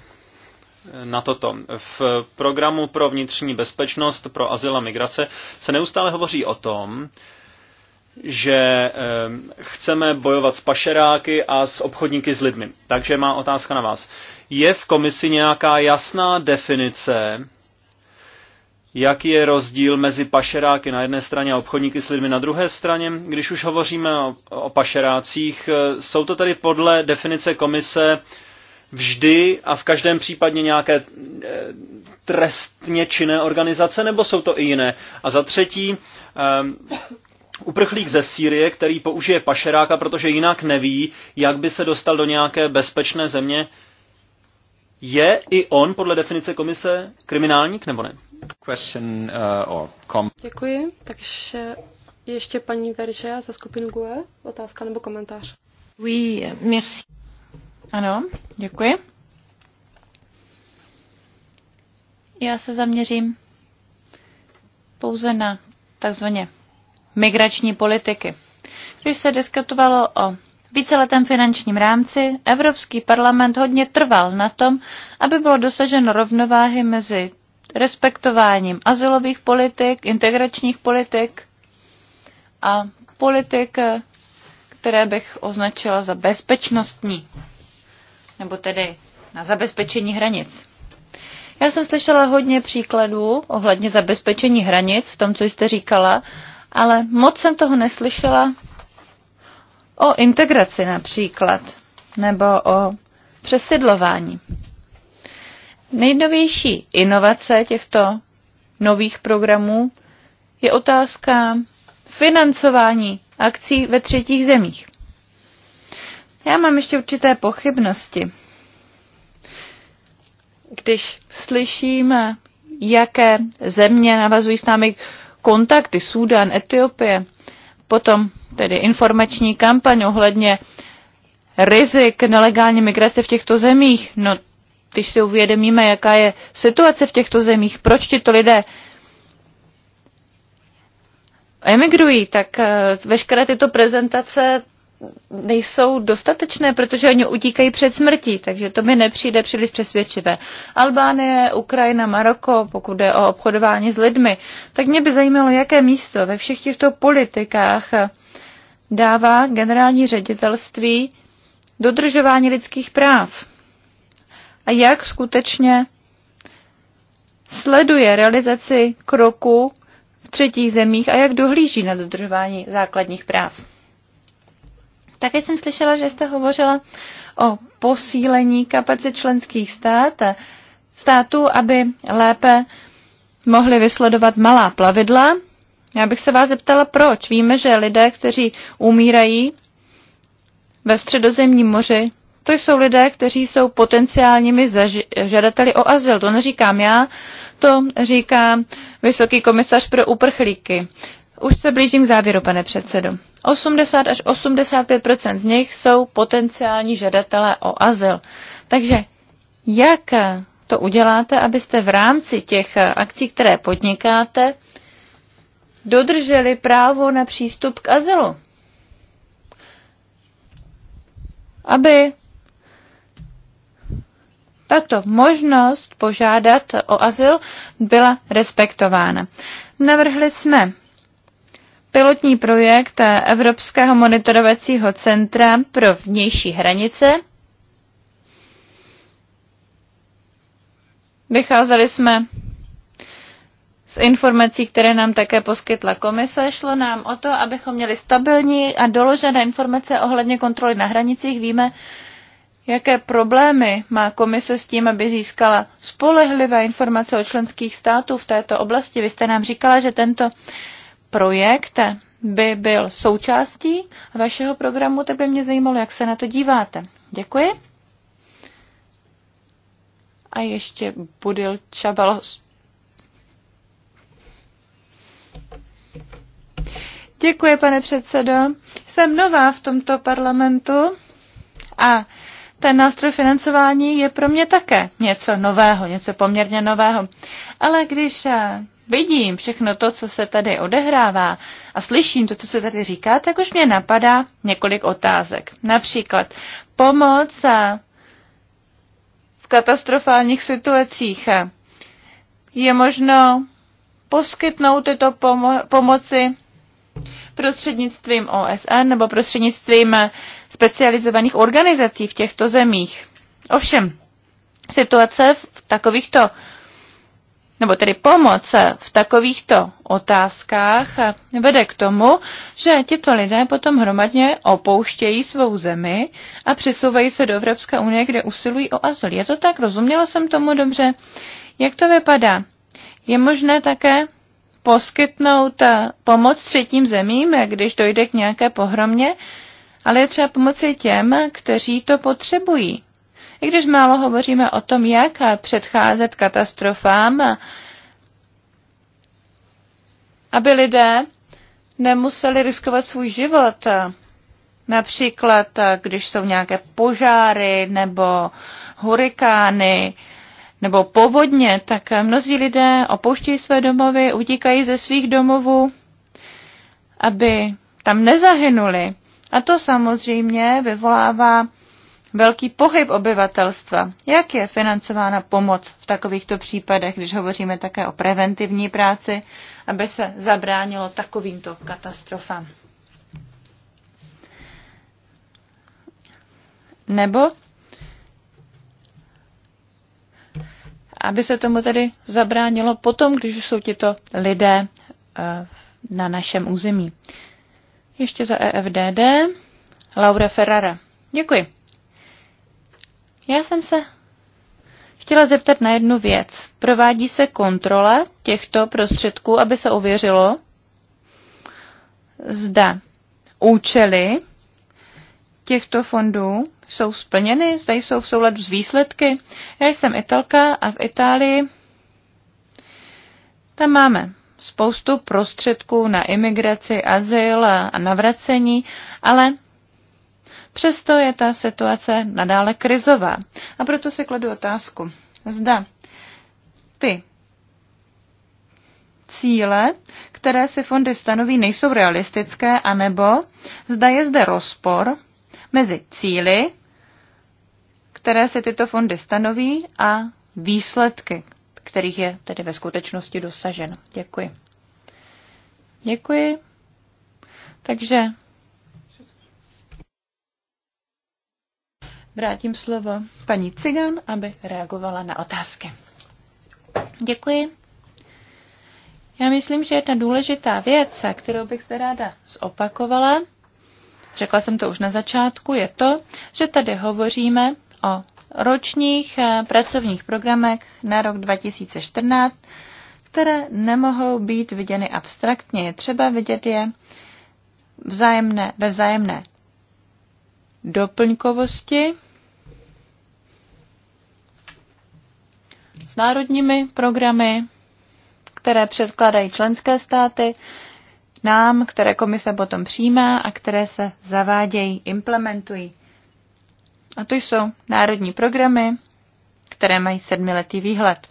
na toto. V programu pro vnitřní bezpečnost, pro azyl a migrace se neustále hovoří o tom, že eh, chceme bojovat s pašeráky a s obchodníky s lidmi. Takže má otázka na vás. Je v komisi nějaká jasná definice jaký je rozdíl mezi pašeráky na jedné straně a obchodníky s lidmi na druhé straně. Když už hovoříme o, o pašerácích, eh, jsou to tady podle definice komise vždy a v každém případě nějaké eh, trestně činné organizace, nebo jsou to i jiné? A za třetí, um, uprchlík ze Sýrie, který použije pašeráka, protože jinak neví, jak by se dostal do nějaké bezpečné země, je i on podle definice komise kriminálník nebo ne? Question, uh, or com- Děkuji. Takže ještě paní Veržea za skupinu GUE. Otázka nebo komentář? Oui, merci. Ano, děkuji. Já se zaměřím pouze na takzvaně migrační politiky. Když se diskutovalo o víceletém finančním rámci Evropský parlament hodně trval na tom, aby bylo dosaženo rovnováhy mezi respektováním azylových politik, integračních politik a politik, které bych označila za bezpečnostní, nebo tedy na zabezpečení hranic. Já jsem slyšela hodně příkladů ohledně zabezpečení hranic v tom, co jste říkala, ale moc jsem toho neslyšela o integraci například, nebo o přesidlování. Nejnovější inovace těchto nových programů je otázka financování akcí ve třetích zemích. Já mám ještě určité pochybnosti. Když slyším, jaké země navazují s námi kontakty, Súdán, Etiopie, Potom tedy informační kampaň ohledně rizik nelegální migrace v těchto zemích. No, když si uvědomíme, jaká je situace v těchto zemích, proč tito lidé emigrují, tak eh, veškeré tyto prezentace nejsou dostatečné, protože oni utíkají před smrtí, takže to mi nepřijde příliš přesvědčivé. Albánie, Ukrajina, Maroko, pokud jde o obchodování s lidmi, tak mě by zajímalo, jaké místo ve všech těchto politikách dává generální ředitelství dodržování lidských práv a jak skutečně sleduje realizaci kroku v třetích zemích a jak dohlíží na dodržování základních práv. Také jsem slyšela, že jste hovořila o posílení kapacit členských stát, států, aby lépe mohli vysledovat malá plavidla. Já bych se vás zeptala, proč. Víme, že lidé, kteří umírají ve středozemním moři, to jsou lidé, kteří jsou potenciálními žadateli o azyl. To neříkám já, to říká Vysoký komisař pro uprchlíky. Už se blížím k závěru, pane předsedo. 80 až 85 z nich jsou potenciální žadatelé o azyl. Takže jak to uděláte, abyste v rámci těch akcí, které podnikáte, dodrželi právo na přístup k azylu? Aby tato možnost požádat o azyl byla respektována. Navrhli jsme pilotní projekt Evropského monitorovacího centra pro vnější hranice. Vycházeli jsme z informací, které nám také poskytla komise, šlo nám o to, abychom měli stabilní a doložené informace ohledně kontroly na hranicích. Víme, jaké problémy má komise s tím, aby získala spolehlivé informace o členských států v této oblasti. Vy jste nám říkala, že tento projekt by byl součástí vašeho programu, tak by mě zajímalo, jak se na to díváte. Děkuji. A ještě Budil Čabal. Děkuji, pane předsedo. Jsem nová v tomto parlamentu a ten nástroj financování je pro mě také něco nového, něco poměrně nového. Ale když vidím všechno to, co se tady odehrává a slyším to, co se tady říká, tak už mě napadá několik otázek. Například pomoc v katastrofálních situacích. Je možno poskytnout tyto pomo- pomoci prostřednictvím OSN nebo prostřednictvím specializovaných organizací v těchto zemích. Ovšem, situace v takovýchto nebo tedy pomoc v takovýchto otázkách vede k tomu, že tito lidé potom hromadně opouštějí svou zemi a přesouvají se do Evropské unie, kde usilují o azyl. Je to tak? Rozuměla jsem tomu dobře? Jak to vypadá? Je možné také poskytnout pomoc třetím zemím, když dojde k nějaké pohromě, ale je třeba pomoci těm, kteří to potřebují. I když málo hovoříme o tom, jak předcházet katastrofám, aby lidé nemuseli riskovat svůj život. Například, když jsou nějaké požáry nebo hurikány nebo povodně, tak mnozí lidé opouštějí své domovy, utíkají ze svých domovů, aby tam nezahynuli. A to samozřejmě vyvolává velký pohyb obyvatelstva. Jak je financována pomoc v takovýchto případech, když hovoříme také o preventivní práci, aby se zabránilo takovýmto katastrofám? Nebo aby se tomu tedy zabránilo potom, když už jsou tito lidé eh, na našem území. Ještě za EFDD. Laura Ferrara. Děkuji. Já jsem se chtěla zeptat na jednu věc. Provádí se kontrola těchto prostředků, aby se ověřilo, zda účely těchto fondů jsou splněny, zda jsou v souladu s výsledky. Já jsem Italka a v Itálii tam máme spoustu prostředků na imigraci, azyl a navracení, ale Přesto je ta situace nadále krizová. A proto si kladu otázku. Zda ty cíle, které si fondy stanoví, nejsou realistické, anebo zda je zde rozpor mezi cíly, které si tyto fondy stanoví, a výsledky, kterých je tedy ve skutečnosti dosaženo. Děkuji. Děkuji. Takže vrátím slovo paní Cigan, aby reagovala na otázky. Děkuji. Já myslím, že jedna důležitá věc, kterou bych zde ráda zopakovala, řekla jsem to už na začátku, je to, že tady hovoříme o ročních eh, pracovních programech na rok 2014, které nemohou být viděny abstraktně. Je třeba vidět je vzájemné, ve vzájemné doplňkovosti s národními programy, které předkladají členské státy, nám, které komise potom přijímá a které se zavádějí, implementují. A to jsou národní programy, které mají sedmiletý výhled.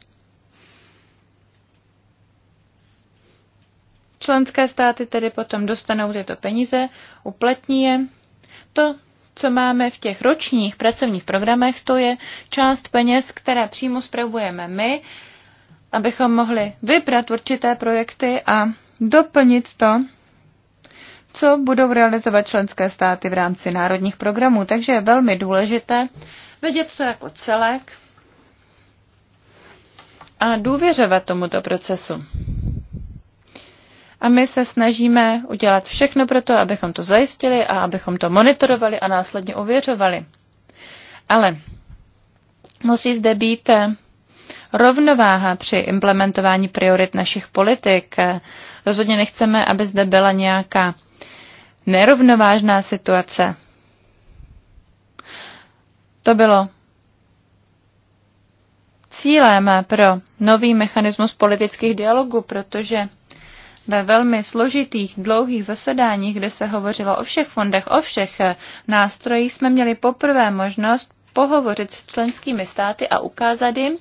Členské státy tedy potom dostanou tyto peníze, uplatní je. To co máme v těch ročních pracovních programech, to je část peněz, které přímo spravujeme my, abychom mohli vybrat určité projekty a doplnit to, co budou realizovat členské státy v rámci národních programů. Takže je velmi důležité vidět to jako celek a důvěřovat tomuto procesu. A my se snažíme udělat všechno pro to, abychom to zajistili a abychom to monitorovali a následně ověřovali. Ale musí zde být eh, rovnováha při implementování priorit našich politik. Eh, rozhodně nechceme, aby zde byla nějaká nerovnovážná situace. To bylo cílem pro nový mechanismus politických dialogů, protože ve velmi složitých, dlouhých zasedáních, kde se hovořilo o všech fondech, o všech eh, nástrojích, jsme měli poprvé možnost pohovořit s členskými státy a ukázat jim,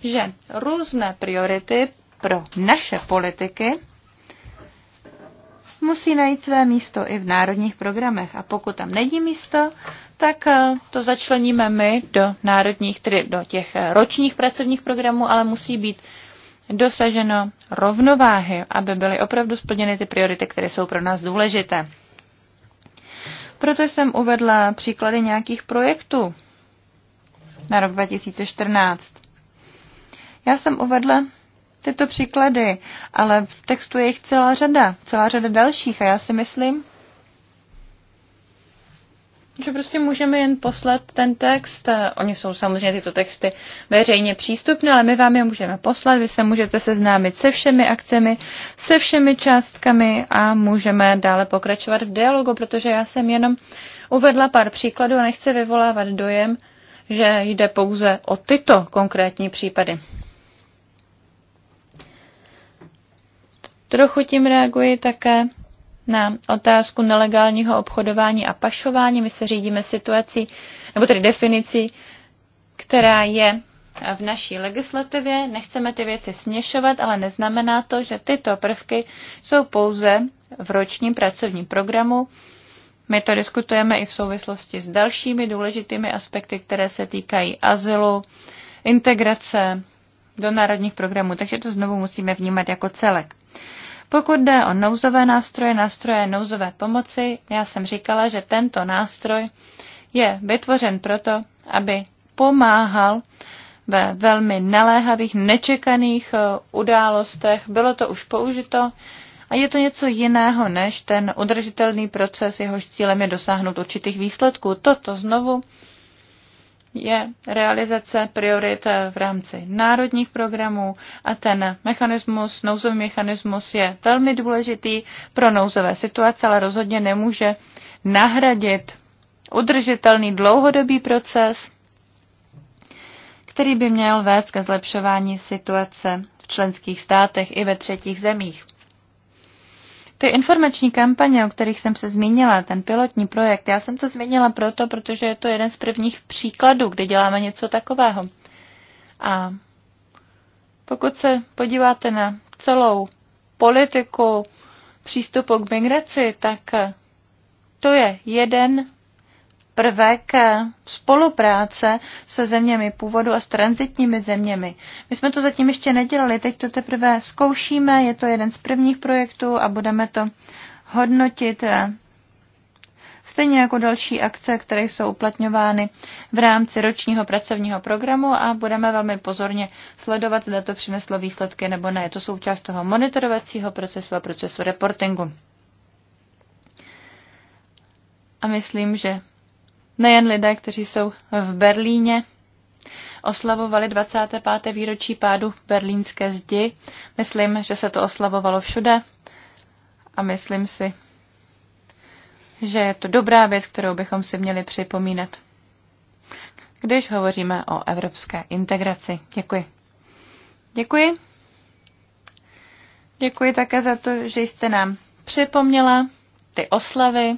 že různé priority pro naše politiky musí najít své místo i v národních programech. A pokud tam není místo, tak eh, to začleníme my do národních, tedy do těch eh, ročních pracovních programů, ale musí být dosaženo rovnováhy, aby byly opravdu splněny ty priority, které jsou pro nás důležité. Proto jsem uvedla příklady nějakých projektů na rok 2014. Já jsem uvedla tyto příklady, ale v textu je jich celá řada, celá řada dalších a já si myslím, že prostě můžeme jen poslat ten text. Eh, Oni jsou samozřejmě tyto texty veřejně přístupné, ale my vám je můžeme poslat. Vy se můžete seznámit se všemi akcemi, se všemi částkami a můžeme dále pokračovat v dialogu, protože já jsem jenom uvedla pár příkladů a nechci vyvolávat dojem, že jde pouze o tyto konkrétní případy. Trochu tím reaguji také na otázku nelegálního obchodování a pašování. My se řídíme situací, nebo tedy definicí, která je v naší legislativě. Nechceme ty věci směšovat, ale neznamená to, že tyto prvky jsou pouze v ročním pracovním programu. My to diskutujeme i v souvislosti s dalšími důležitými aspekty, které se týkají azylu, integrace do národních programů, takže to znovu musíme vnímat jako celek. Pokud jde o nouzové nástroje, nástroje nouzové pomoci, já jsem říkala, že tento nástroj je vytvořen proto, aby pomáhal ve velmi naléhavých, nečekaných eh, událostech. Bylo to už použito a je to něco jiného než ten udržitelný proces, jehož cílem je dosáhnout určitých výsledků. Toto znovu je realizace priorit v rámci národních programů a ten mechanismus, nouzový mechanismus je velmi důležitý pro nouzové situace, ale rozhodně nemůže nahradit udržitelný dlouhodobý proces, který by měl vést ke zlepšování situace v členských státech i ve třetích zemích. Ty informační kampaně, o kterých jsem se zmínila, ten pilotní projekt, já jsem to zmínila proto, protože je to jeden z prvních příkladů, kde děláme něco takového. A pokud se podíváte na celou politiku přístupu k migraci, tak to je jeden prvek spolupráce se zeměmi původu a s transitními zeměmi. My jsme to zatím ještě nedělali, teď to teprve zkoušíme, je to jeden z prvních projektů a budeme to hodnotit eh, stejně jako další akce, které jsou uplatňovány v rámci ročního pracovního programu a budeme velmi pozorně sledovat, zda to přineslo výsledky nebo ne. Je to součást toho monitorovacího procesu a procesu reportingu. A myslím, že Nejen lidé, kteří jsou v Berlíně, oslavovali 25. výročí pádu berlínské zdi. Myslím, že se to oslavovalo všude a myslím si, že je to dobrá věc, kterou bychom si měli připomínat, když hovoříme o evropské integraci. Děkuji. Děkuji. Děkuji také za to, že jste nám připomněla ty oslavy.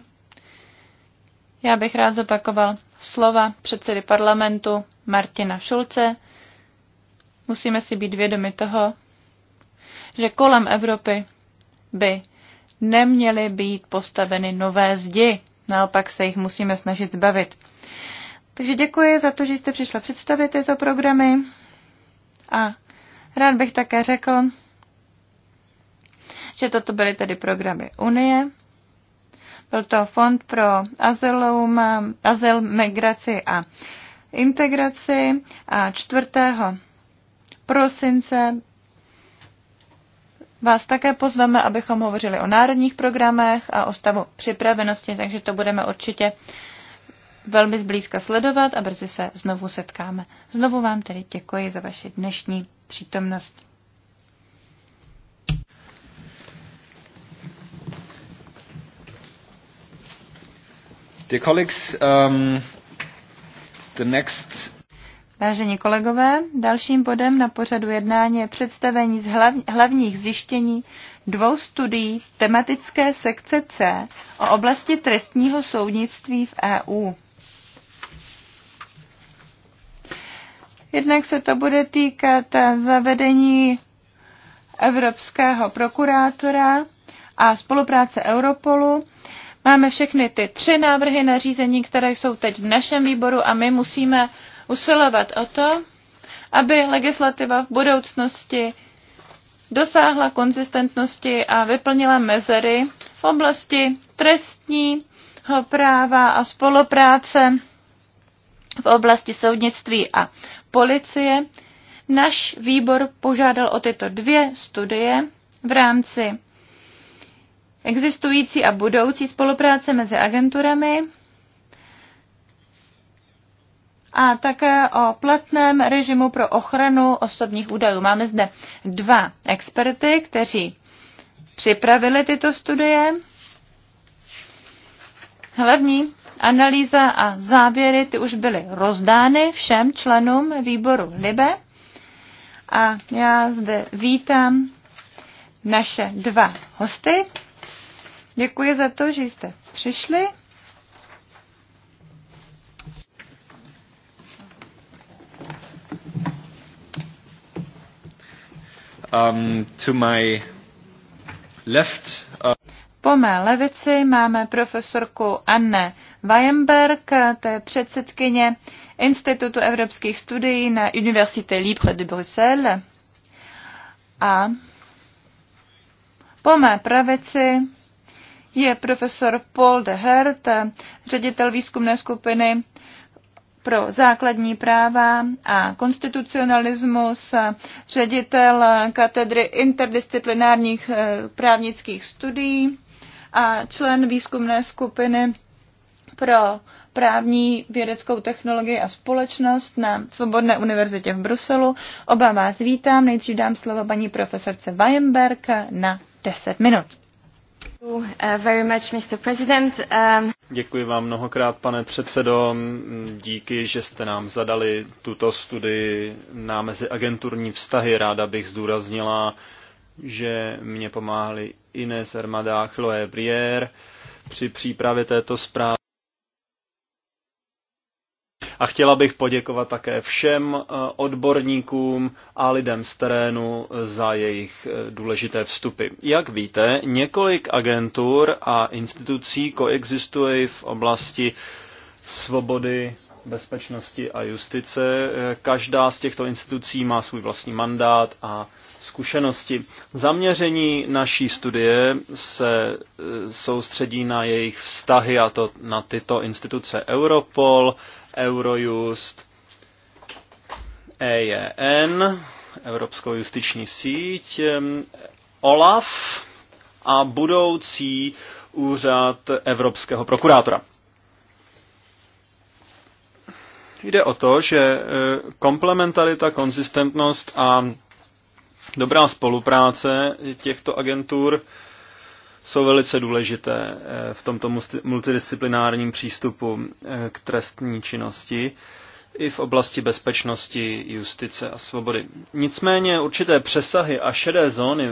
Já bych rád zopakoval slova předsedy parlamentu Martina Šulce. Musíme si být vědomi toho, že kolem Evropy by neměly být postaveny nové zdi. Naopak se jich musíme snažit zbavit. Takže děkuji za to, že jste přišla představit tyto programy. A rád bych také řekl, že toto byly tedy programy Unie byl to Fond pro azylum, azyl, migraci a integraci a 4. prosince Vás také pozveme, abychom hovořili o národních programech a o stavu připravenosti, takže to budeme určitě velmi zblízka sledovat a brzy se znovu setkáme. Znovu vám tedy děkuji za vaši dnešní přítomnost. Dear colleagues, um, the next... Vážení kolegové, dalším bodem na pořadu jednání je představení z hlav, hlavních zjištění dvou studií tematické sekce C o oblasti trestního soudnictví v EU. Jednak se to bude týkat zavedení evropského prokurátora a spolupráce Europolu Máme všechny ty tři návrhy na řízení, které jsou teď v našem výboru a my musíme usilovat o to, aby legislativa v budoucnosti dosáhla konzistentnosti a vyplnila mezery v oblasti trestního práva a spolupráce v oblasti soudnictví a policie. Náš výbor požádal o tyto dvě studie v rámci existující a budoucí spolupráce mezi agenturami a také o platném režimu pro ochranu osobních údajů. Máme zde dva experty, kteří připravili tyto studie. Hlavní analýza a závěry ty už byly rozdány všem členům výboru LIBE. A já zde vítám naše dva hosty, Děkuji za to, že jste přišli. Um, to my left, uh... Po mé levici máme profesorku Anne Weyenberg, to je předsedkyně Institutu evropských studií na Université Libre de Bruxelles. A po mé pravici je profesor Paul de Hert, ředitel výzkumné skupiny pro základní práva a konstitucionalismus, ředitel katedry interdisciplinárních eh, právnických studií a člen výzkumné skupiny pro právní vědeckou technologii a společnost na Svobodné univerzitě v Bruselu. Oba vás vítám. Nejdřív dám slovo paní profesorce Weinberg na 10 minut. Uh, um, Děkuji vám mnohokrát, pane předsedo. Díky, že jste nám zadali tuto studii na meziagenturní vztahy. Ráda bych zdůraznila, že mě pomáhali Ines Armada Chloé Brier při přípravě této zprávy. A chtěla bych poděkovat také všem eh, odborníkům a lidem z terénu eh, za jejich eh, důležité vstupy. Jak víte, několik agentur a institucí koexistuje v oblasti svobody bezpečnosti a justice. Každá z těchto institucí má svůj vlastní mandát a zkušenosti. Zaměření naší studie se eh, soustředí na jejich vztahy, a to na tyto instituce Europol, Eurojust, EJN, Evropskou justiční síť, eh, OLAF a budoucí úřad Evropského prokurátora. Jde o to, že e, komplementarita, konzistentnost a dobrá spolupráce těchto agentur jsou velice důležité e, v tomto multidisciplinárním přístupu e, k trestní činnosti i v oblasti bezpečnosti, justice a svobody. Nicméně určité přesahy a šedé zóny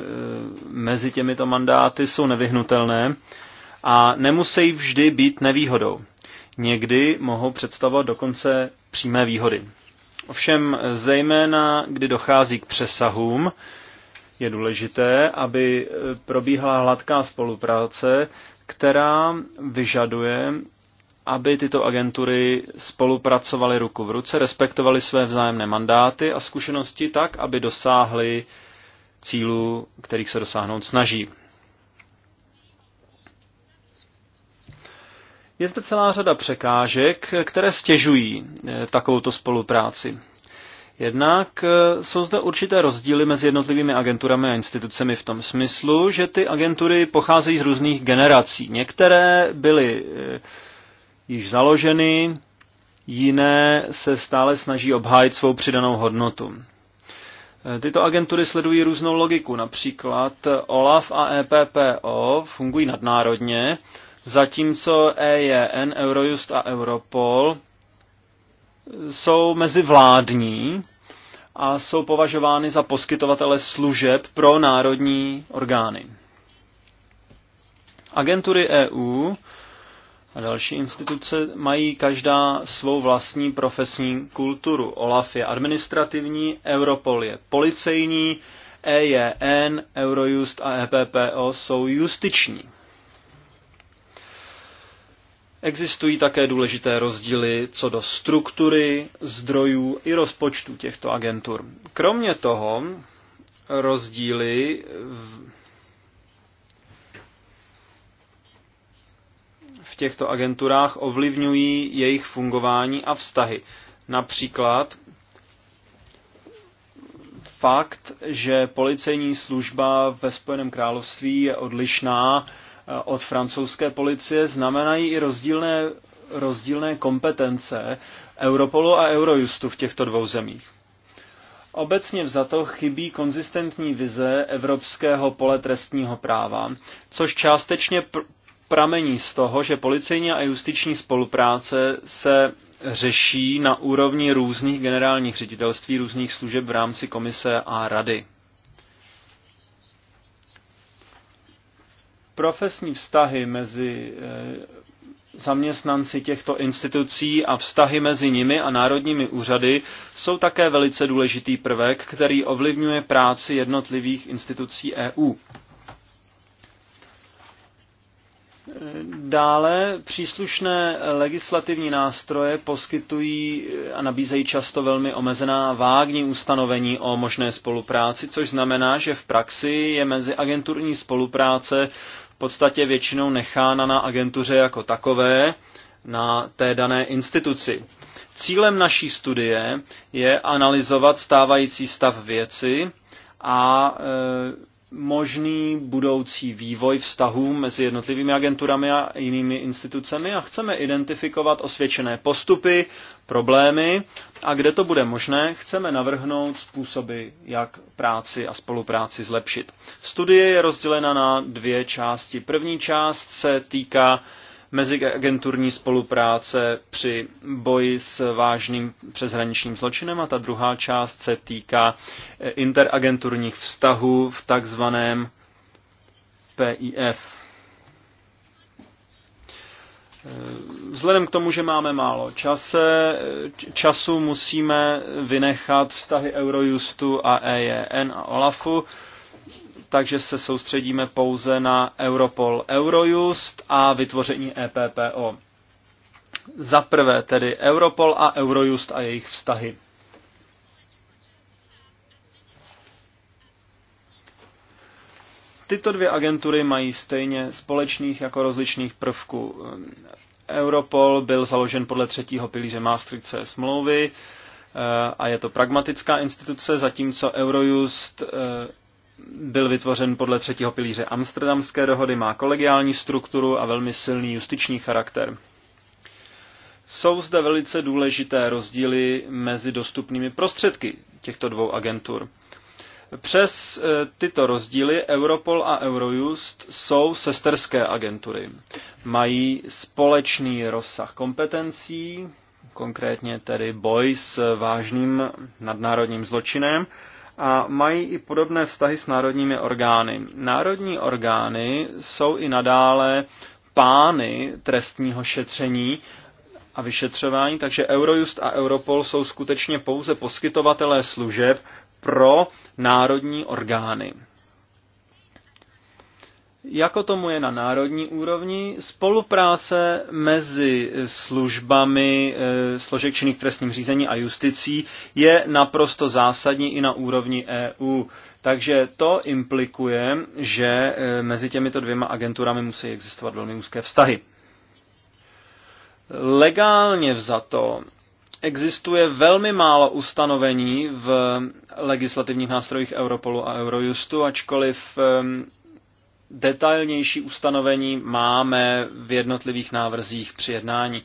mezi těmito mandáty jsou nevyhnutelné a nemusí vždy být nevýhodou někdy mohou představovat dokonce přímé výhody. Ovšem zejména, kdy dochází k přesahům, je důležité, aby eh, probíhala hladká spolupráce, která vyžaduje, aby tyto agentury spolupracovaly ruku v ruce, respektovaly své vzájemné mandáty a zkušenosti tak, aby dosáhly cílů, kterých se dosáhnout snaží. Je zde celá řada překážek, které stěžují eh, takovouto spolupráci. Jednak eh, jsou zde určité rozdíly mezi jednotlivými agenturami a institucemi v tom smyslu, že ty agentury pocházejí z různých generací. Některé byly eh, již založeny, jiné se stále snaží obhájit svou přidanou hodnotu. Tyto agentury sledují různou logiku, například OLAF a EPPO fungují nadnárodně zatímco EJN, Eurojust a Europol jsou mezivládní a jsou považovány za poskytovatele služeb pro národní orgány. Agentury EU a další instituce mají každá svou vlastní profesní kulturu. OLAF je administrativní, Europol je policejní, EJN, Eurojust a EPPO jsou justiční. Existují také důležité rozdíly co do struktury, zdrojů i rozpočtu těchto agentur. Kromě toho rozdíly v, v těchto agenturách ovlivňují jejich fungování a vztahy. Například fakt, že policejní služba ve Spojeném království je odlišná Eh, od francouzské policie znamenají i rozdílné, rozdílné kompetence Europolu a Eurojustu v těchto dvou zemích. Obecně vzato chybí konzistentní vize evropského pole trestního práva, což částečně pr- pramení z toho, že policejní a justiční spolupráce se řeší na úrovni různých generálních ředitelství, různých služeb v rámci komise a rady. Profesní vztahy mezi eh, zaměstnanci těchto institucí a vztahy mezi nimi a národními úřady jsou také velice důležitý prvek, který ovlivňuje práci jednotlivých institucí EU. Dále příslušné legislativní nástroje poskytují eh, a nabízejí často velmi omezená vágní ustanovení o možné spolupráci, což znamená, že v praxi je mezi agenturní spolupráce podstatě většinou nechána na agentuře jako takové, na té dané instituci. Cílem naší studie je analyzovat stávající stav věci a e, možný budoucí vývoj vztahů mezi jednotlivými agenturami a jinými institucemi a chceme identifikovat osvědčené postupy, problémy a kde to bude možné, chceme navrhnout způsoby, jak práci a spolupráci zlepšit. Studie je rozdělena na dvě části. První část se týká meziagenturní spolupráce při boji s vážným přeshraničním zločinem a ta druhá část se týká eh, interagenturních vztahů v takzvaném PIF. Eh, vzhledem k tomu, že máme málo čase, eh, času musíme vynechat vztahy Eurojustu a EJN a OLAFu takže se soustředíme pouze na Europol Eurojust a vytvoření EPPO. Za prvé tedy Europol a Eurojust a jejich vztahy. Tyto dvě agentury mají stejně společných jako rozličných prvků. Europol byl založen podle třetího pilíře Maastrichtské smlouvy eh, a je to pragmatická instituce, zatímco Eurojust eh, byl vytvořen podle třetího pilíře Amsterdamské dohody, má kolegiální strukturu a velmi silný justiční charakter. Jsou zde velice důležité rozdíly mezi dostupnými prostředky těchto dvou agentur. Přes e, tyto rozdíly Europol a Eurojust jsou sesterské agentury. Mají společný rozsah kompetencí, konkrétně tedy boj s vážným nadnárodním zločinem, a mají i podobné vztahy s národními orgány. Národní orgány jsou i nadále pány trestního šetření a vyšetřování, takže Eurojust a Europol jsou skutečně pouze poskytovatelé služeb pro národní orgány. Jako tomu je na národní úrovni, spolupráce mezi službami eh, složek činných trestním řízení a justicí je naprosto zásadní i na úrovni EU. Takže to implikuje, že eh, mezi těmito dvěma agenturami musí existovat velmi úzké vztahy. Legálně vzato existuje velmi málo ustanovení v legislativních nástrojích Europolu a Eurojustu, ačkoliv eh, detailnější ustanovení máme v jednotlivých návrzích při jednání.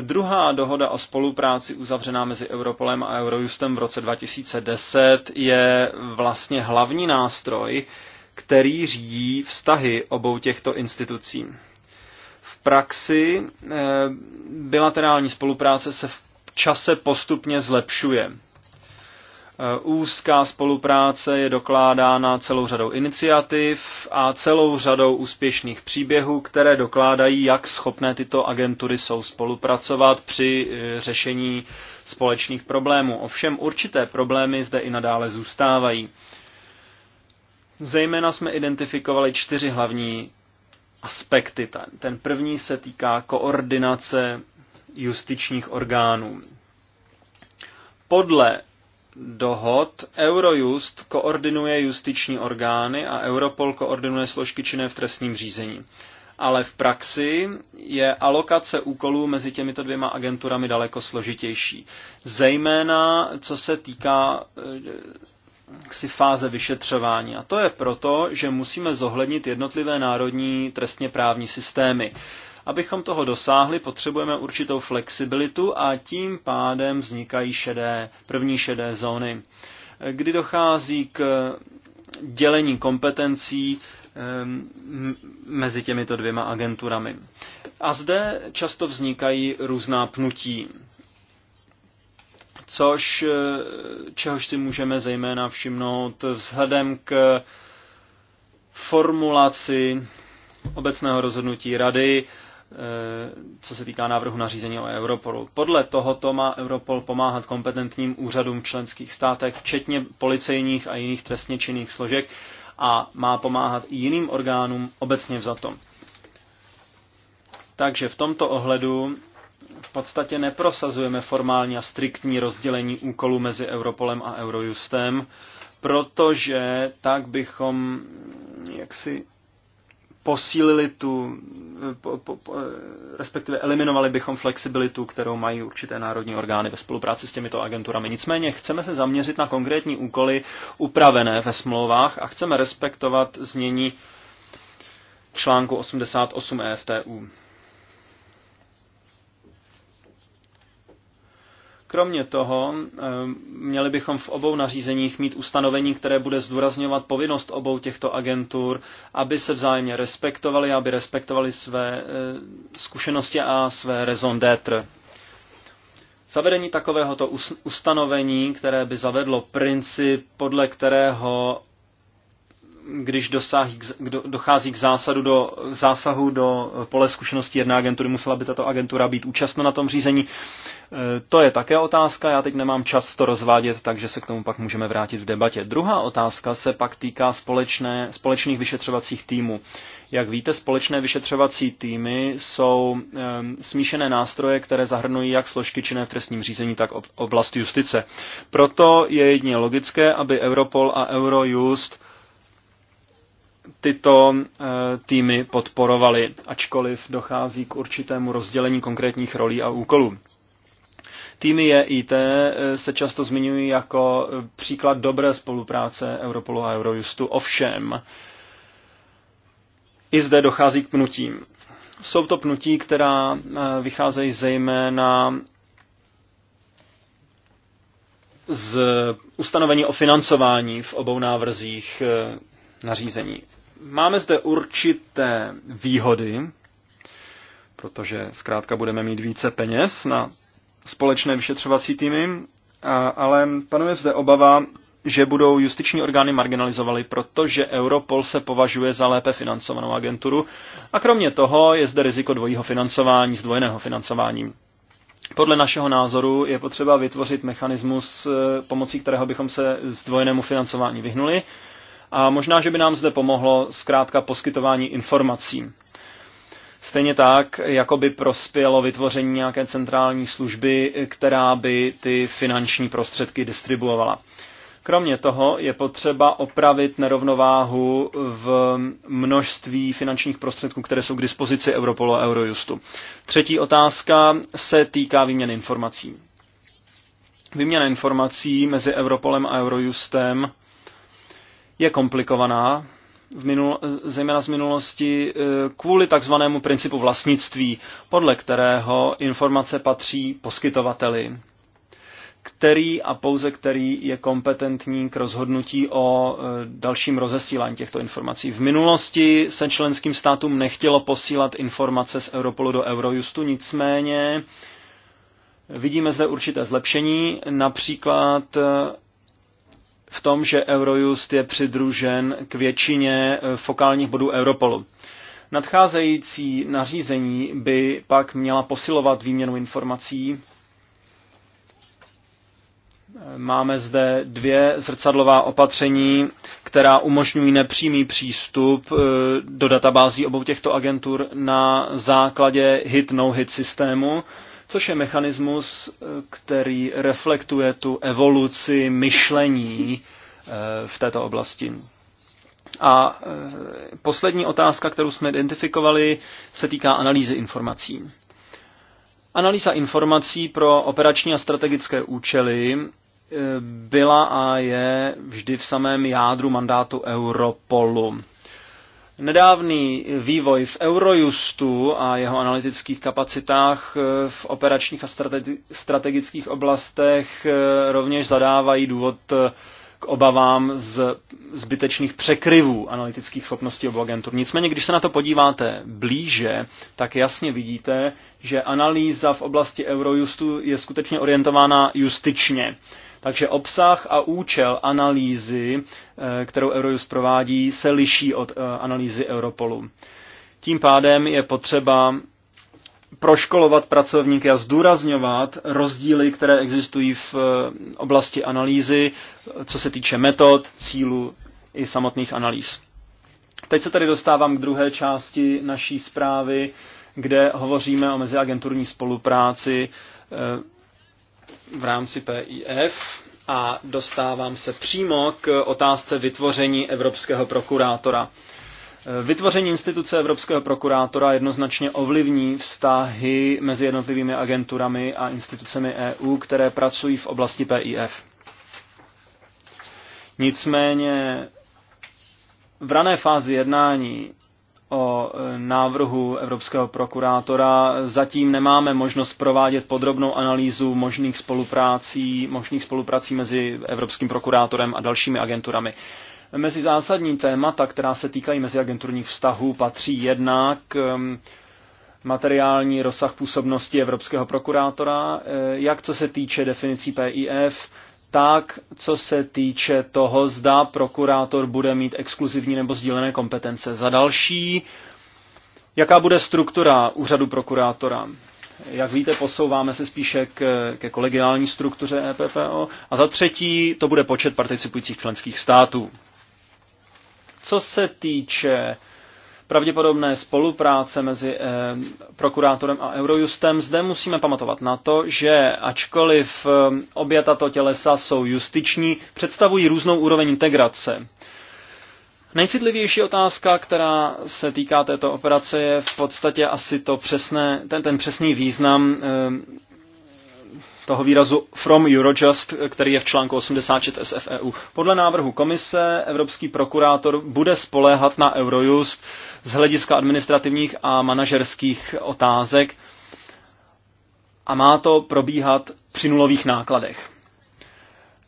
Druhá dohoda o spolupráci uzavřená mezi Europolem a Eurojustem v roce 2010 je vlastně hlavní nástroj, který řídí vztahy obou těchto institucí. V praxi eh, bilaterální spolupráce se v čase postupně zlepšuje. Eh, úzká spolupráce je dokládána celou řadou iniciativ a celou řadou úspěšných příběhů, které dokládají, jak schopné tyto agentury jsou spolupracovat při eh, řešení společných problémů. Ovšem určité problémy zde i nadále zůstávají. Zejména jsme identifikovali čtyři hlavní aspekty. Ten první se týká koordinace justičních orgánů. Podle dohod Eurojust koordinuje justiční orgány a Europol koordinuje složky činné v trestním řízení. Ale v praxi je alokace úkolů mezi těmito dvěma agenturami daleko složitější. Zejména co se týká eh, si fáze vyšetřování. A to je proto, že musíme zohlednit jednotlivé národní trestně právní systémy. Abychom toho dosáhli, potřebujeme určitou flexibilitu a tím pádem vznikají šedé, první šedé zóny, kdy dochází k dělení kompetencí mezi těmito dvěma agenturami. A zde často vznikají různá pnutí, což, e, čehož si můžeme zejména všimnout vzhledem k formulaci obecného rozhodnutí rady Eh, co se týká návrhu nařízení o Europolu. Podle tohoto má Europol pomáhat kompetentním úřadům v členských státech, včetně policejních a jiných trestně činných složek a má pomáhat i jiným orgánům obecně vzato. Takže v tomto ohledu v podstatě neprosazujeme formální a striktní rozdělení úkolů mezi Europolem a Eurojustem, protože tak bychom jaksi posílili tu, po, po, po, respektive eliminovali bychom flexibilitu, kterou mají určité národní orgány ve spolupráci s těmito agenturami. Nicméně chceme se zaměřit na konkrétní úkoly upravené ve smlouvách a chceme respektovat znění článku 88 EFTU. Kromě toho, eh, měli bychom v obou nařízeních mít ustanovení, které bude zdůrazňovat povinnost obou těchto agentur, aby se vzájemně respektovali, aby respektovali své eh, zkušenosti a své raison d'être. Zavedení takovéhoto ustanovení, které by zavedlo princip, podle kterého když dosáhí, dochází k zásadu do, zásahu do eh, pole zkušenosti jedné agentury, musela by tato agentura být účastna na tom řízení. Eh, to je také otázka, já teď nemám čas to rozvádět, takže se k tomu pak můžeme vrátit v debatě. Druhá otázka se pak týká společné, společných vyšetřovacích týmů. Jak víte, společné vyšetřovací týmy jsou e, smíšené nástroje, které zahrnují jak složky činné v trestním řízení, tak oblast justice. Proto je jedině logické, aby Europol a Eurojust tyto eh, týmy podporovaly, ačkoliv dochází k určitému rozdělení konkrétních rolí a úkolů. Týmy JIT eh, se často zmiňují jako eh, příklad dobré spolupráce Europolu a Eurojustu. Ovšem, i zde dochází k pnutím. Jsou to pnutí, která vycházejí zejména z ustanovení o financování v obou návrzích nařízení. Máme zde určité výhody, protože zkrátka budeme mít více peněz na společné vyšetřovací týmy, a, ale panuje zde obava, že budou justiční orgány marginalizovaly, protože Europol se považuje za lépe financovanou agenturu a kromě toho je zde riziko dvojího financování, zdvojeného financování. Podle našeho názoru je potřeba vytvořit mechanismus, e, pomocí kterého bychom se zdvojenému financování vyhnuli a možná, že by nám zde pomohlo zkrátka poskytování informací. Stejně tak, jako by prospělo vytvoření nějaké centrální služby, která by ty finanční prostředky distribuovala. Kromě toho je potřeba opravit nerovnováhu v množství finančních prostředků, které jsou k dispozici Europolu a Eurojustu. Třetí otázka se týká výměny informací. Výměna informací mezi Europolem a Eurojustem je komplikovaná, v minul, zejména z minulosti, e, kvůli takzvanému principu vlastnictví, podle kterého informace patří poskytovateli, který a pouze který je kompetentní k rozhodnutí o e, dalším rozesílání těchto informací. V minulosti se členským státům nechtělo posílat informace z Europolu do Eurojustu, nicméně vidíme zde určité zlepšení, například e, v tom, že Eurojust je přidružen k většině eh, fokálních bodů Europolu. Nadcházející nařízení by pak měla posilovat výměnu informací. Eh, máme zde dvě zrcadlová opatření, která umožňují nepřímý přístup eh, do databází obou těchto agentur na základě hit-no-hit -no -hit systému což je mechanismus, který reflektuje tu evoluci myšlení eh, v této oblasti. A eh, poslední otázka, kterou jsme identifikovali, se týká analýzy informací. Analýza informací pro operační a strategické účely eh, byla a je vždy v samém jádru mandátu Europolu. Nedávný vývoj v Eurojustu a jeho analytických kapacitách eh, v operačních a strategických oblastech eh, rovněž zadávají důvod eh, k obavám z zbytečných překryvů analytických schopností obou agentur. Nicméně, když se na to podíváte blíže, tak jasně vidíte, že analýza v oblasti Eurojustu je skutečně orientována justičně takže obsah a účel analýzy, eh, kterou Eurojust provádí, se liší od eh, analýzy Europolu. Tím pádem je potřeba proškolovat pracovníky a zdůrazňovat rozdíly, které existují v eh, oblasti analýzy, co se týče metod, cílů i samotných analýz. Teď se tedy dostávám k druhé části naší zprávy, kde hovoříme o meziagenturní spolupráci v rámci PIF a dostávám se přímo k otázce vytvoření evropského prokurátora. Vytvoření instituce evropského prokurátora jednoznačně ovlivní vztahy mezi jednotlivými agenturami a institucemi EU, které pracují v oblasti PIF. Nicméně v rané fázi jednání o e, návrhu evropského prokurátora. Zatím nemáme možnost provádět podrobnou analýzu možných spoluprácí, možných spoluprací mezi evropským prokurátorem a dalšími agenturami. Mezi zásadní témata, která se týkají meziagenturních vztahů, patří jednak materiální rozsah působnosti evropského prokurátora, e, jak co se týče definicí PIF, tak, co se týče toho, zda prokurátor bude mít exkluzivní nebo sdílené kompetence. Za další, jaká bude struktura úřadu prokurátora? Jak víte, posouváme se spíše k, ke kolegiální struktuře EPPO. A za třetí, to bude počet participujících členských států. Co se týče pravděpodobné spolupráce mezi eh, prokurátorem a Eurojustem, zde musíme pamatovat na to, že ačkoliv eh, obě tato tělesa jsou justiční, představují různou úroveň integrace. Nejcitlivější otázka, která se týká této operace, je v podstatě asi to přesné, ten, ten přesný význam eh, toho výrazu from Eurojust, který je v článku 86 SFEU. Podle návrhu komise evropský prokurátor bude spoléhat na Eurojust z hlediska administrativních a manažerských otázek a má to probíhat při nulových nákladech.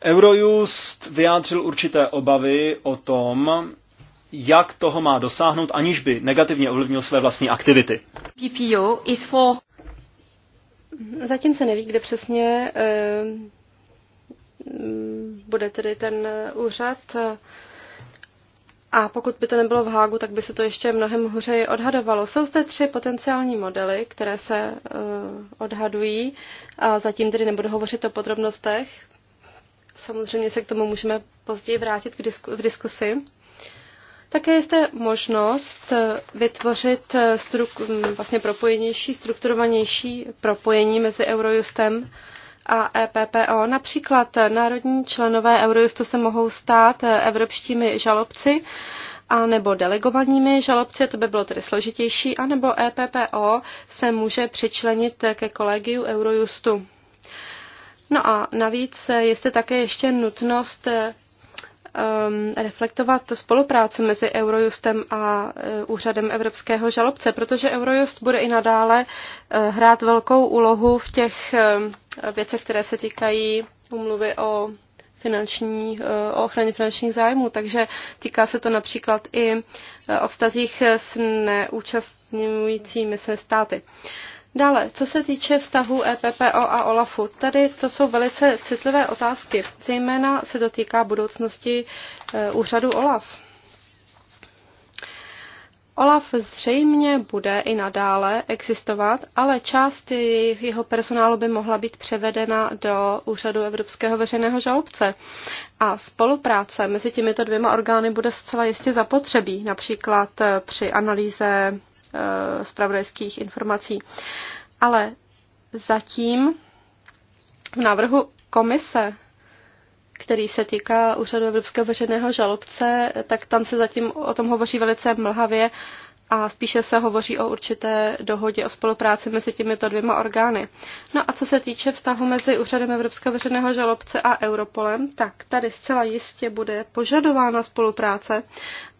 Eurojust vyjádřil určité obavy o tom, jak toho má dosáhnout, aniž by negativně ovlivnil své vlastní aktivity. PPO is for Zatím se neví, kde přesně eh, mm, bude tedy ten úřad. A pokud by to nebylo v Hágu, tak by se to ještě mnohem hůře odhadovalo. Jsou zde tři potenciální modely, které se eh, odhadují a zatím tedy nebudu hovořit o podrobnostech. Samozřejmě se k tomu můžeme později vrátit v diskusi. Také je zde možnost eh, vytvořit eh, stru, vlastně propojenější, strukturovanější propojení mezi Eurojustem a EPPO. Například eh, národní členové Eurojustu se mohou stát evropskými žalobci a nebo delegovanými žalobci, to by bylo tedy složitější, a nebo EPPO se může přičlenit ke kolegiu Eurojustu. No a navíc je zde také ještě nutnost um, reflektovat spolupráci mezi Eurojustem a uh, úřadem Evropského žalobce, protože Eurojust bude i nadále uh, hrát velkou úlohu v těch uh, věcech, které se týkají umluvy o finanční, uh, o ochraně finančních zájmů, takže týká se to například i uh, o vztazích s neúčastňujícími se státy. Uh, Dále, co se týče vztahu EPPO a OLAFu, tady to jsou velice citlivé otázky. Zejména se dotýká budoucnosti e, úřadu OLAF. OLAF zřejmě bude i nadále existovat, ale část jeho personálu by mohla být převedena do úřadu Evropského veřejného žalobce. A spolupráce mezi těmito dvěma orgány bude zcela jistě zapotřebí, například e, při analýze spravodajských eh, informací. Ale zatím v návrhu komise, který se týká úřadu Evropského veřejného žalobce, tak tam se zatím o tom hovoří velice mlhavě a spíše se hovoří o určité dohodě o spolupráci mezi těmito dvěma orgány. No a co se týče vztahu mezi Úřadem Evropského veřejného žalobce a Europolem, tak tady zcela jistě bude požadována spolupráce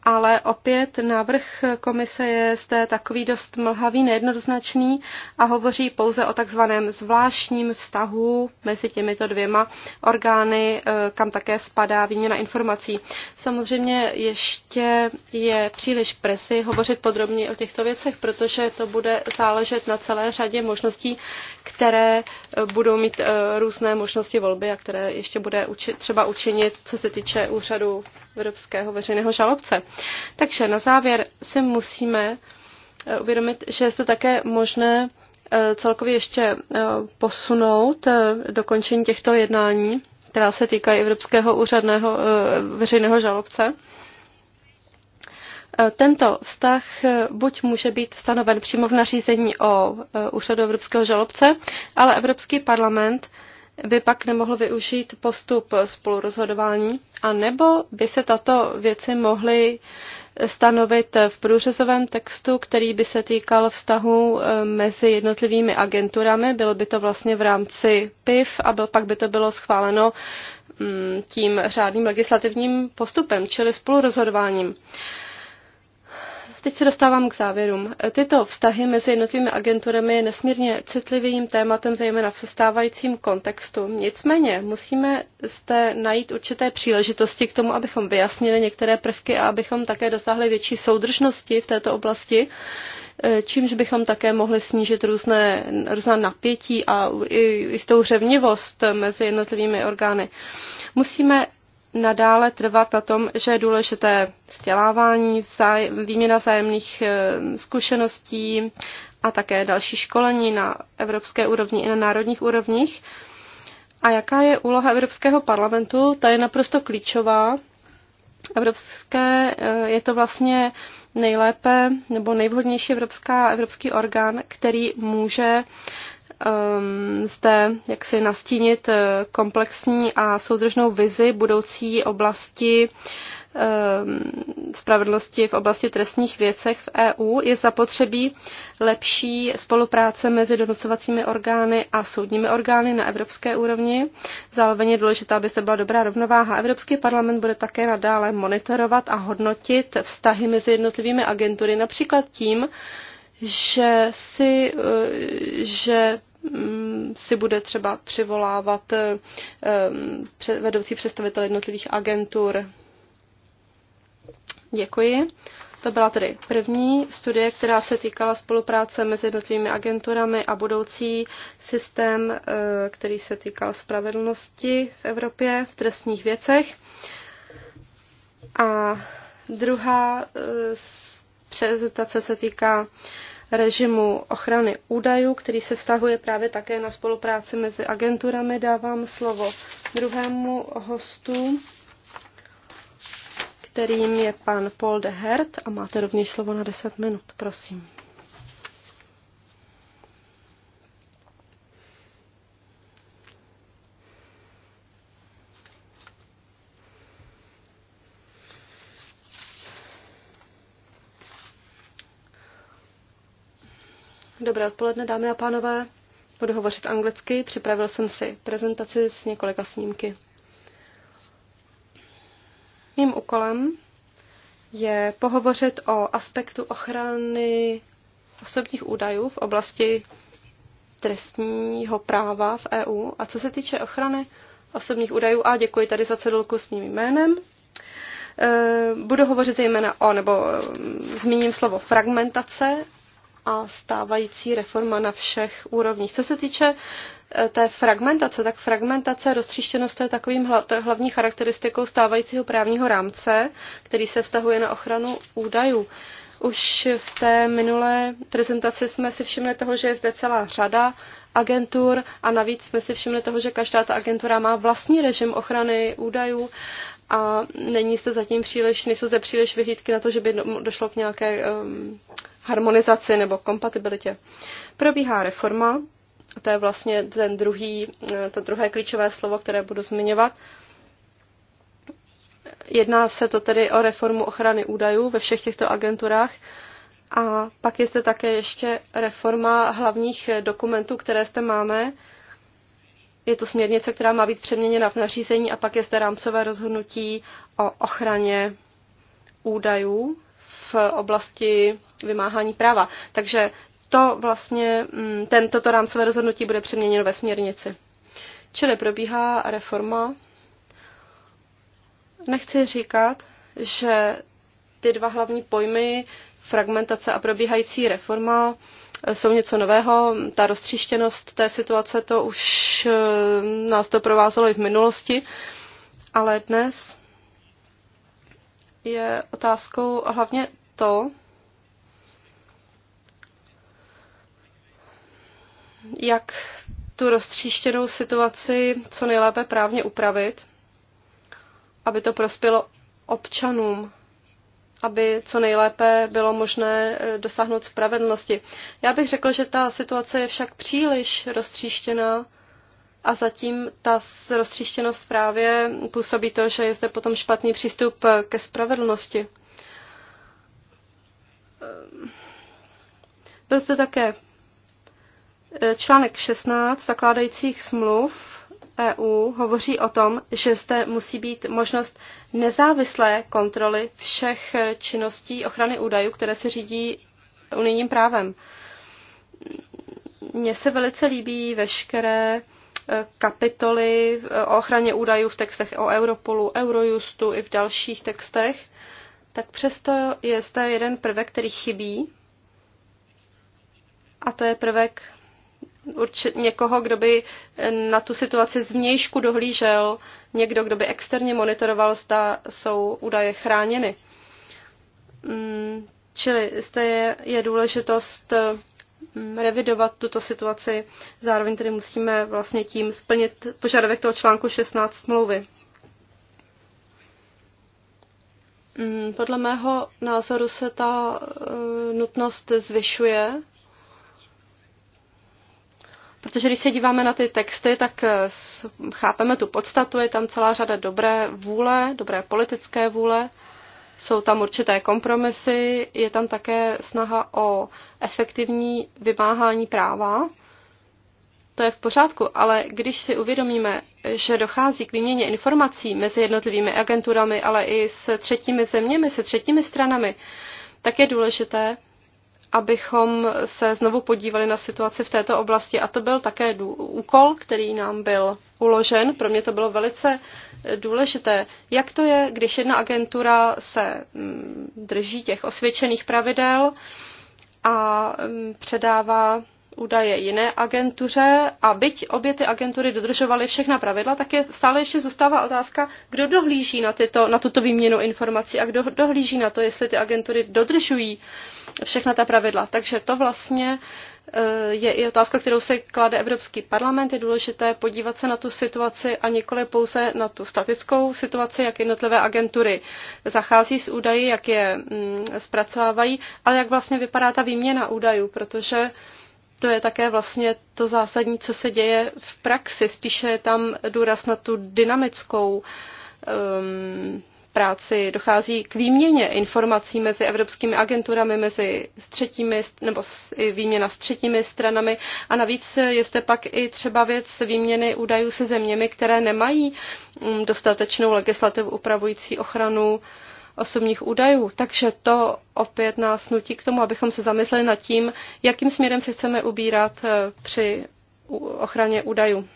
ale opět návrh komise je zde takový dost mlhavý, nejednoznačný a hovoří pouze o takzvaném zvláštním vztahu mezi těmito dvěma orgány, eh, kam také spadá výměna informací. Samozřejmě ještě je příliš presy hovořit podrobně o těchto věcech, protože to bude záležet na celé řadě možností, které eh, budou mít eh, různé možnosti volby a které ještě bude třeba učinit, co se týče úřadu Evropského veřejného žalobce. Takže na závěr si musíme eh, uvědomit, že je to také možné eh, celkově ještě eh, posunout dokončení těchto jednání, která se týkají Evropského úřadného veřejného žalobce. Tento vztah buď může být stanoven přímo v nařízení o úřadu Evropského žalobce, ale Evropský parlament by pak nemohl využít postup spolurozhodování, a nebo by se tato věci mohly stanovit v průřezovém textu, který by se týkal vztahu eh, mezi jednotlivými agenturami. Bylo by to vlastně v rámci PIV a byl, pak by to bylo schváleno mm, tím řádným legislativním postupem, čili spolurozhodováním. Teď se dostávám k závěrům. Tyto vztahy mezi jednotlivými agenturami je nesmírně citlivým tématem, zejména v sestávajícím kontextu. Nicméně musíme zde najít určité příležitosti k tomu, abychom vyjasnili některé prvky a abychom také dosáhli větší soudržnosti v této oblasti, čímž bychom také mohli snížit různé, různá napětí a i jistou řevnivost mezi jednotlivými orgány. Musíme nadále trvat na tom, že je důležité vzdělávání, výměna zájemných eh, zkušeností a také další školení na evropské úrovni i na národních úrovních. A jaká je úloha Evropského parlamentu? Ta je naprosto klíčová. Evropské eh, je to vlastně nejlépe nebo nejvhodnější evropská, evropský orgán, který může um, zde jaksi nastínit eh, komplexní a soudržnou vizi budoucí oblasti um, spravedlnosti v oblasti trestních věcech v EU je zapotřebí lepší spolupráce mezi donocovacími orgány a soudními orgány na evropské úrovni. Zároveň je důležité, aby se byla dobrá rovnováha. Evropský parlament bude také nadále monitorovat a hodnotit vztahy mezi jednotlivými agentury, například tím, že si, eh, že mm, si bude třeba přivolávat eh, vedoucí představitel jednotlivých agentur. Děkuji. To byla tedy první studie, která se týkala spolupráce mezi jednotlivými agenturami a budoucí systém, eh, který se týkal spravedlnosti v Evropě v trestních věcech. A druhá prezentace se týká režimu ochrany údajů, který se vztahuje právě také na spolupráci mezi agenturami. Dávám slovo druhému hostu, kterým je pan Paul de Hert a máte rovněž slovo na 10 minut, prosím. Dobré odpoledne, dámy a pánové. Budu hovořit anglicky, připravil jsem si prezentaci s několika snímky. Mým úkolem je pohovořit o aspektu ochrany osobních údajů v oblasti trestního práva v EU. A co se týče ochrany osobních údajů, a děkuji tady za cedulku s mým jménem, eh, budu hovořit zejména o, nebo eh, zmíním slovo fragmentace a stávající reforma na všech úrovních. Co se týče eh, té fragmentace, tak fragmentace, roztříštěnost to je takovým hla, to je hlavní charakteristikou stávajícího právního rámce, který se stahuje na ochranu údajů. Už v té minulé prezentaci jsme si všimli toho, že je zde celá řada agentur a navíc jsme si všimli toho, že každá ta agentura má vlastní režim ochrany údajů a není se zatím příliš, nejsou zde příliš vyhlídky na to, že by došlo k nějaké um, harmonizaci nebo kompatibilitě. Probíhá reforma, a to je vlastně ten druhý, eh, to druhé klíčové slovo, které budu zmiňovat. Jedná se to tedy o reformu ochrany údajů ve všech těchto agenturách. A pak je zde také ještě reforma hlavních eh, dokumentů, které zde máme, je to směrnice, která má být přeměněna v nařízení a pak je zde rámcové rozhodnutí o ochraně údajů v oblasti vymáhání práva. Takže to vlastně, mm, ten, toto rámcové rozhodnutí bude přeměněno ve směrnici. Čili probíhá reforma. Nechci říkat, že ty dva hlavní pojmy, fragmentace a probíhající reforma, jsou něco nového. Ta roztříštěnost té situace, to už eh, nás to provázelo i v minulosti, ale dnes je otázkou hlavně to, jak tu roztříštěnou situaci co nejlépe právně upravit, aby to prospělo občanům aby co nejlépe bylo možné eh, dosáhnout spravedlnosti. Já bych řekl, že ta situace je však příliš roztříštěná a zatím ta roztříštěnost právě působí to, že je zde potom špatný přístup eh, ke spravedlnosti. Ehm, byl zde také eh, článek 16 zakládajících smluv, EU hovoří o tom, že zde musí být možnost nezávislé kontroly všech eh, činností ochrany údajů, které se řídí unijním právem. Mně se velice líbí veškeré eh, kapitoly eh, o ochraně údajů v textech o Europolu, Eurojustu i v dalších textech, tak přesto je zde jeden prvek, který chybí, a to je prvek určit někoho, kdo by eh, na tu situaci zvnějšku dohlížel, někdo, kdo by externě monitoroval, zda jsou údaje chráněny. Mm, čili zde je, je důležitost eh, revidovat tuto situaci, zároveň tedy musíme vlastně tím splnit požadavek toho článku 16 smlouvy. Mm, podle mého názoru se ta eh, nutnost zvyšuje Protože když se díváme na ty texty, tak eh, chápeme tu podstatu, je tam celá řada dobré vůle, dobré politické vůle, jsou tam určité kompromisy, je tam také snaha o efektivní vymáhání práva. To je v pořádku, ale když si uvědomíme, že dochází k výměně informací mezi jednotlivými agenturami, ale i se třetími zeměmi, se třetími stranami, tak je důležité, abychom se znovu podívali na situaci v této oblasti. A to byl také úkol, který nám byl uložen. Pro mě to bylo velice eh, důležité. Jak to je, když jedna agentura se mm, drží těch osvědčených pravidel a mm, předává údaje jiné agentuře a byť obě ty agentury dodržovaly všechna pravidla, tak je stále ještě zůstává otázka, kdo dohlíží na, tyto, na tuto výměnu informací a kdo dohlíží na to, jestli ty agentury dodržují všechna ta pravidla. Takže to vlastně eh, je i otázka, kterou se klade Evropský parlament. Je důležité podívat se na tu situaci a nikoli pouze na tu statickou situaci, jak jednotlivé agentury zachází s údaji, jak je mm, zpracovávají, ale jak vlastně vypadá ta výměna údajů, protože to je také vlastně to zásadní, co se děje v praxi. Spíše je tam důraz na tu dynamickou um, práci. Dochází k výměně informací mezi evropskými agenturami, mezi s třetími, nebo výměna s třetími stranami. A navíc je zde pak i třeba věc výměny údajů se zeměmi, které nemají um, dostatečnou legislativu upravující ochranu uh, osobních údajů. Takže to opět nás nutí k tomu, abychom se zamysleli nad tím, jakým směrem se chceme ubírat eh, při ochraně údajů.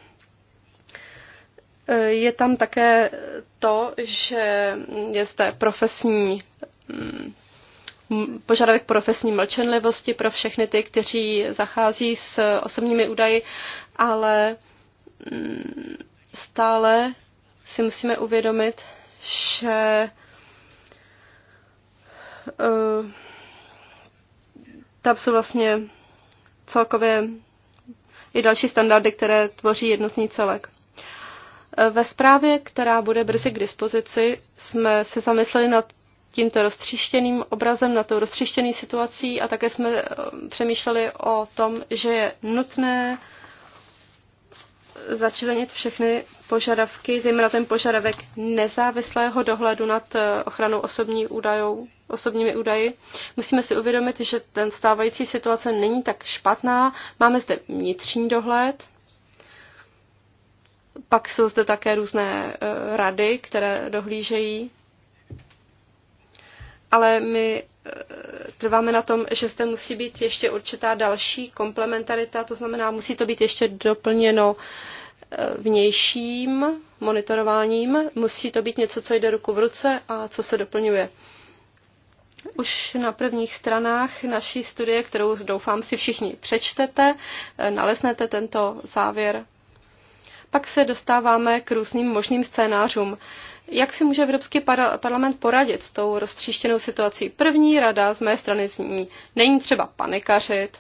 Eh, je tam také to, že je zde profesní mm, požadavek profesní mlčenlivosti pro všechny ty, kteří zachází s osobními údaji, ale mm, stále si musíme uvědomit, že Eh, tam jsou vlastně celkově i další standardy, které tvoří jednotný celek. Eh, ve zprávě, která bude brzy k dispozici, jsme se zamysleli nad tímto roztříštěným obrazem, na tou roztříštěný situací a také jsme eh, přemýšleli o tom, že je nutné začlenit všechny požadavky, zejména ten požadavek nezávislého dohledu nad eh, ochranou osobní údajů, osobními údaji. Musíme si uvědomit, že ten stávající situace není tak špatná. Máme zde vnitřní dohled, pak jsou zde také různé eh, rady, které dohlížejí. Ale my eh, trváme na tom, že zde musí být ještě určitá další komplementarita, to znamená, musí to být ještě doplněno vnějším monitorováním. Musí to být něco, co jde ruku v ruce a co se doplňuje. Už na prvních stranách naší studie, kterou doufám si všichni přečtete, eh, naleznete tento závěr. Pak se dostáváme k různým možným scénářům. Jak si může Evropský parlament poradit s tou roztříštěnou situací? První rada z mé strany zní, není třeba panikařit,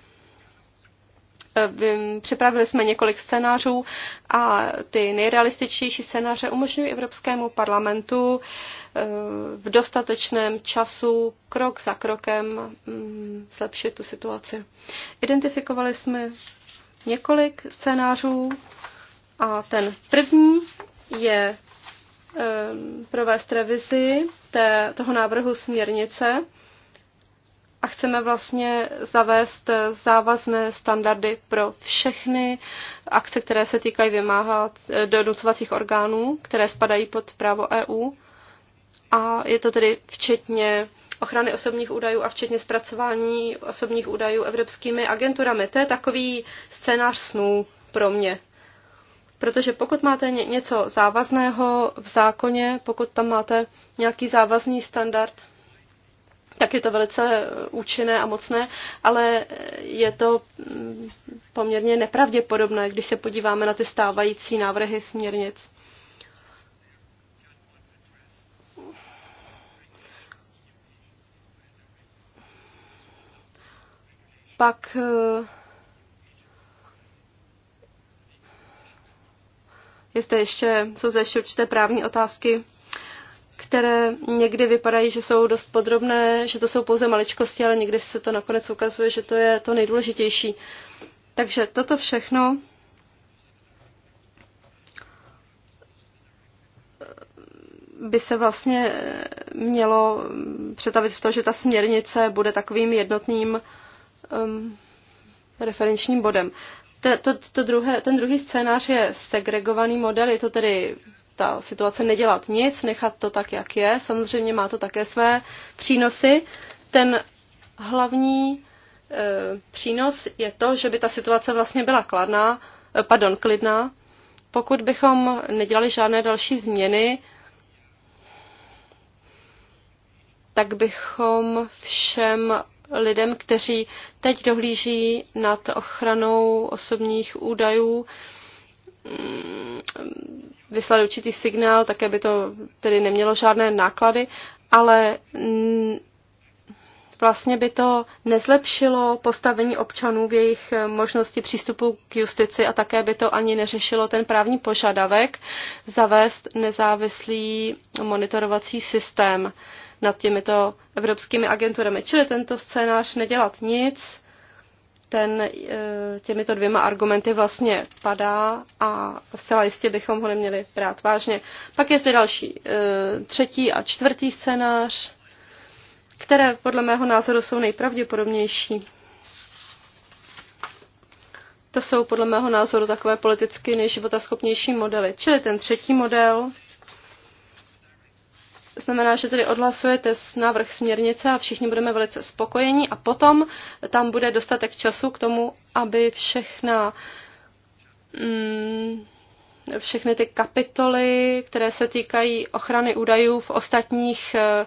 Ehm, připravili jsme několik scénářů a ty nejrealističtější scénáře umožňují Evropskému parlamentu ehm, v dostatečném času krok za krokem mm, zlepšit tu situaci. Identifikovali jsme několik scénářů a ten první je ehm, provést revizi té, toho návrhu směrnice a chceme vlastně zavést závazné standardy pro všechny akce, které se týkají vymáhat eh, donucovacích orgánů, které spadají pod právo EU. A je to tedy včetně ochrany osobních údajů a včetně zpracování osobních údajů evropskými agenturami. To je takový scénář snů pro mě. Protože pokud máte něco závazného v zákoně, pokud tam máte nějaký závazný standard, tak je to velice účinné a mocné, ale je to poměrně nepravděpodobné, když se podíváme na ty stávající návrhy směrnic. Pak eh, je zde ještě, jsou zde ještě určité právní otázky které někdy vypadají, že jsou dost podrobné, že to jsou pouze maličkosti, ale někdy se to nakonec ukazuje, že to je to nejdůležitější. Takže toto všechno eh, by se vlastně eh, mělo mm, přetavit v to, že ta směrnice bude takovým jednotným um, referenčním bodem. To, to, to druhé, ten druhý scénář je segregovaný model, je to tedy ta situace nedělat nic, nechat to tak, jak je. Samozřejmě má to také své přínosy. Ten hlavní e, přínos je to, že by ta situace vlastně byla kladná, e, pardon, klidná. Pokud bychom nedělali žádné další změny, tak bychom všem lidem, kteří teď dohlíží nad ochranou osobních údajů, e, Mm, vyslali určitý signál, také by to tedy nemělo žádné náklady, ale mm, vlastně by to nezlepšilo postavení občanů v jejich eh, možnosti přístupu k justici a také by to ani neřešilo ten právní požadavek zavést nezávislý monitorovací systém nad těmito evropskými agenturami. Čili tento scénář nedělat nic, ten e, těmito dvěma argumenty vlastně padá a zcela jistě bychom ho neměli brát vážně. Pak je zde další e, třetí a čtvrtý scénář, které podle mého názoru jsou nejpravděpodobnější. To jsou podle mého názoru takové politicky nejživotaschopnější modely. Čili ten třetí model, Znamená, že tedy odhlasujete s návrh směrnice a všichni budeme velice spokojení a potom tam bude dostatek času k tomu, aby všechna mm, všechny ty kapitoly, které se týkají ochrany údajů v ostatních eh,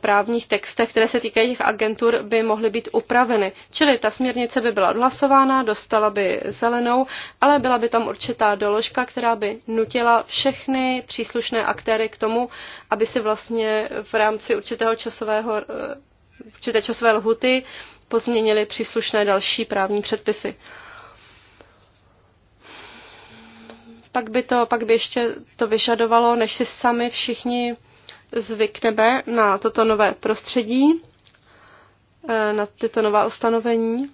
právních textech, které se týkají těch agentur, by mohly být upraveny. Čili ta směrnice by byla odhlasována, dostala by zelenou, ale byla by tam určitá doložka, která by nutila všechny příslušné aktéry k tomu, aby si vlastně v rámci určitého časového, eh, určité časové lhuty pozměnili příslušné další právní předpisy. Pak by, to, pak by ještě to vyžadovalo, než si sami všichni zvykneme na toto nové prostředí, eh, na tyto nová ustanovení.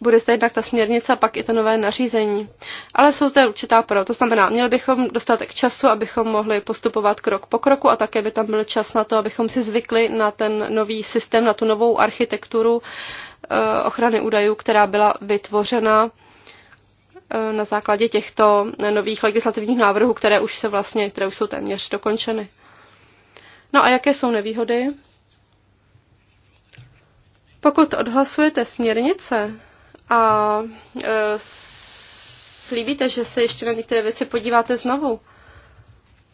Bude zde jednak ta směrnice a pak i to nové nařízení. Ale jsou zde určitá pro. To znamená, měli bychom dostatek času, abychom mohli postupovat krok po kroku a také by tam byl čas na to, abychom si zvykli na ten nový systém, na tu novou architekturu eh, ochrany údajů, která byla vytvořena na základě těchto nových legislativních návrhů, které už se vlastně, které už jsou téměř dokončeny. No a jaké jsou nevýhody? Pokud odhlasujete směrnice a e, slíbíte, že se ještě na některé věci podíváte znovu,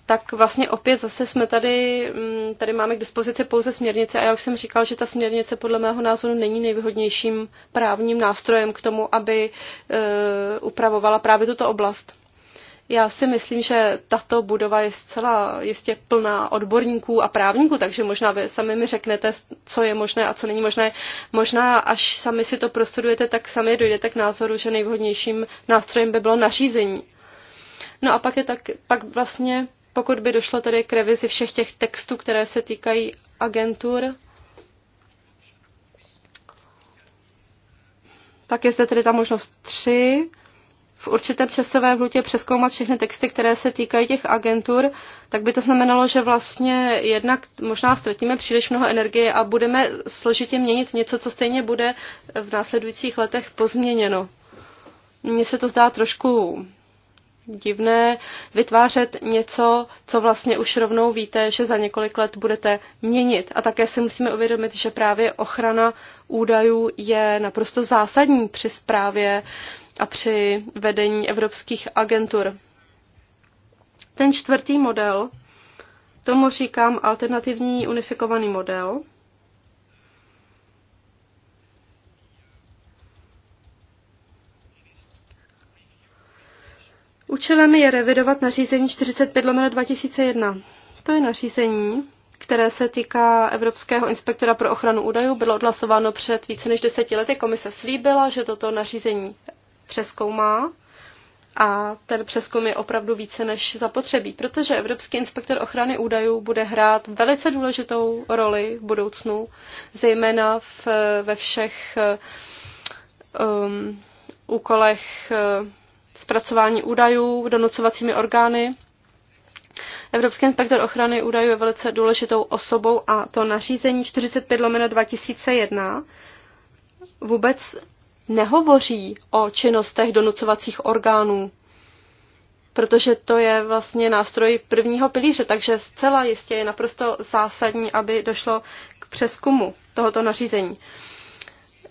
tak vlastně opět zase jsme tady, mm, tady máme k dispozici pouze směrnice a já už jsem říkal, že ta směrnice podle mého názoru není nejvhodnějším právním nástrojem k tomu, aby e, upravovala právě tuto oblast. Já si myslím, že tato budova je zcela jistě plná odborníků a právníků, takže možná vy sami mi řeknete, co je možné a co není možné. Možná až sami si to prostudujete, tak sami dojdete k názoru, že nejvhodnějším nástrojem by bylo nařízení. No a pak je tak, pak vlastně pokud by došlo tedy k revizi všech těch textů, které se týkají agentur, pak je zde tedy ta možnost tři: v určitém časové hlutě přeskoumat všechny texty, které se týkají těch agentur, tak by to znamenalo, že vlastně jednak možná ztratíme příliš mnoho energie a budeme složitě měnit něco, co stejně bude v následujících letech pozměněno. Mně se to zdá trošku divné vytvářet něco, co vlastně už rovnou víte, že za několik let budete měnit. A také si musíme uvědomit, že právě ochrana údajů je naprosto zásadní při správě a při vedení evropských agentur. Ten čtvrtý model, tomu říkám alternativní unifikovaný model, Účelem je revidovat nařízení 45 2001. To je nařízení, které se týká Evropského inspektora pro ochranu údajů, bylo odhlasováno před více než deseti lety. Komise slíbila, že toto nařízení přeskoumá a ten přeskum je opravdu více než zapotřebí, protože Evropský inspektor ochrany údajů bude hrát velice důležitou roli v budoucnu, zejména v, ve všech eh, um, úkolech eh, zpracování údajů donucovacími orgány. Evropský inspektor ochrany údajů je velice důležitou osobou a to nařízení 45 lomeno 2001 vůbec nehovoří o činnostech donucovacích orgánů, protože to je vlastně nástroj prvního pilíře, takže zcela jistě je naprosto zásadní, aby došlo k přeskumu tohoto nařízení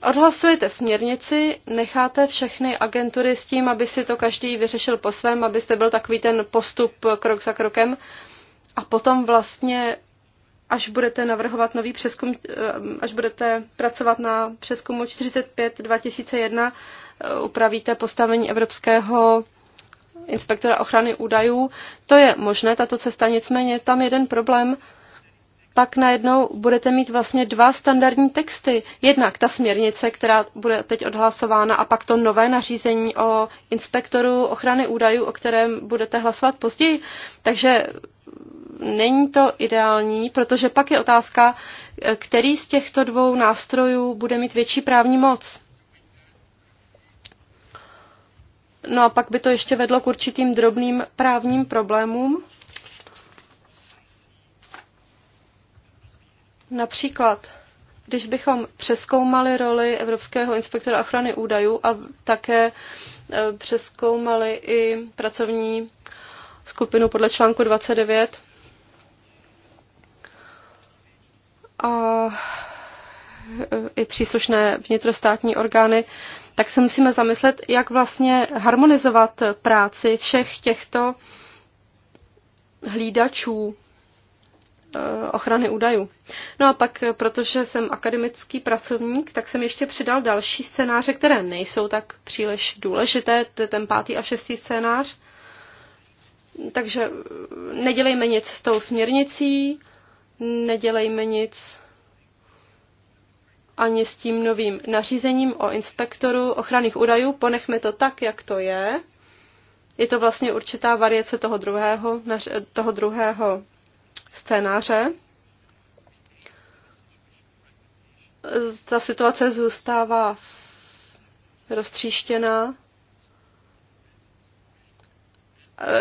odhlasujete směrnici, necháte všechny agentury s tím, aby si to každý vyřešil po svém, abyste byl takový ten postup krok za krokem a potom vlastně až budete navrhovat nový přeskum, eh, až budete pracovat na přeskumu 45 2001, eh, upravíte postavení Evropského inspektora ochrany údajů. To je možné, tato cesta, nicméně tam jeden problém, pak najednou budete mít vlastně dva standardní texty. Jednak ta směrnice, která bude teď odhlasována, a pak to nové nařízení o inspektoru ochrany údajů, o kterém budete hlasovat později. Takže není to ideální, protože pak je otázka, který z těchto dvou nástrojů bude mít větší právní moc. No a pak by to ještě vedlo k určitým drobným právním problémům. Například, když bychom přeskoumali roli Evropského inspektora ochrany údajů a také e, přeskoumali i pracovní skupinu podle článku 29, a e, i příslušné vnitrostátní orgány, tak se musíme zamyslet, jak vlastně harmonizovat práci všech těchto hlídačů Eh, ochrany údajů. No a pak, eh, protože jsem akademický pracovník, tak jsem ještě přidal další scénáře, které nejsou tak příliš důležité, ten pátý a šestý scénář. Takže eh, nedělejme nic s tou směrnicí, nedělejme nic ani s tím novým nařízením o inspektoru ochranných údajů, ponechme to tak, jak to je. Je to vlastně určitá variace toho druhého, toho druhého scénáře. Ta situace zůstává roztříštěná,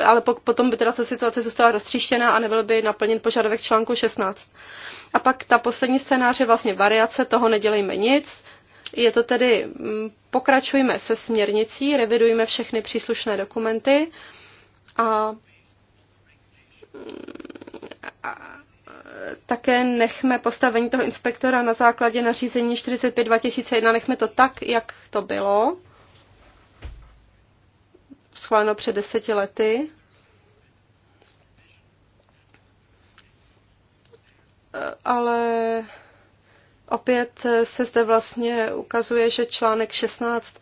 ale potom by teda ta situace zůstala roztříštěná a nebyl by naplněn požadavek článku 16. A pak ta poslední scénář je vlastně variace toho nedělejme nic. Je to tedy, mm, pokračujme se směrnicí, revidujme všechny příslušné dokumenty a mm, a také nechme postavení toho inspektora na základě nařízení 45 2001, nechme to tak, jak to bylo, schváleno před deseti lety. Ale opět se zde vlastně ukazuje, že článek 16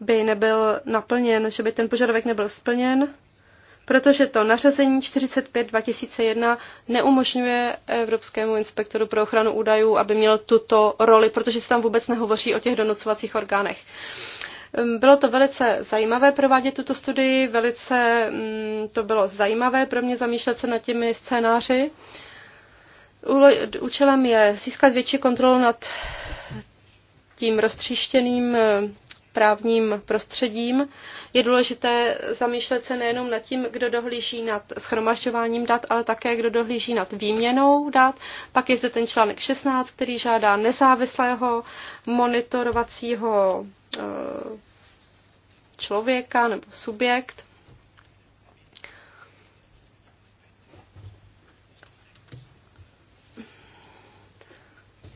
by nebyl naplněn, že by ten požadavek nebyl splněn protože to nařazení 45-2001 neumožňuje Evropskému inspektoru pro ochranu údajů, aby měl tuto roli, protože se tam vůbec nehovoří o těch donocovacích orgánech. Bylo to velice zajímavé provádět tuto studii, velice mm, to bylo zajímavé pro mě zamýšlet se nad těmi scénáři. Účelem je získat větší kontrolu nad tím roztříštěným právním prostředím. Je důležité zamýšlet se nejenom nad tím, kdo dohlíží nad schromažďováním dat, ale také kdo dohlíží nad výměnou dat. Pak je zde ten článek 16, který žádá nezávislého monitorovacího eh, člověka nebo subjekt.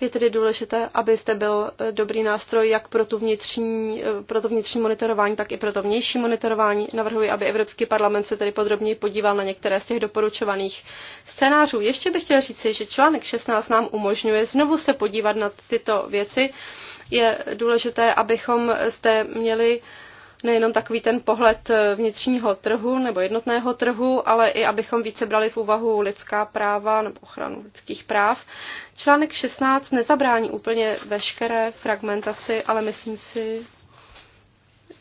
Je tedy důležité, abyste byl eh, dobrý nástroj jak pro, tu vnitřní, eh, pro to vnitřní monitorování, tak i pro to vnější monitorování. Navrhuji, aby Evropský parlament se tedy podrobněji podíval na některé z těch doporučovaných scénářů. Ještě bych chtěl říci, že článek 16 nám umožňuje znovu se podívat na tyto věci. Je důležité, abychom zde měli uh, nejenom takový ten pohled eh, vnitřního trhu nebo jednotného trhu, ale i abychom více brali v úvahu lidská práva nebo ochranu lidských práv. Článek 16 nezabrání úplně veškeré fragmentaci, ale myslím si,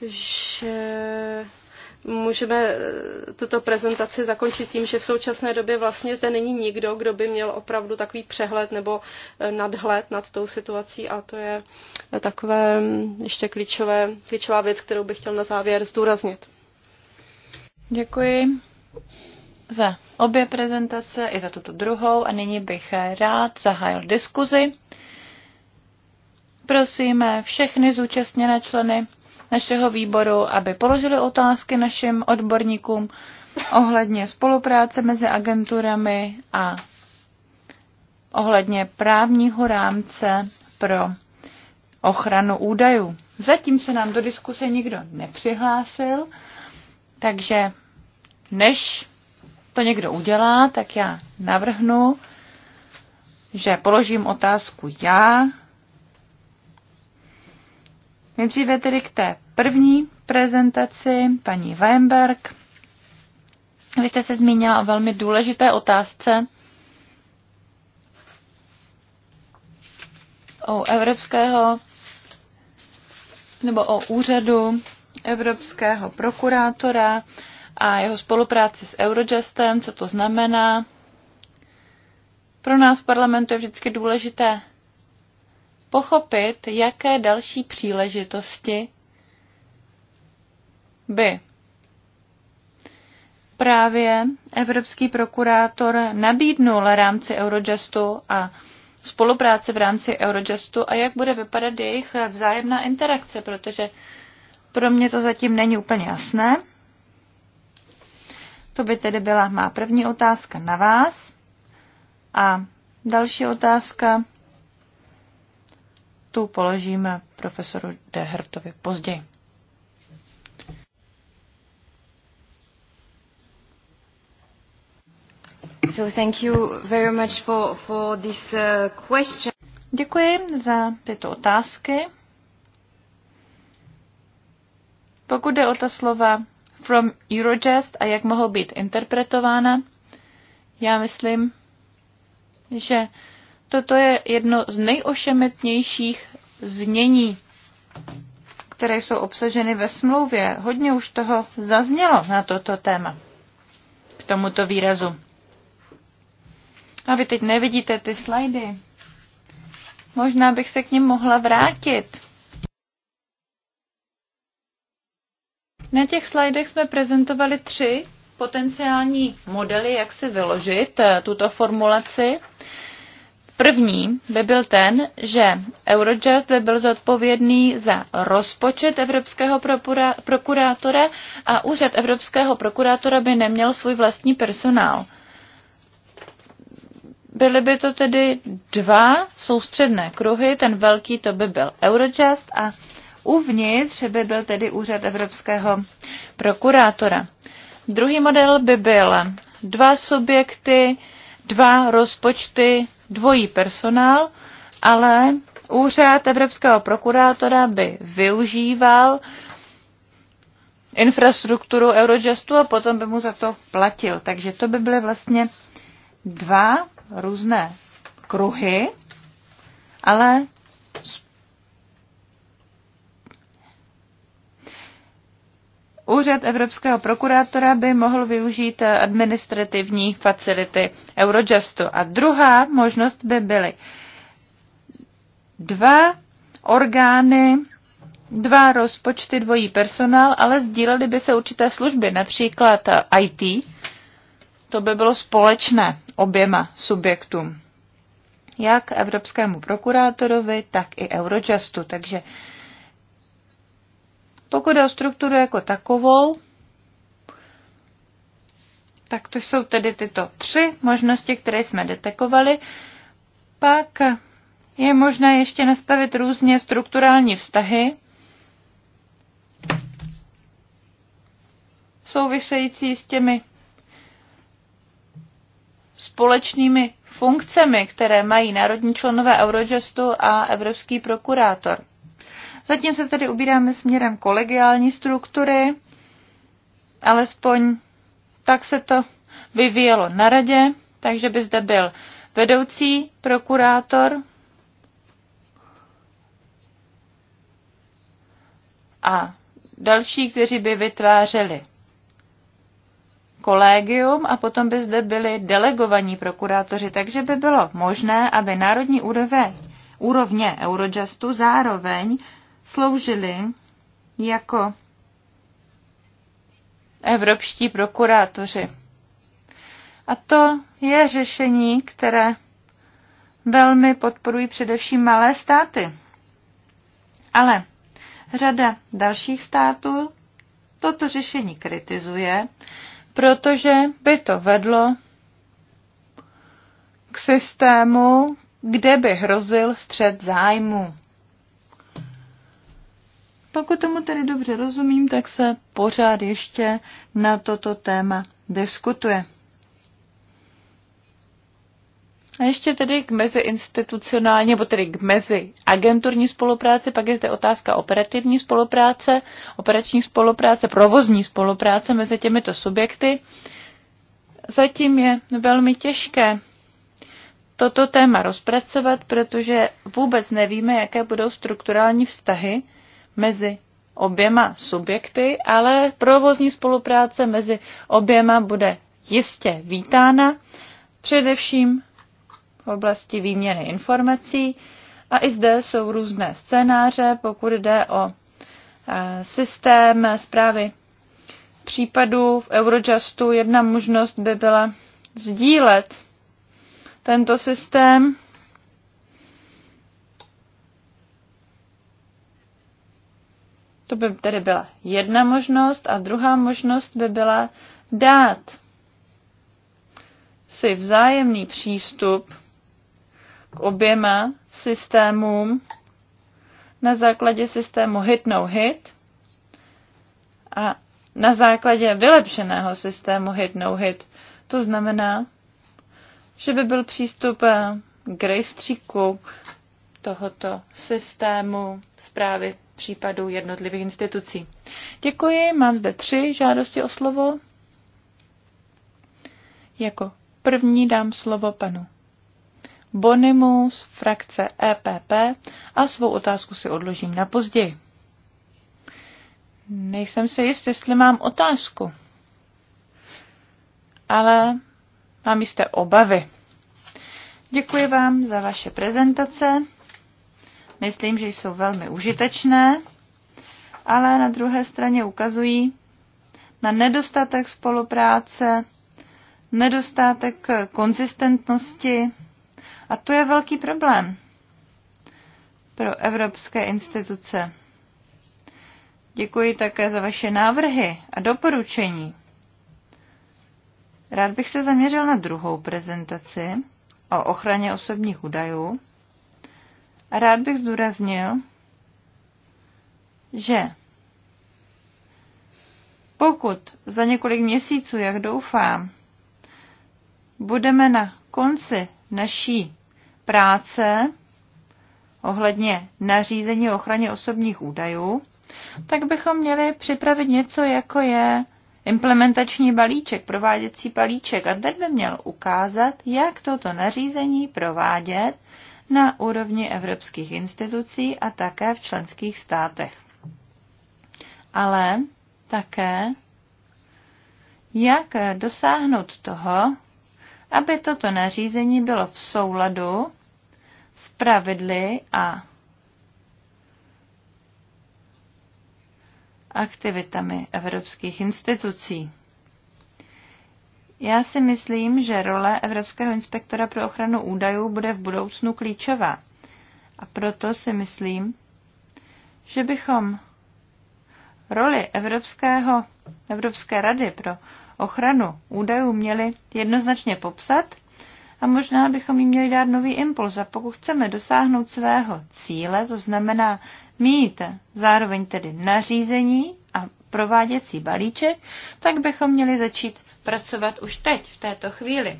že můžeme eh, tuto prezentaci zakončit tím, že v současné době vlastně zde není nikdo, kdo by měl opravdu takový přehled nebo eh, nadhled nad tou situací a to je eh, takové mm, ještě klíčové, klíčová věc, kterou bych chtěl na závěr zdůraznit. Děkuji za obě prezentace i za tuto druhou a nyní bych rád zahájil diskuzi. Prosíme všechny zúčastněné členy našeho výboru, aby položili otázky našim odborníkům ohledně spolupráce mezi agenturami a ohledně právního rámce pro ochranu údajů. Zatím se nám do diskuse nikdo nepřihlásil, takže než to někdo udělá, tak já navrhnu, že položím otázku já Nejdříve tedy k té první prezentaci, paní Weinberg. Vy jste se zmínila o velmi důležité otázce o evropského nebo o úřadu evropského prokurátora a jeho spolupráci s Eurojustem, co to znamená. Pro nás v parlamentu je vždycky důležité pochopit, jaké další příležitosti by právě evropský prokurátor nabídnul rámci Eurojustu a spolupráci v rámci Eurojustu a jak bude vypadat jejich vzájemná interakce, protože pro mě to zatím není úplně jasné. To by tedy byla má první otázka na vás. A další otázka tu položíme profesoru Dehertovi Hertovi později. So thank you very much for, for this uh, question. Děkuji za tyto otázky. Pokud jde o ta slova from Eurojust a jak mohou být interpretována, já myslím, že Toto je jedno z nejošemetnějších znění, které jsou obsaženy ve smlouvě. Hodně už toho zaznělo na toto téma, k tomuto výrazu. A vy teď nevidíte ty slajdy. Možná bych se k ním mohla vrátit. Na těch slajdech jsme prezentovali tři potenciální modely, jak si vyložit eh, tuto formulaci. První by byl ten, že Eurojust by byl zodpovědný za rozpočet Evropského prokurátora a úřad Evropského prokurátora by neměl svůj vlastní personál. Byly by to tedy dva soustředné kruhy, ten velký to by byl Eurojust a uvnitř by byl tedy úřad Evropského prokurátora. Druhý model by byl dva subjekty, dva rozpočty, dvojí personál, ale úřad evropského prokurátora by využíval infrastrukturu Eurojustu a potom by mu za to platil. Takže to by byly vlastně dva různé kruhy, ale Úřad Evropského prokurátora by mohl využít administrativní facility Eurojustu. A druhá možnost by byly dva orgány, dva rozpočty, dvojí personál, ale sdílely by se určité služby, například IT. To by bylo společné oběma subjektům, jak evropskému prokurátorovi, tak i Eurojustu. Takže pokud je o strukturu jako takovou, tak to jsou tedy tyto tři možnosti, které jsme detekovali. Pak je možné ještě nastavit různě strukturální vztahy, související s těmi společnými funkcemi, které mají národní členové Eurojustu a evropský prokurátor. Zatím se tedy ubíráme směrem kolegiální struktury, alespoň tak se to vyvíjelo na radě, takže by zde byl vedoucí prokurátor a další, kteří by vytvářeli kolegium a potom by zde byli delegovaní prokurátoři, takže by bylo možné, aby národní úroveň, úrovně Eurojustu zároveň sloužili jako evropští prokurátoři. A to je řešení, které velmi podporují především malé státy. Ale řada dalších států toto řešení kritizuje, protože by to vedlo k systému, kde by hrozil střed zájmu. Pokud tomu tedy dobře rozumím, tak se pořád ještě na toto téma diskutuje. A ještě tedy k meziinstitucionální, nebo tedy k mezi agenturní spolupráci, pak je zde otázka operativní spolupráce, operační spolupráce, provozní spolupráce mezi těmito subjekty. Zatím je velmi těžké toto téma rozpracovat, protože vůbec nevíme, jaké budou strukturální vztahy mezi oběma subjekty, ale provozní spolupráce mezi oběma bude jistě vítána, především v oblasti výměny informací. A i zde jsou různé scénáře, pokud jde o e, systém zprávy případů v Eurojustu. Jedna možnost by byla sdílet tento systém To by tedy byla jedna možnost a druhá možnost by byla dát si vzájemný přístup k oběma systémům na základě systému hit no hit a na základě vylepšeného systému hit no hit. To znamená, že by byl přístup eh, k rejstříku tohoto systému zprávy případů jednotlivých institucí. Děkuji, mám zde tři žádosti o slovo. Jako první dám slovo panu Bonimu z frakce EPP a svou otázku si odložím na později. Nejsem si jist, jestli mám otázku, ale mám jisté obavy. Děkuji vám za vaše prezentace. Myslím, že jsou velmi užitečné, ale na druhé straně ukazují na nedostatek spolupráce, nedostatek konzistentnosti a to je velký problém pro evropské instituce. Děkuji také za vaše návrhy a doporučení. Rád bych se zaměřil na druhou prezentaci o ochraně osobních údajů. Rád bych zdůraznil, že pokud za několik měsíců, jak doufám, budeme na konci naší práce ohledně nařízení o ochraně osobních údajů, tak bychom měli připravit něco, jako je implementační balíček, prováděcí balíček. A ten by měl ukázat, jak toto nařízení provádět na úrovni evropských institucí a také v členských státech. Ale také, jak dosáhnout toho, aby toto nařízení bylo v souladu s pravidly a aktivitami evropských institucí. Já si myslím, že role Evropského inspektora pro ochranu údajů bude v budoucnu klíčová. A proto si myslím, že bychom roli Evropského, Evropské rady pro ochranu údajů měli jednoznačně popsat a možná bychom jí měli dát nový impuls. A pokud chceme dosáhnout svého cíle, to znamená mít zároveň tedy nařízení a prováděcí balíček, tak bychom měli začít pracovat už teď, v této chvíli.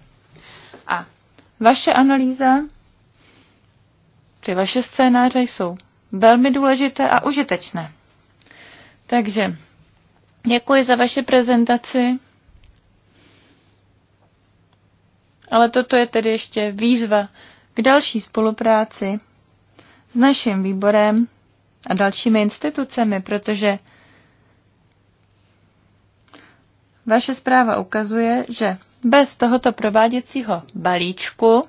A vaše analýza, ty vaše scénáře jsou velmi důležité a užitečné. Takže děkuji za vaše prezentaci. Ale toto je tedy ještě výzva k další spolupráci s naším výborem a dalšími institucemi, protože Vaše zpráva ukazuje, že bez tohoto prováděcího balíčku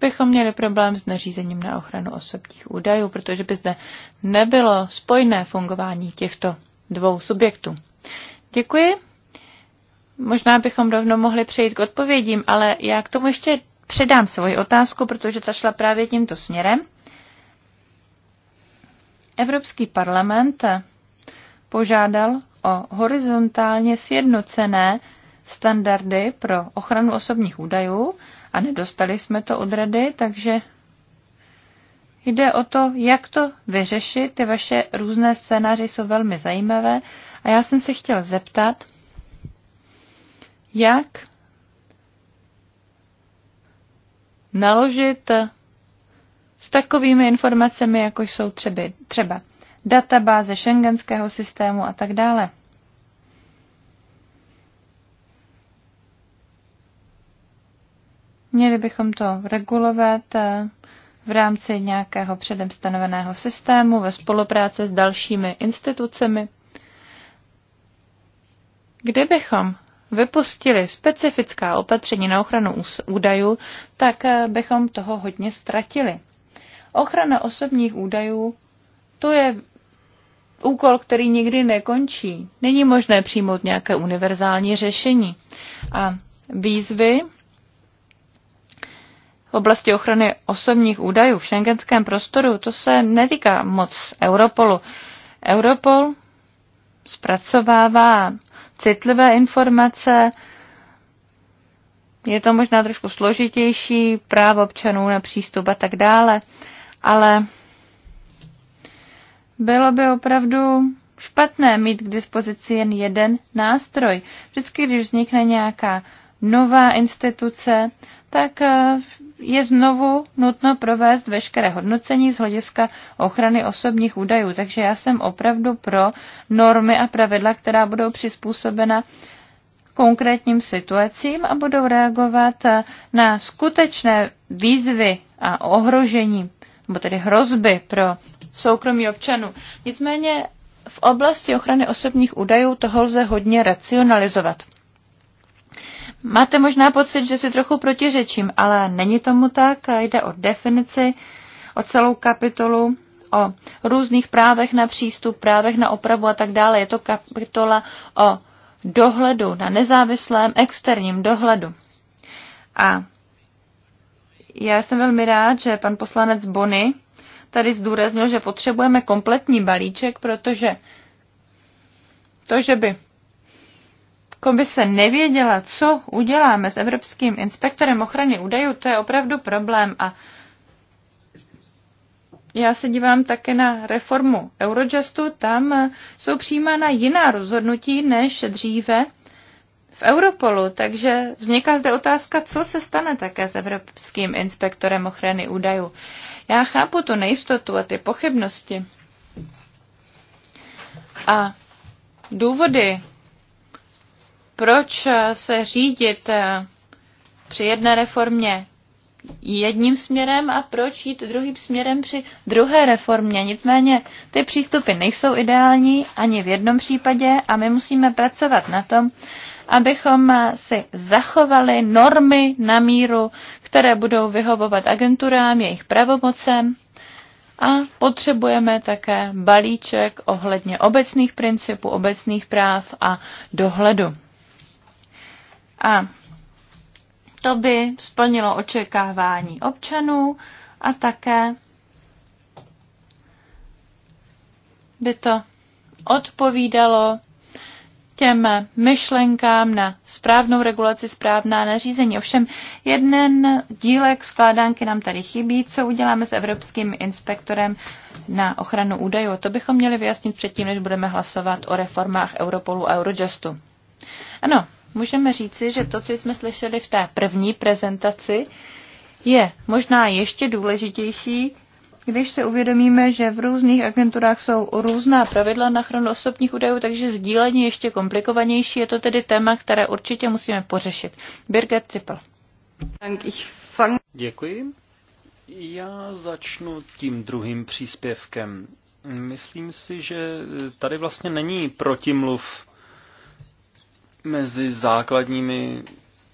bychom měli problém s nařízením na ochranu osobních údajů, protože by zde nebylo spojné fungování těchto dvou subjektů. Děkuji. Možná bychom rovno mohli přejít k odpovědím, ale já k tomu ještě předám svoji otázku, protože ta šla právě tímto směrem. Evropský parlament požádal o horizontálně sjednocené standardy pro ochranu osobních údajů a nedostali jsme to od rady, takže jde o to, jak to vyřešit. Ty vaše různé scénáře jsou velmi zajímavé a já jsem se chtěl zeptat, jak naložit s takovými informacemi, jako jsou třeba, třeba databáze šengenského systému a tak dále. Měli bychom to regulovat eh, v rámci nějakého předem stanoveného systému ve spolupráci s dalšími institucemi. Kdybychom vypustili specifická opatření na ochranu údajů, tak eh, bychom toho hodně ztratili. Ochrana osobních údajů, to je úkol, který nikdy nekončí. Není možné přijmout nějaké univerzální řešení. A výzvy v oblasti ochrany osobních údajů v šengenském prostoru, to se netýká moc Europolu. Europol zpracovává citlivé informace, je to možná trošku složitější, právo občanů na přístup a tak dále ale bylo by opravdu špatné mít k dispozici jen jeden nástroj. Vždycky, když vznikne nějaká nová instituce, tak eh, je znovu nutno provést veškeré hodnocení z hlediska ochrany osobních údajů. Takže já jsem opravdu pro normy a pravidla, která budou přizpůsobena konkrétním situacím a budou reagovat eh, na skutečné výzvy a ohrožení nebo tedy hrozby pro soukromí občanů. Nicméně v oblasti ochrany osobních údajů toho lze hodně racionalizovat. Máte možná pocit, že si trochu protiřečím, ale není tomu tak. Jde o definici, o celou kapitolu, o různých právech na přístup, právech na opravu a tak dále. Je to kapitola o dohledu, na nezávislém externím dohledu. A já jsem velmi rád, že pan poslanec Bony tady zdůraznil, že potřebujeme kompletní balíček, protože to, že by komise nevěděla, co uděláme s Evropským inspektorem ochrany údajů, to je opravdu problém. A já se dívám také na reformu Eurojustu, tam jsou přijímána jiná rozhodnutí než dříve v Europolu, takže vzniká zde otázka, co se stane také s Evropským inspektorem ochrany údajů. Já chápu tu nejistotu a ty pochybnosti. A důvody, proč se řídit eh, při jedné reformě jedním směrem a proč jít druhým směrem při druhé reformě. Nicméně ty přístupy nejsou ideální ani v jednom případě a my musíme pracovat na tom, abychom si zachovali normy na míru, které budou vyhovovat agenturám, jejich pravomocem. A potřebujeme také balíček ohledně obecných principů, obecných práv a dohledu. A to by splnilo očekávání občanů a také by to odpovídalo těm myšlenkám na správnou regulaci, správná nařízení. Ovšem jeden dílek skládánky nám tady chybí, co uděláme s Evropským inspektorem na ochranu údajů. To bychom měli vyjasnit předtím, než budeme hlasovat o reformách Europolu a Eurojustu. Ano, můžeme říci, že to, co jsme slyšeli v té první prezentaci, je možná ještě důležitější když se uvědomíme, že v různých agenturách jsou různá pravidla na ochranu osobních údajů, takže sdílení ještě komplikovanější, je to tedy téma, které určitě musíme pořešit. Birgit Cipl. Děkuji. Já začnu tím druhým příspěvkem. Myslím si, že tady vlastně není protimluv mezi základními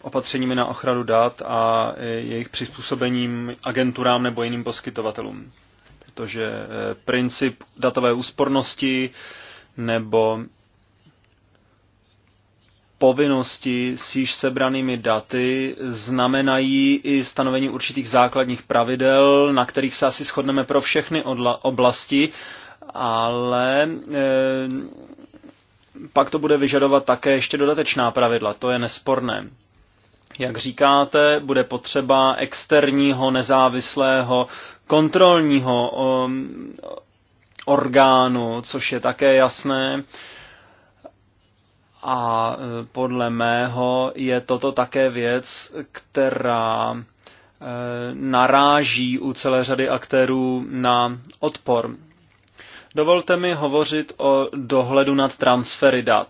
opatřeními na ochranu dat a e, jejich přizpůsobením agenturám nebo jiným poskytovatelům. Protože e, princip datové úspornosti nebo povinnosti s již sebranými daty znamenají i stanovení určitých základních pravidel, na kterých se asi shodneme pro všechny oblasti, ale e, pak to bude vyžadovat také ještě dodatečná pravidla, to je nesporné. Jak říkáte, bude potřeba externího, nezávislého, kontrolního um, orgánu, což je také jasné. A eh, podle mého je toto také věc, která eh, naráží u celé řady aktérů na odpor. Dovolte mi hovořit o dohledu nad transfery dat.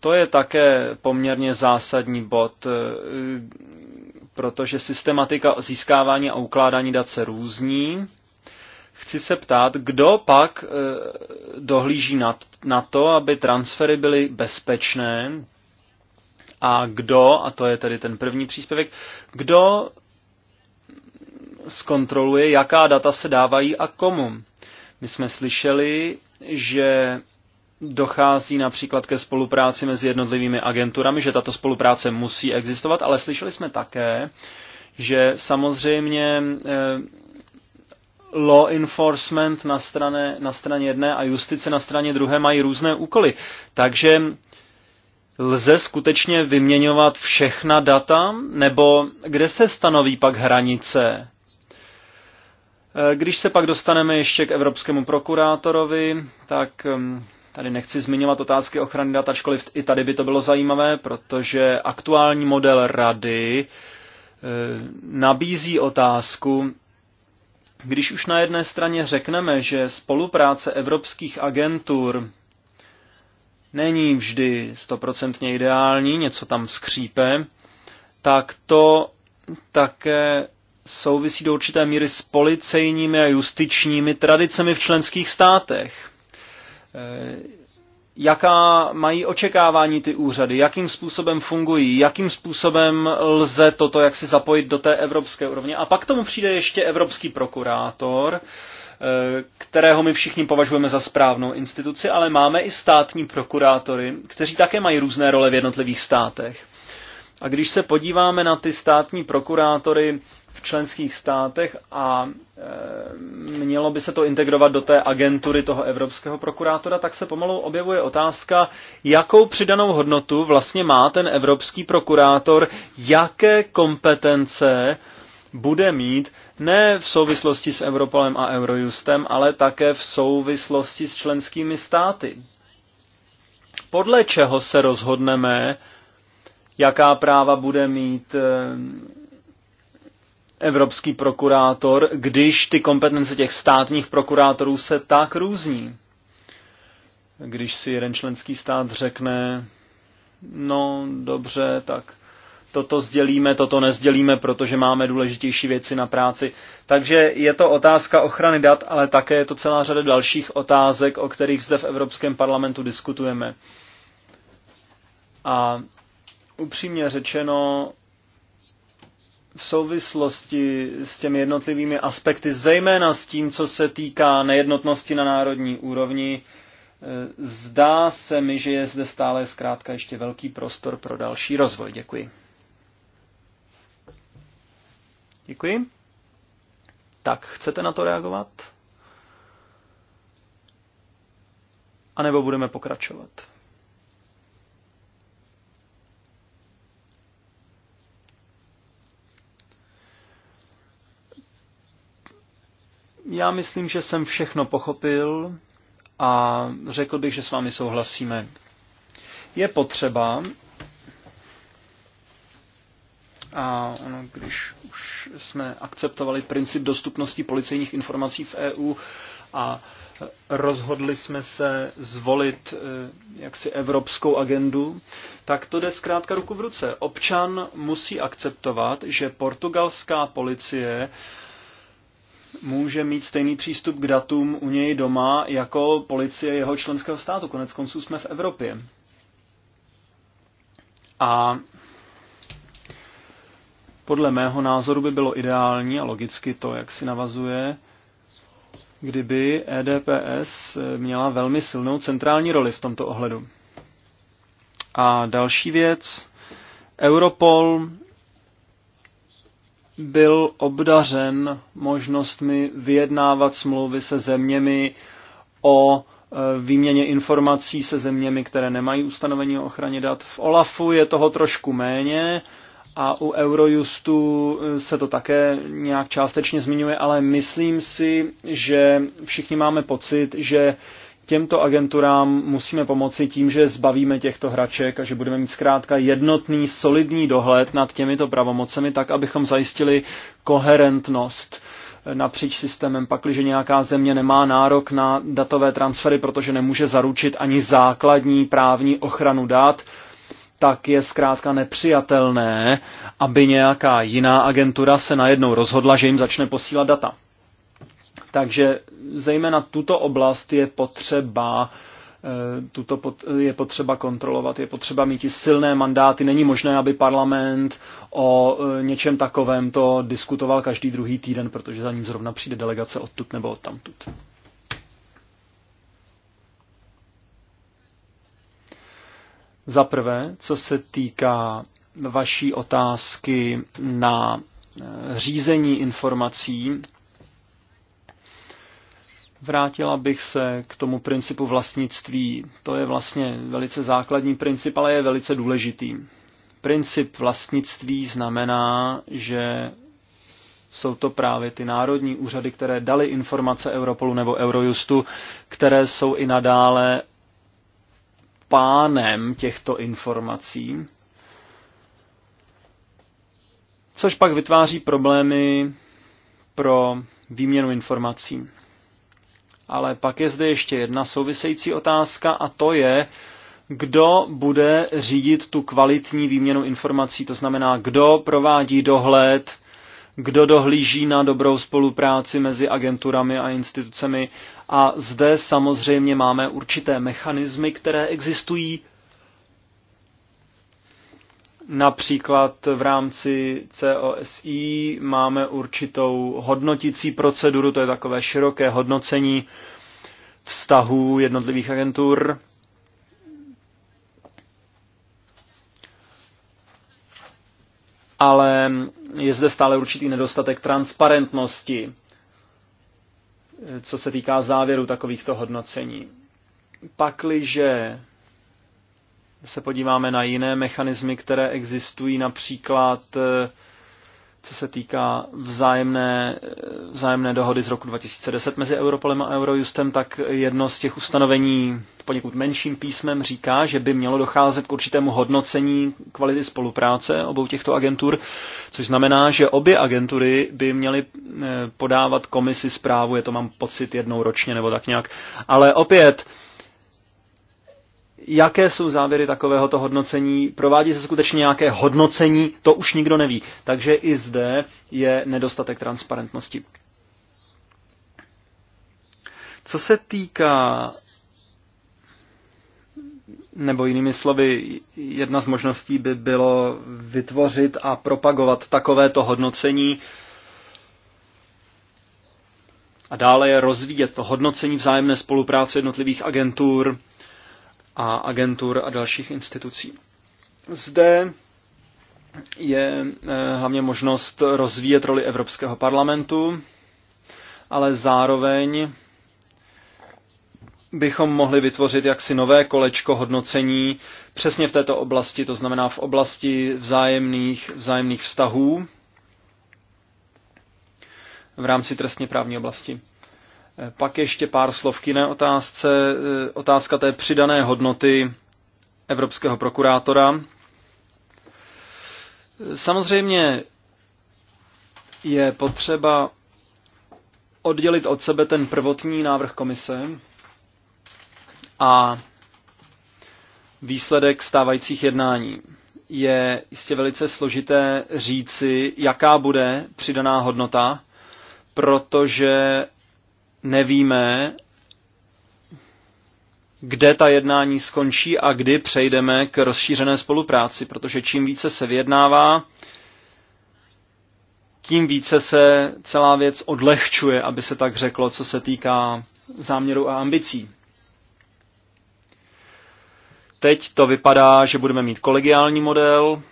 To je také poměrně zásadní bod, eh, protože systematika získávání a ukládání dat se různí. Chci se ptát, kdo pak eh, dohlíží na to, aby transfery byly bezpečné a kdo, a to je tedy ten první příspěvek, kdo zkontroluje, jaká data se dávají a komu. My jsme slyšeli, že dochází například ke spolupráci mezi jednotlivými agenturami, že tato spolupráce musí existovat, ale slyšeli jsme také, že samozřejmě eh, law enforcement na straně, na straně jedné a justice na straně druhé mají různé úkoly. Takže lze skutečně vyměňovat všechna data, nebo kde se stanoví pak hranice? Eh, když se pak dostaneme ještě k evropskému prokurátorovi, tak hm, Tady nechci zmiňovat otázky ochrany dat, ačkoliv i tady by to bylo zajímavé, protože aktuální model rady eh, nabízí otázku, když už na jedné straně řekneme, že spolupráce evropských agentur není vždy stoprocentně ideální, něco tam skřípe, tak to také souvisí do určité míry s policejními a justičními tradicemi v členských státech. Eh, jaká mají očekávání ty úřady, jakým způsobem fungují, jakým způsobem lze toto jak si zapojit do té evropské úrovně. A pak tomu přijde ještě evropský prokurátor, eh, kterého my všichni považujeme za správnou instituci, ale máme i státní prokurátory, kteří také mají různé role v jednotlivých státech. A když se podíváme na ty státní prokurátory v členských státech a eh, mělo by se to integrovat do té agentury toho evropského prokurátora, tak se pomalu objevuje otázka, jakou přidanou hodnotu vlastně má ten evropský prokurátor, jaké kompetence bude mít ne v souvislosti s Europolem a Eurojustem, ale také v souvislosti s členskými státy. Podle čeho se rozhodneme, jaká práva bude mít eh, evropský prokurátor, když ty kompetence těch státních prokurátorů se tak různí? Když si jeden členský stát řekne, no dobře, tak toto sdělíme, toto nezdělíme, protože máme důležitější věci na práci. Takže je to otázka ochrany dat, ale také je to celá řada dalších otázek, o kterých zde v Evropském parlamentu diskutujeme. A upřímně řečeno, v souvislosti s těmi jednotlivými aspekty, zejména s tím, co se týká nejednotnosti na národní úrovni, e, zdá se mi, že je zde stále zkrátka ještě velký prostor pro další rozvoj. Děkuji. Děkuji. Tak, chcete na to reagovat? A nebo budeme pokračovat? Já myslím, že jsem všechno pochopil a řekl bych, že s vámi souhlasíme. Je potřeba, a ono, když už jsme akceptovali princip dostupnosti policejních informací v EU a rozhodli jsme se zvolit eh, jaksi evropskou agendu, tak to jde zkrátka ruku v ruce. Občan musí akceptovat, že portugalská policie může mít stejný přístup k datům u něj doma jako policie jeho členského státu. Konec konců jsme v Evropě. A podle mého názoru by bylo ideální a logicky to, jak si navazuje, kdyby EDPS měla velmi silnou centrální roli v tomto ohledu. A další věc, Europol byl obdařen možnostmi vyjednávat smlouvy se zeměmi o e, výměně informací se zeměmi, které nemají ustanovení o ochraně dat. V OLAFu je toho trošku méně a u Eurojustu e, se to také nějak částečně zmiňuje, ale myslím si, že všichni máme pocit, že těmto agenturám musíme pomoci tím, že zbavíme těchto hraček a že budeme mít zkrátka jednotný, solidní dohled nad těmito pravomocemi, tak abychom zajistili koherentnost napříč systémem. Pakliže nějaká země nemá nárok na datové transfery, protože nemůže zaručit ani základní právní ochranu dat, tak je zkrátka nepřijatelné, aby nějaká jiná agentura se najednou rozhodla, že jim začne posílat data. Takže zejména tuto oblast je potřeba eh, tuto pot, je potřeba kontrolovat, je potřeba mít i silné mandáty. Není možné, aby parlament o eh, něčem takovém to diskutoval každý druhý týden, protože za ním zrovna přijde delegace odtud nebo odtamtud. Za prvé, co se týká vaší otázky na eh, řízení informací, Vrátila bych se k tomu principu vlastnictví. To je vlastně velice základní princip, ale je velice důležitý. Princip vlastnictví znamená, že jsou to právě ty národní úřady, které dali informace Europolu nebo Eurojustu, které jsou i nadále pánem těchto informací, což pak vytváří problémy pro výměnu informací. Ale pak je zde ještě jedna související otázka a to je, kdo bude řídit tu kvalitní výměnu informací, to znamená, kdo provádí dohled, kdo dohlíží na dobrou spolupráci mezi agenturami a institucemi. A zde samozřejmě máme určité mechanismy, které existují Například v rámci COSI máme určitou hodnotící proceduru, to je takové široké hodnocení vztahů jednotlivých agentur. Ale je zde stále určitý nedostatek transparentnosti, co se týká závěru takovýchto hodnocení. Pakliže se podíváme na jiné mechanismy, které existují, například eh, co se týká vzájemné, eh, vzájemné dohody z roku 2010 mezi Europolem a Eurojustem, tak jedno z těch ustanovení poněkud menším písmem říká, že by mělo docházet k určitému hodnocení kvality spolupráce obou těchto agentur, což znamená, že obě agentury by měly eh, podávat komisi zprávu, je to mám pocit jednou ročně nebo tak nějak. Ale opět, Jaké jsou závěry takovéhoto hodnocení? Provádí se skutečně nějaké hodnocení? To už nikdo neví. Takže i zde je nedostatek transparentnosti. Co se týká nebo jinými slovy, jedna z možností by bylo vytvořit a propagovat takovéto hodnocení a dále je rozvíjet to hodnocení vzájemné spolupráce jednotlivých agentur a agentur a dalších institucí. Zde je eh, hlavně možnost rozvíjet roli Evropského parlamentu, ale zároveň bychom mohli vytvořit jaksi nové kolečko hodnocení přesně v této oblasti, to znamená v oblasti vzájemných, vzájemných vztahů v rámci trestně právní oblasti. Pak ještě pár slov k jiné otázce. Otázka té přidané hodnoty evropského prokurátora. Samozřejmě je potřeba oddělit od sebe ten prvotní návrh komise a výsledek stávajících jednání. Je jistě velice složité říci, jaká bude přidaná hodnota, protože nevíme, kde ta jednání skončí a kdy přejdeme k rozšířené spolupráci, protože čím více se vyjednává, tím více se celá věc odlehčuje, aby se tak řeklo, co se týká záměru a ambicí. Teď to vypadá, že budeme mít kolegiální model.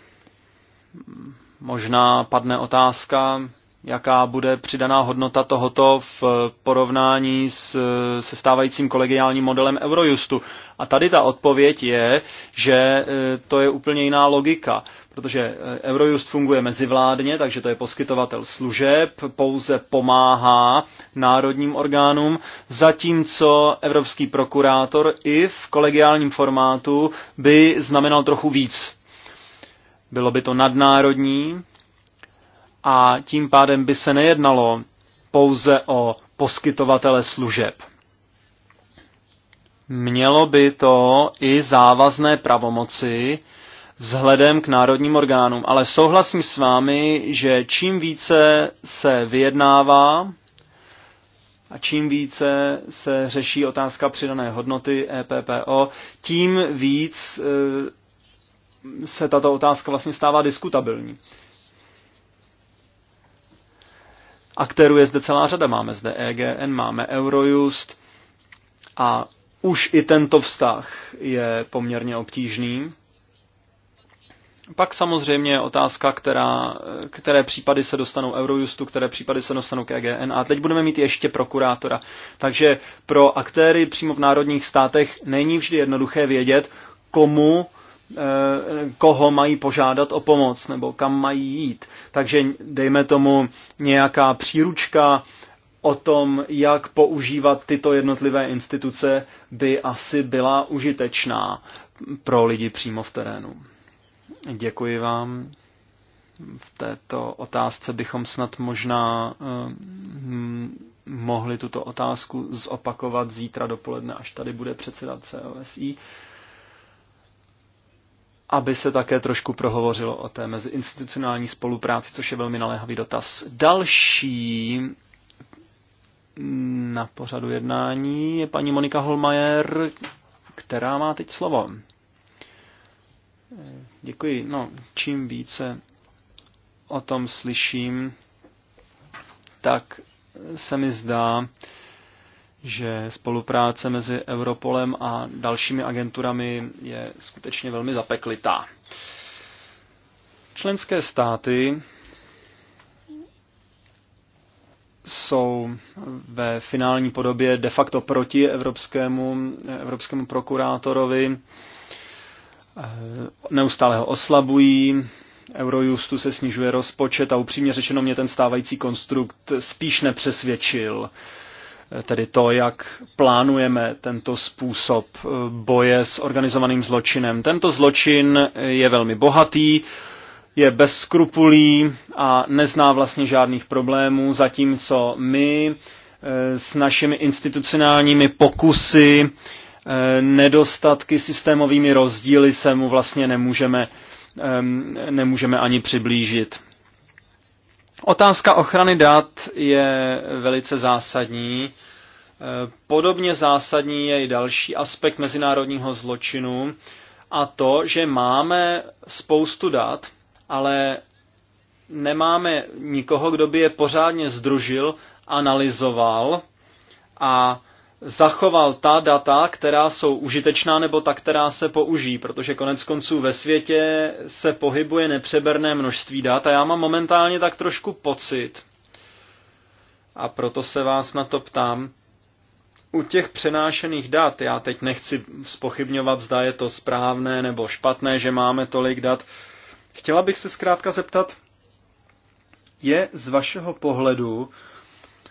Možná padne otázka, jaká bude přidaná hodnota tohoto v porovnání s, se stávajícím kolegiálním modelem Eurojustu. A tady ta odpověď je, že e, to je úplně jiná logika, protože e, Eurojust funguje mezivládně, takže to je poskytovatel služeb, pouze pomáhá národním orgánům, zatímco evropský prokurátor i v kolegiálním formátu by znamenal trochu víc. Bylo by to nadnárodní, a tím pádem by se nejednalo pouze o poskytovatele služeb. Mělo by to i závazné pravomoci vzhledem k národním orgánům, ale souhlasím s vámi, že čím více se vyjednává a čím více se řeší otázka přidané hodnoty EPPO, tím víc eh, se tato otázka vlastně stává diskutabilní. Aktérů je zde celá řada. Máme zde EGN, máme Eurojust a už i tento vztah je poměrně obtížný. Pak samozřejmě je otázka, která, které případy se dostanou Eurojustu, které případy se dostanou k EGN. A teď budeme mít ještě prokurátora. Takže pro aktéry přímo v národních státech není vždy jednoduché vědět, komu Eh, koho mají požádat o pomoc nebo kam mají jít. Takže dejme tomu nějaká příručka o tom, jak používat tyto jednotlivé instituce, by asi byla užitečná pro lidi přímo v terénu. Děkuji vám. V této otázce bychom snad možná eh, mohli tuto otázku zopakovat zítra dopoledne, až tady bude předsedat COSI aby se také trošku prohovořilo o té meziinstitucionální spolupráci, což je velmi naléhavý dotaz. Další na pořadu jednání je paní Monika Holmajer, která má teď slovo. Děkuji. No, čím více o tom slyším, tak se mi zdá, že spolupráce mezi Europolem a dalšími agenturami je skutečně velmi zapeklitá. Členské státy jsou ve finální podobě de facto proti evropskému, evropskému prokurátorovi, neustále ho oslabují, Eurojustu se snižuje rozpočet a upřímně řečeno mě ten stávající konstrukt spíš nepřesvědčil. Eh, tedy to, jak plánujeme tento způsob eh, boje s organizovaným zločinem. Tento zločin eh, je velmi bohatý, je bez skrupulí a nezná vlastně žádných problémů, zatímco my s našimi institucionálními pokusy, nedostatky, systémovými rozdíly se mu vlastně nemůžeme, nemůžeme ani přiblížit. Otázka ochrany dat je velice zásadní. E, podobně zásadní je i další aspekt mezinárodního zločinu a to, že máme spoustu dat, ale nemáme nikoho, kdo by je pořádně združil, analyzoval a zachoval ta data, která jsou užitečná nebo ta, která se použijí, protože konec konců ve světě se pohybuje nepřeberné množství dat a já mám momentálně tak trošku pocit, a proto se vás na to ptám, u těch přenášených dat, já teď nechci spochybňovat, zda je to správné nebo špatné, že máme tolik dat, chtěla bych se zkrátka zeptat, je z vašeho pohledu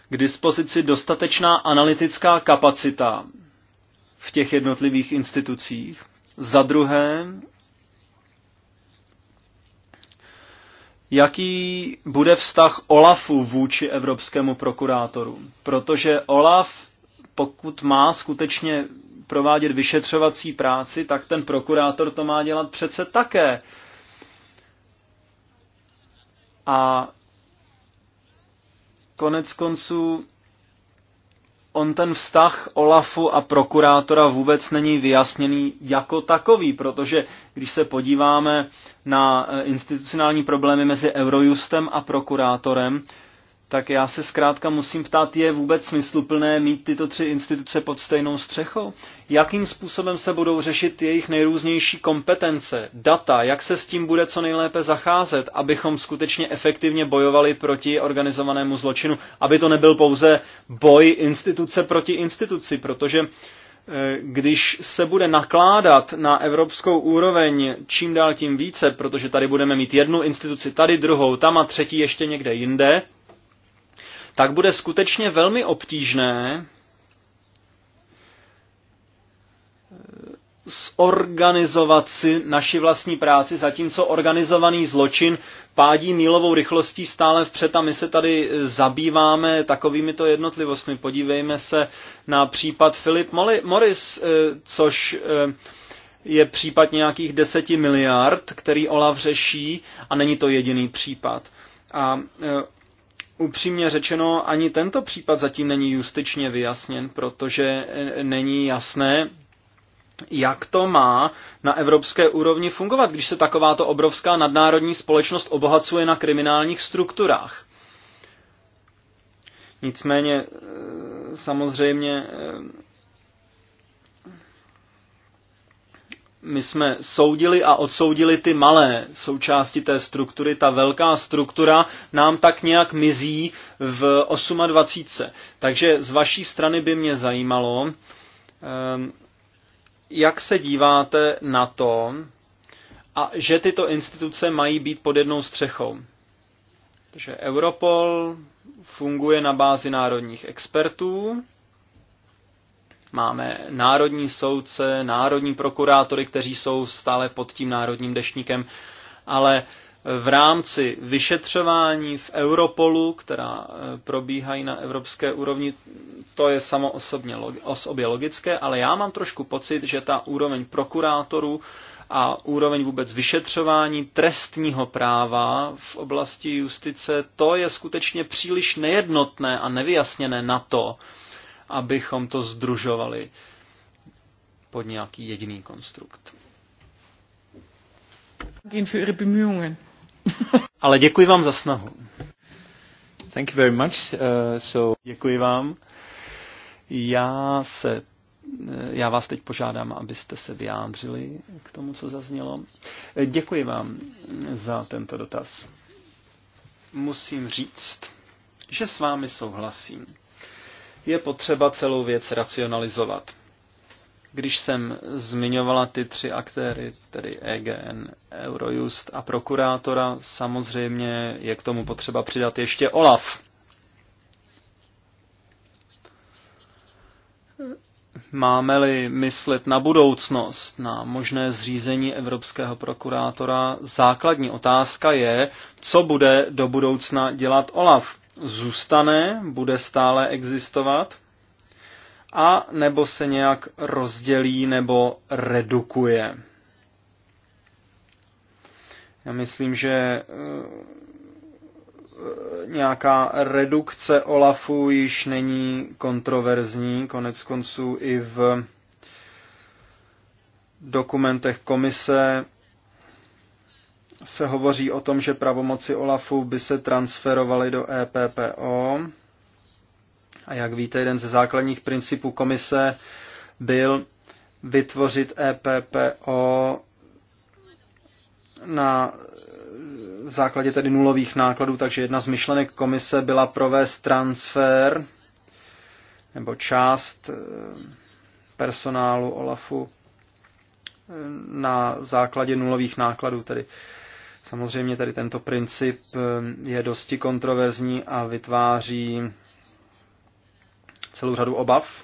k dispozici dostatečná analytická kapacita v těch jednotlivých institucích. Za druhé, jaký bude vztah Olafu vůči evropskému prokurátoru. Protože Olaf, pokud má skutečně provádět vyšetřovací práci, tak ten prokurátor to má dělat přece také. A Konec konců on ten vztah Olafu a prokurátora vůbec není vyjasněný jako takový, protože když se podíváme na eh, institucionální problémy mezi Eurojustem a prokurátorem, tak já se zkrátka musím ptát, je vůbec smysluplné mít tyto tři instituce pod stejnou střechou? Jakým způsobem se budou řešit jejich nejrůznější kompetence, data, jak se s tím bude co nejlépe zacházet, abychom skutečně efektivně bojovali proti organizovanému zločinu, aby to nebyl pouze boj instituce proti instituci, protože eh, když se bude nakládat na evropskou úroveň čím dál tím více, protože tady budeme mít jednu instituci, tady druhou, tam a třetí ještě někde jinde, tak bude skutečně velmi obtížné eh, zorganizovat si naši vlastní práci, zatímco organizovaný zločin pádí mílovou rychlostí stále vpřed a my se tady eh, zabýváme takovými to jednotlivostmi. Podívejme se na případ Philip Morris, eh, což je případ nějakých deseti miliard, který Olaf řeší a není to jediný případ. A Upřímně řečeno, ani tento případ zatím není justičně vyjasněn, protože e, není jasné, jak to má na evropské úrovni fungovat, když se takováto obrovská nadnárodní společnost obohacuje na kriminálních strukturách. Nicméně e, samozřejmě e, my jsme soudili a odsoudili ty malé součásti té struktury, ta velká struktura nám tak nějak mizí v 28. Takže z vaší strany by mě zajímalo, ehm, jak se díváte na to, a že tyto instituce mají být pod jednou střechou. Takže Europol funguje na bázi národních expertů, Máme národní soudce, národní prokurátory, kteří jsou stále pod tím národním dešníkem, ale v rámci vyšetřování v Europolu, která eh, probíhají na evropské úrovni, to je samo osobně, o sobě logické, ale já mám trošku pocit, že ta úroveň prokurátorů a úroveň vůbec vyšetřování trestního práva v oblasti justice, to je skutečně příliš nejednotné a nevyjasněné na to, abychom to združovali pod nějaký jediný konstrukt. Ale děkuji vám za snahu. Thank you very much. Uh, so... Děkuji vám. Já se eh, já vás teď požádám, abyste se vyjádřili k tomu, co zaznělo. Eh, děkuji vám za tento dotaz. Musím říct, že s vámi souhlasím je potřeba celou věc racionalizovat. Když jsem zmiňovala ty tři aktéry, tedy EGN, Eurojust a prokurátora, samozřejmě je k tomu potřeba přidat ještě OLAF. Máme-li myslet na budoucnost, na možné zřízení evropského prokurátora, základní otázka je, co bude do budoucna dělat OLAF zůstane, bude stále existovat, a nebo se nějak rozdělí nebo redukuje. Já myslím, že eh, nějaká redukce OLAFu již není kontroverzní, konec konců i v dokumentech komise se hovoří o tom, že pravomoci OLAFu by se transferovaly do EPPO. A jak víte, jeden ze základních principů komise byl vytvořit EPPO na základě tedy nulových nákladů, takže jedna z myšlenek komise byla provést transfer nebo část eh, personálu OLAFu eh, na základě nulových nákladů. Tedy Samozřejmě tady tento princip eh, je dosti kontroverzní a vytváří celou řadu obav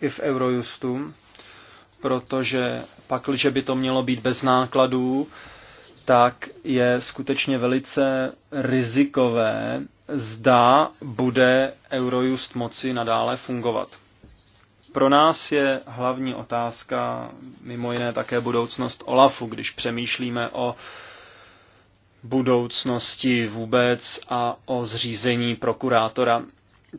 i v Eurojustu, protože pak, že by to mělo být bez nákladů, tak je skutečně velice rizikové, zda bude Eurojust moci nadále fungovat. Pro nás je hlavní otázka mimo jiné také budoucnost OLAFu, když přemýšlíme o budoucnosti vůbec a o zřízení prokurátora.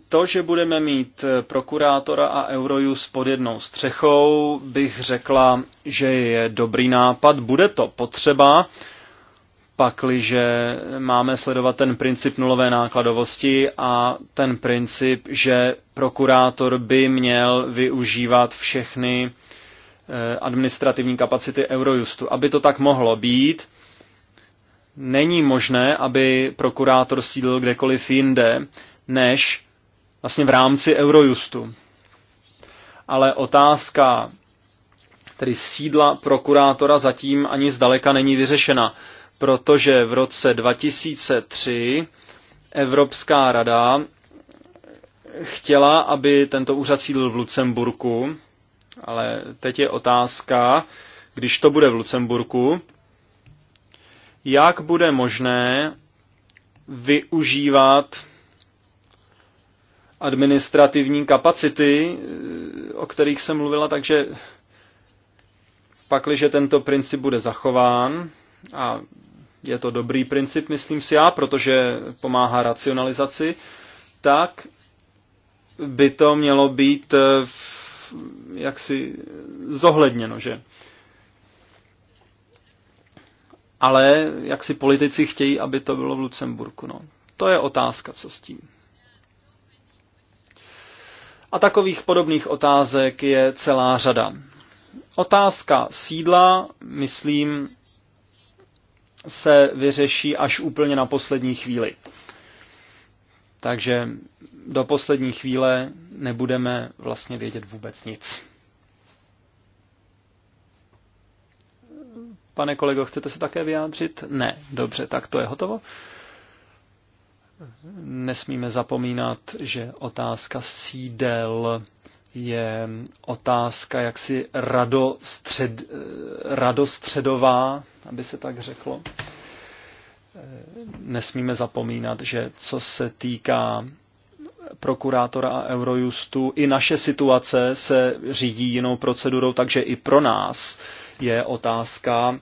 To, že budeme mít prokurátora a Eurojust pod jednou střechou, bych řekla, že je dobrý nápad. Bude to potřeba, pakliže máme sledovat ten princip nulové nákladovosti a ten princip, že prokurátor by měl využívat všechny eh, administrativní kapacity Eurojustu. Aby to tak mohlo být, není možné, aby prokurátor sídlil kdekoliv jinde, než vlastně v rámci Eurojustu. Ale otázka tedy sídla prokurátora zatím ani zdaleka není vyřešena protože v roce 2003 Evropská rada chtěla, aby tento úřad sídl v Lucemburku, ale teď je otázka, když to bude v Lucemburku, jak bude možné využívat administrativní kapacity, o kterých jsem mluvila, takže pakliže tento princip bude zachován a je to dobrý princip, myslím si já, protože pomáhá racionalizaci, tak by to mělo být eh, v, jaksi zohledněno, že? Ale jak si politici chtějí, aby to bylo v Lucemburku, no. To je otázka, co s tím. A takových podobných otázek je celá řada. Otázka sídla, myslím, se vyřeší až úplně na poslední chvíli. Takže do poslední chvíle nebudeme vlastně vědět vůbec nic. Pane kolego, chcete se také vyjádřit? Ne. Dobře, tak to je hotovo. Nesmíme zapomínat, že otázka sídel je otázka jaksi radostřed, radostředová, aby se tak řeklo. Nesmíme zapomínat, že co se týká prokurátora a Eurojustu, i naše situace se řídí jinou procedurou, takže i pro nás je otázka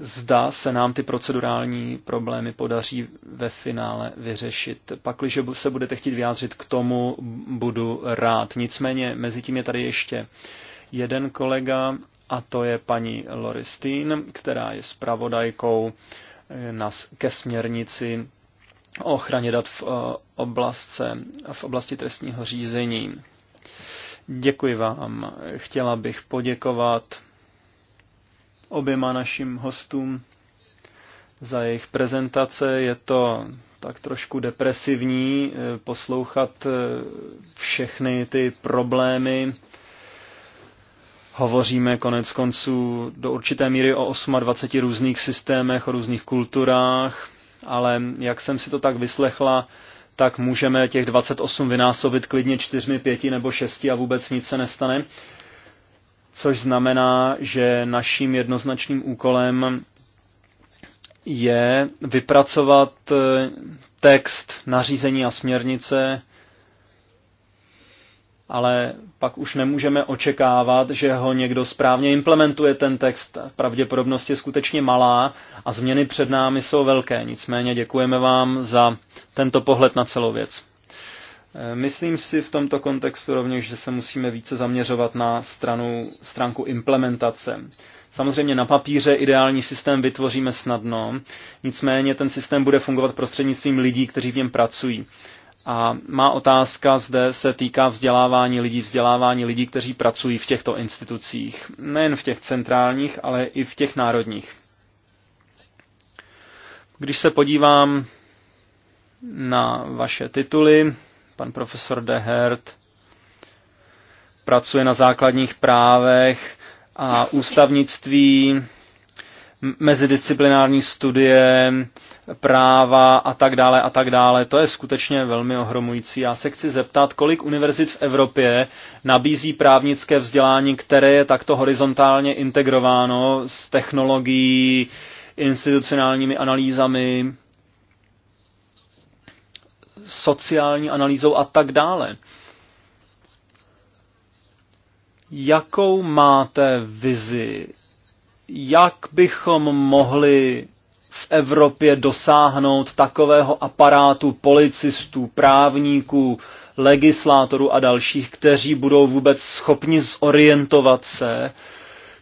zda se nám ty procedurální problémy podaří ve finále vyřešit. Pakliže se budete chtít vyjádřit k tomu, budu rád. Nicméně, mezi tím je tady ještě jeden kolega, a to je paní Loristín, která je zpravodajkou eh, ke směrnici o ochraně dat v, eh, oblastce, v oblasti trestního řízení. Děkuji vám. Chtěla bych poděkovat oběma našim hostům za jejich prezentace. Je to tak trošku depresivní eh, poslouchat eh, všechny ty problémy. Hovoříme konec konců do určité míry o 28 různých systémech, o různých kulturách, ale jak jsem si to tak vyslechla, tak můžeme těch 28 vynásobit klidně čtyřmi, pěti nebo šesti a vůbec nic se nestane což znamená, že naším jednoznačným úkolem je vypracovat eh, text nařízení a směrnice, ale pak už nemůžeme očekávat, že ho někdo správně implementuje ten text. Pravděpodobnost je skutečně malá a změny před námi jsou velké. Nicméně děkujeme vám za tento pohled na celou věc. Myslím si v tomto kontextu rovněž, že se musíme více zaměřovat na stranu, stránku implementace. Samozřejmě na papíře ideální systém vytvoříme snadno, nicméně ten systém bude fungovat prostřednictvím lidí, kteří v něm pracují. A má otázka zde se týká vzdělávání lidí, vzdělávání lidí, kteří pracují v těchto institucích. Nejen v těch centrálních, ale i v těch národních. Když se podívám na vaše tituly, Pan profesor De Hert pracuje na základních právech a ústavnictví, mezidisciplinární studie, práva a tak dále a tak dále. To je skutečně velmi ohromující. Já se chci zeptat, kolik univerzit v Evropě nabízí právnické vzdělání, které je takto horizontálně integrováno s technologií, institucionálními analýzami, sociální analýzou a tak dále. Jakou máte vizi? Jak bychom mohli v Evropě dosáhnout takového aparátu policistů, právníků, legislátorů a dalších, kteří budou vůbec schopni zorientovat se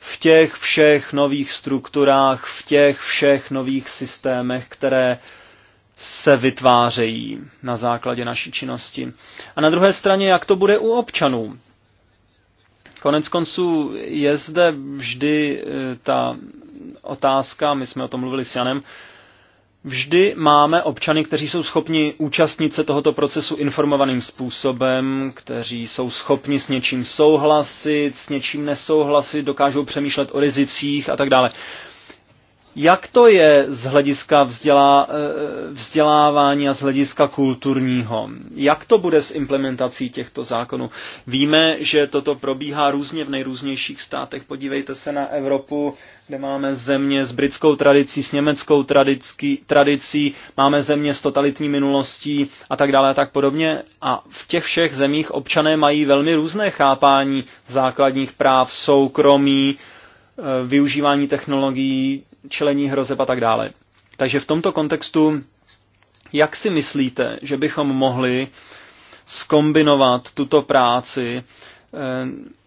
v těch všech nových strukturách, v těch všech nových systémech, které se vytvářejí na základě naší činnosti. A na druhé straně, jak to bude u občanů. Konec konců je zde vždy eh, ta otázka, my jsme o tom mluvili s Janem, Vždy máme občany, kteří jsou schopni účastnit se tohoto procesu informovaným způsobem, kteří jsou schopni s něčím souhlasit, s něčím nesouhlasit, dokážou přemýšlet o rizicích a tak dále. Jak to je z hlediska vzdělá, eh, vzdělávání a z hlediska kulturního? Jak to bude s implementací těchto zákonů? Víme, že toto probíhá různě v nejrůznějších státech. Podívejte se na Evropu, kde máme země s britskou tradicí, s německou tradicí, tradicí máme země s totalitní minulostí a tak dále a tak podobně. A v těch všech zemích občané mají velmi různé chápání základních práv, soukromí, eh, využívání technologií, čelení hrozeb a tak dále. Takže v tomto kontextu, jak si myslíte, že bychom mohli skombinovat tuto práci eh,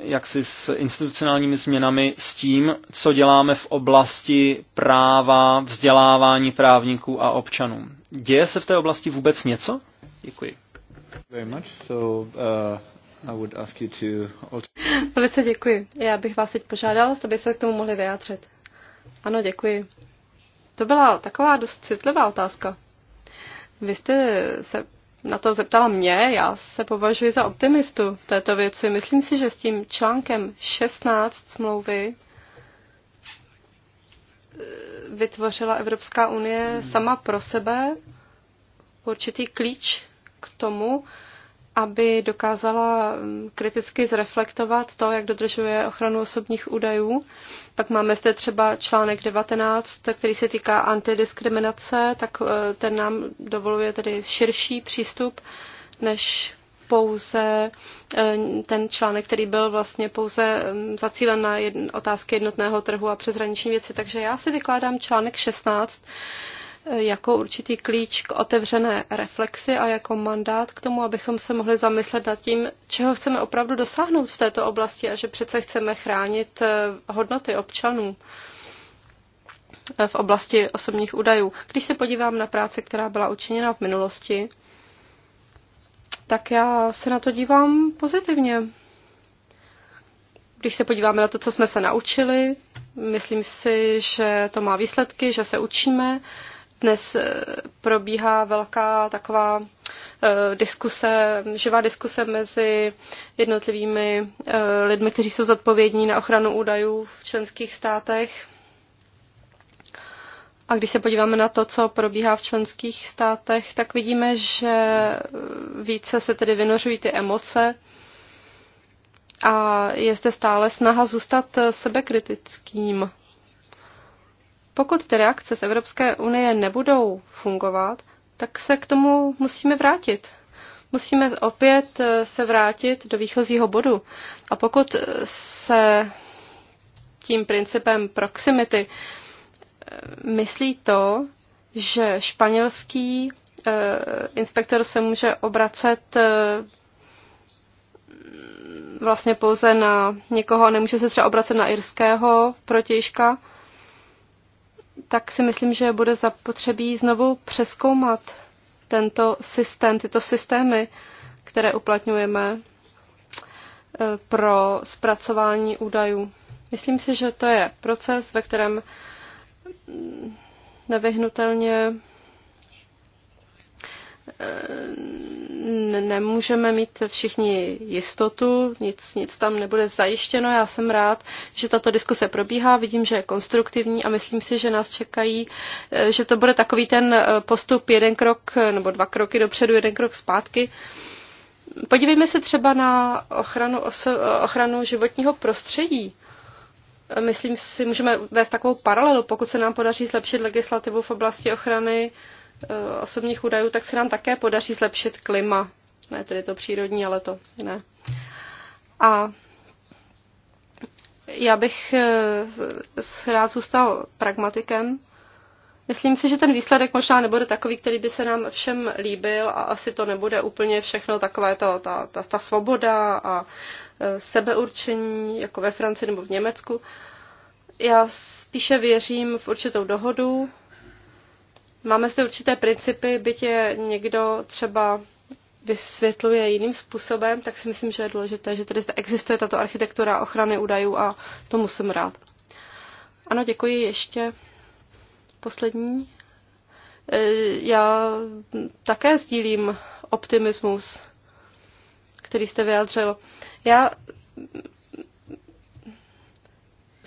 jaksi s institucionálními změnami s tím, co děláme v oblasti práva, vzdělávání právníků a občanů. Děje se v té oblasti vůbec něco? Děkuji. Uh, Velice děkuji. Já bych vás teď požádala, abyste se k tomu mohli vyjádřit. Ano, děkuji. To byla taková dost citlivá otázka. Vy jste se na to zeptala mě, já se považuji za optimistu v této věci. Myslím si, že s tím článkem 16 smlouvy eh, vytvořila Evropská unie sama pro sebe určitý klíč k tomu, aby dokázala mm, kriticky zreflektovat to, jak dodržuje ochranu osobních údajů. Pak máme zde třeba článek 19, který se týká antidiskriminace, tak eh, ten nám dovoluje tedy širší přístup než pouze eh, ten článek, který byl vlastně pouze mm, zacílen na jedn, otázky jednotného trhu a přeshraniční věci. Takže já si vykládám článek 16 jako určitý klíč k otevřené reflexi a jako mandát k tomu, abychom se mohli zamyslet nad tím, čeho chceme opravdu dosáhnout v této oblasti a že přece chceme chránit eh, hodnoty občanů eh, v oblasti osobních údajů. Když se podívám na práci, která byla učiněna v minulosti, tak já se na to dívám pozitivně. Když se podíváme na to, co jsme se naučili, myslím si, že to má výsledky, že se učíme dnes eh, probíhá velká taková eh, diskuse, živá diskuse mezi jednotlivými eh, lidmi, kteří jsou zodpovědní na ochranu údajů v členských státech. A když se podíváme na to, co probíhá v členských státech, tak vidíme, že více se tedy vynořují ty emoce a je zde stále snaha zůstat sebekritickým. Pokud ty reakce z Evropské unie nebudou fungovat, tak se k tomu musíme vrátit. Musíme opět eh, se vrátit do výchozího bodu. A pokud eh, se tím principem proximity eh, myslí to, že španělský inspektor se může obracet vlastně pouze na někoho a nemůže se třeba obracet na irského protějška, tak si myslím, že bude zapotřebí znovu přeskoumat tento systém, tyto systémy, které uplatňujeme eh, pro zpracování údajů. Myslím si, že to je proces, ve kterém mm, nevyhnutelně eh, nemůžeme mít všichni jistotu, nic, nic tam nebude zajištěno. Já jsem rád, že tato diskuse probíhá, vidím, že je konstruktivní a myslím si, že nás čekají, eh, že to bude takový ten eh, postup jeden krok eh, nebo dva kroky dopředu, jeden krok zpátky. Podívejme se třeba na ochranu, oso- ochranu životního prostředí. Myslím si, můžeme vést takovou paralelu, pokud se nám podaří zlepšit legislativu v oblasti ochrany Eh, osobních údajů, tak se nám také podaří zlepšit klima. Ne tedy to přírodní, ale to jiné. A já bych eh, rád zůstal pragmatikem. Myslím si, že ten výsledek možná nebude takový, který by se nám všem líbil a asi to nebude úplně všechno takové to, ta, ta, ta svoboda a eh, sebeurčení, jako ve Francii nebo v Německu. Já spíše věřím v určitou dohodu, Máme si určité principy, byť je někdo třeba vysvětluje jiným způsobem, tak si myslím, že je důležité, že tady existuje tato architektura ochrany údajů a to musím rád. Ano, děkuji ještě. Poslední. E, já také sdílím optimismus, který jste vyjádřil. Já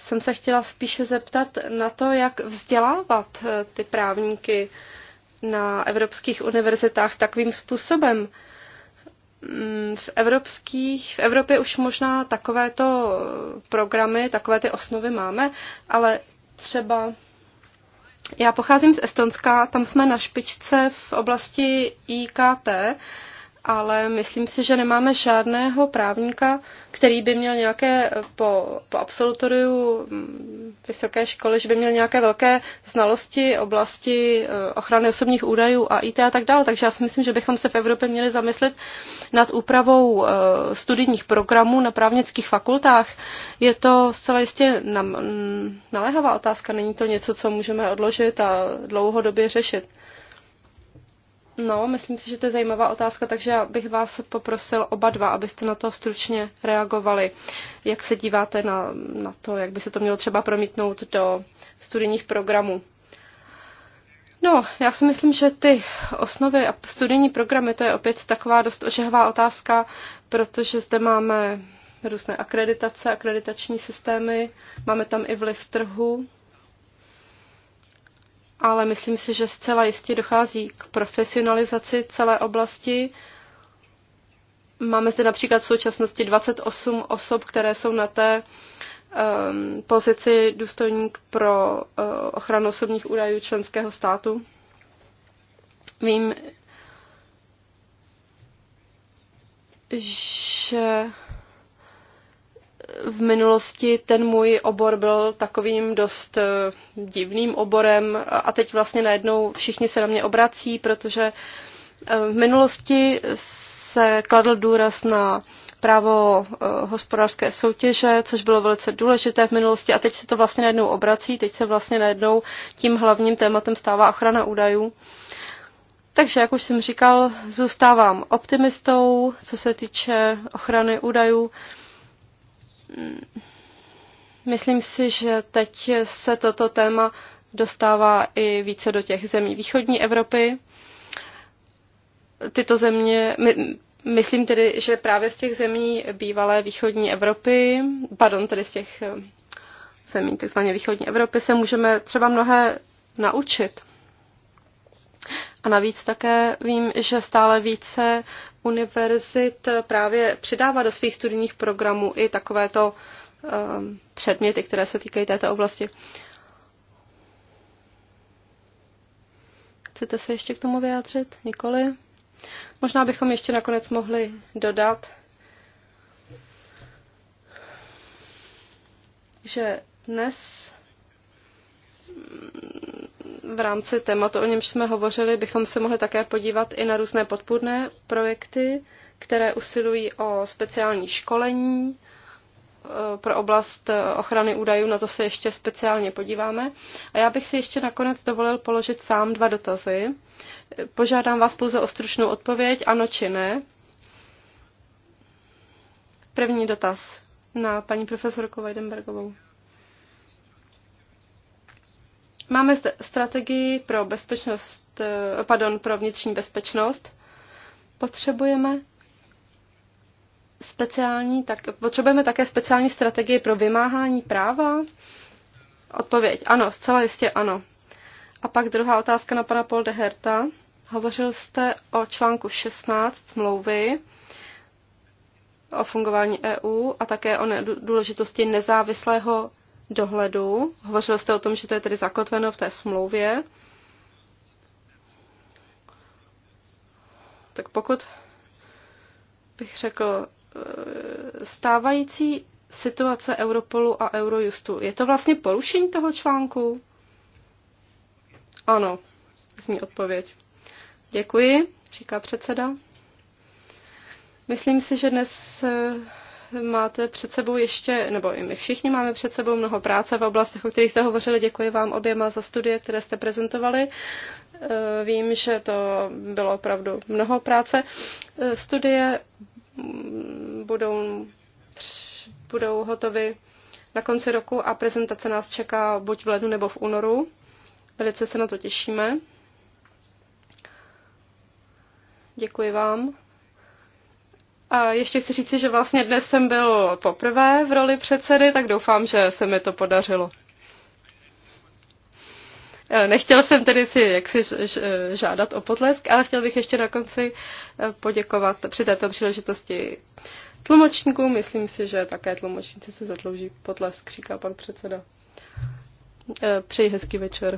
jsem se chtěla spíše zeptat na to, jak vzdělávat eh, ty právníky na evropských univerzitách takovým způsobem. Mm, v, evropských, v Evropě už možná takovéto programy, takové ty osnovy máme, ale třeba já pocházím z Estonska, tam jsme na špičce v oblasti IKT ale myslím si, že nemáme žádného právníka, který by měl nějaké po, po absolutoriu mm, vysoké školy, že by měl nějaké velké znalosti oblasti eh, ochrany osobních údajů a IT a tak dále. Takže já si myslím, že bychom se v Evropě měli zamyslet nad úpravou eh, studijních programů na právnických fakultách. Je to zcela jistě naléhavá otázka, není to něco, co můžeme odložit a dlouhodobě řešit. No, myslím si, že to je zajímavá otázka, takže já bych vás poprosil oba dva, abyste na to stručně reagovali. Jak se díváte na, na to, jak by se to mělo třeba promítnout do studijních programů? No, já si myslím, že ty osnovy a studijní programy, to je opět taková dost ožehová otázka, protože zde máme různé akreditace, akreditační systémy, máme tam i vliv trhu, ale myslím si, že zcela jistě dochází k profesionalizaci celé oblasti. Máme zde například v současnosti 28 osob, které jsou na té um, pozici důstojník pro uh, ochranu osobních údajů členského státu. Vím, že v minulosti ten můj obor byl takovým dost eh, divným oborem a teď vlastně najednou všichni se na mě obrací, protože eh, v minulosti se kladl důraz na právo eh, hospodářské soutěže, což bylo velice důležité v minulosti a teď se to vlastně najednou obrací, teď se vlastně najednou tím hlavním tématem stává ochrana údajů. Takže, jak už jsem říkal, zůstávám optimistou, co se týče ochrany údajů. Myslím si, že teď se toto téma dostává i více do těch zemí východní Evropy. Tyto země, my, myslím tedy, že právě z těch zemí bývalé východní Evropy, pardon, tedy z těch eh, zemí takzvaně východní Evropy, se můžeme třeba mnohé naučit. A navíc také vím, že stále více univerzit právě přidává do svých studijních programů i takovéto um, předměty, které se týkají této oblasti. Chcete se ještě k tomu vyjádřit? Nikoli? Možná bychom ještě nakonec mohli dodat, že dnes v rámci tématu, o němž jsme hovořili, bychom se mohli také podívat i na různé podpůrné projekty, které usilují o speciální školení e, pro oblast e, ochrany údajů, na to se ještě speciálně podíváme. A já bych si ještě nakonec dovolil položit sám dva dotazy. Požádám vás pouze o stručnou odpověď, ano či ne. První dotaz na paní profesorku Weidenbergovou. Máme zde strategii pro bezpečnost, eh, pardon, pro vnitřní bezpečnost. Potřebujeme speciální, tak potřebujeme také speciální strategii pro vymáhání práva? Odpověď ano, zcela jistě ano. A pak druhá otázka na pana Paul de Herta. Hovořil jste o článku 16 smlouvy o fungování EU a také o důležitosti nezávislého dohledu. Hovořil jste o tom, že to je tedy zakotveno v té smlouvě. Tak pokud bych řekl, eh, stávající situace Europolu a Eurojustu, je to vlastně porušení toho článku? Ano, zní odpověď. Děkuji, říká předseda. Myslím si, že dnes eh, máte před sebou ještě, nebo i my všichni máme před sebou mnoho práce v oblastech, o kterých jste hovořili. Děkuji vám oběma za studie, které jste prezentovali. Eh, vím, že to bylo opravdu mnoho práce. Eh, studie budou, budou hotovy na konci roku a prezentace nás čeká buď v lednu nebo v únoru. Velice se na to těšíme. Děkuji vám. A ještě chci říci, že vlastně dnes jsem byl poprvé v roli předsedy, tak doufám, že se mi to podařilo. E, nechtěl jsem tedy si jaksi žádat o potlesk, ale chtěl bych ještě na konci e, poděkovat při této příležitosti tlumočníků. Myslím si, že také tlumočníci se zatlouží potlesk, říká pan předseda. E, přeji hezký večer.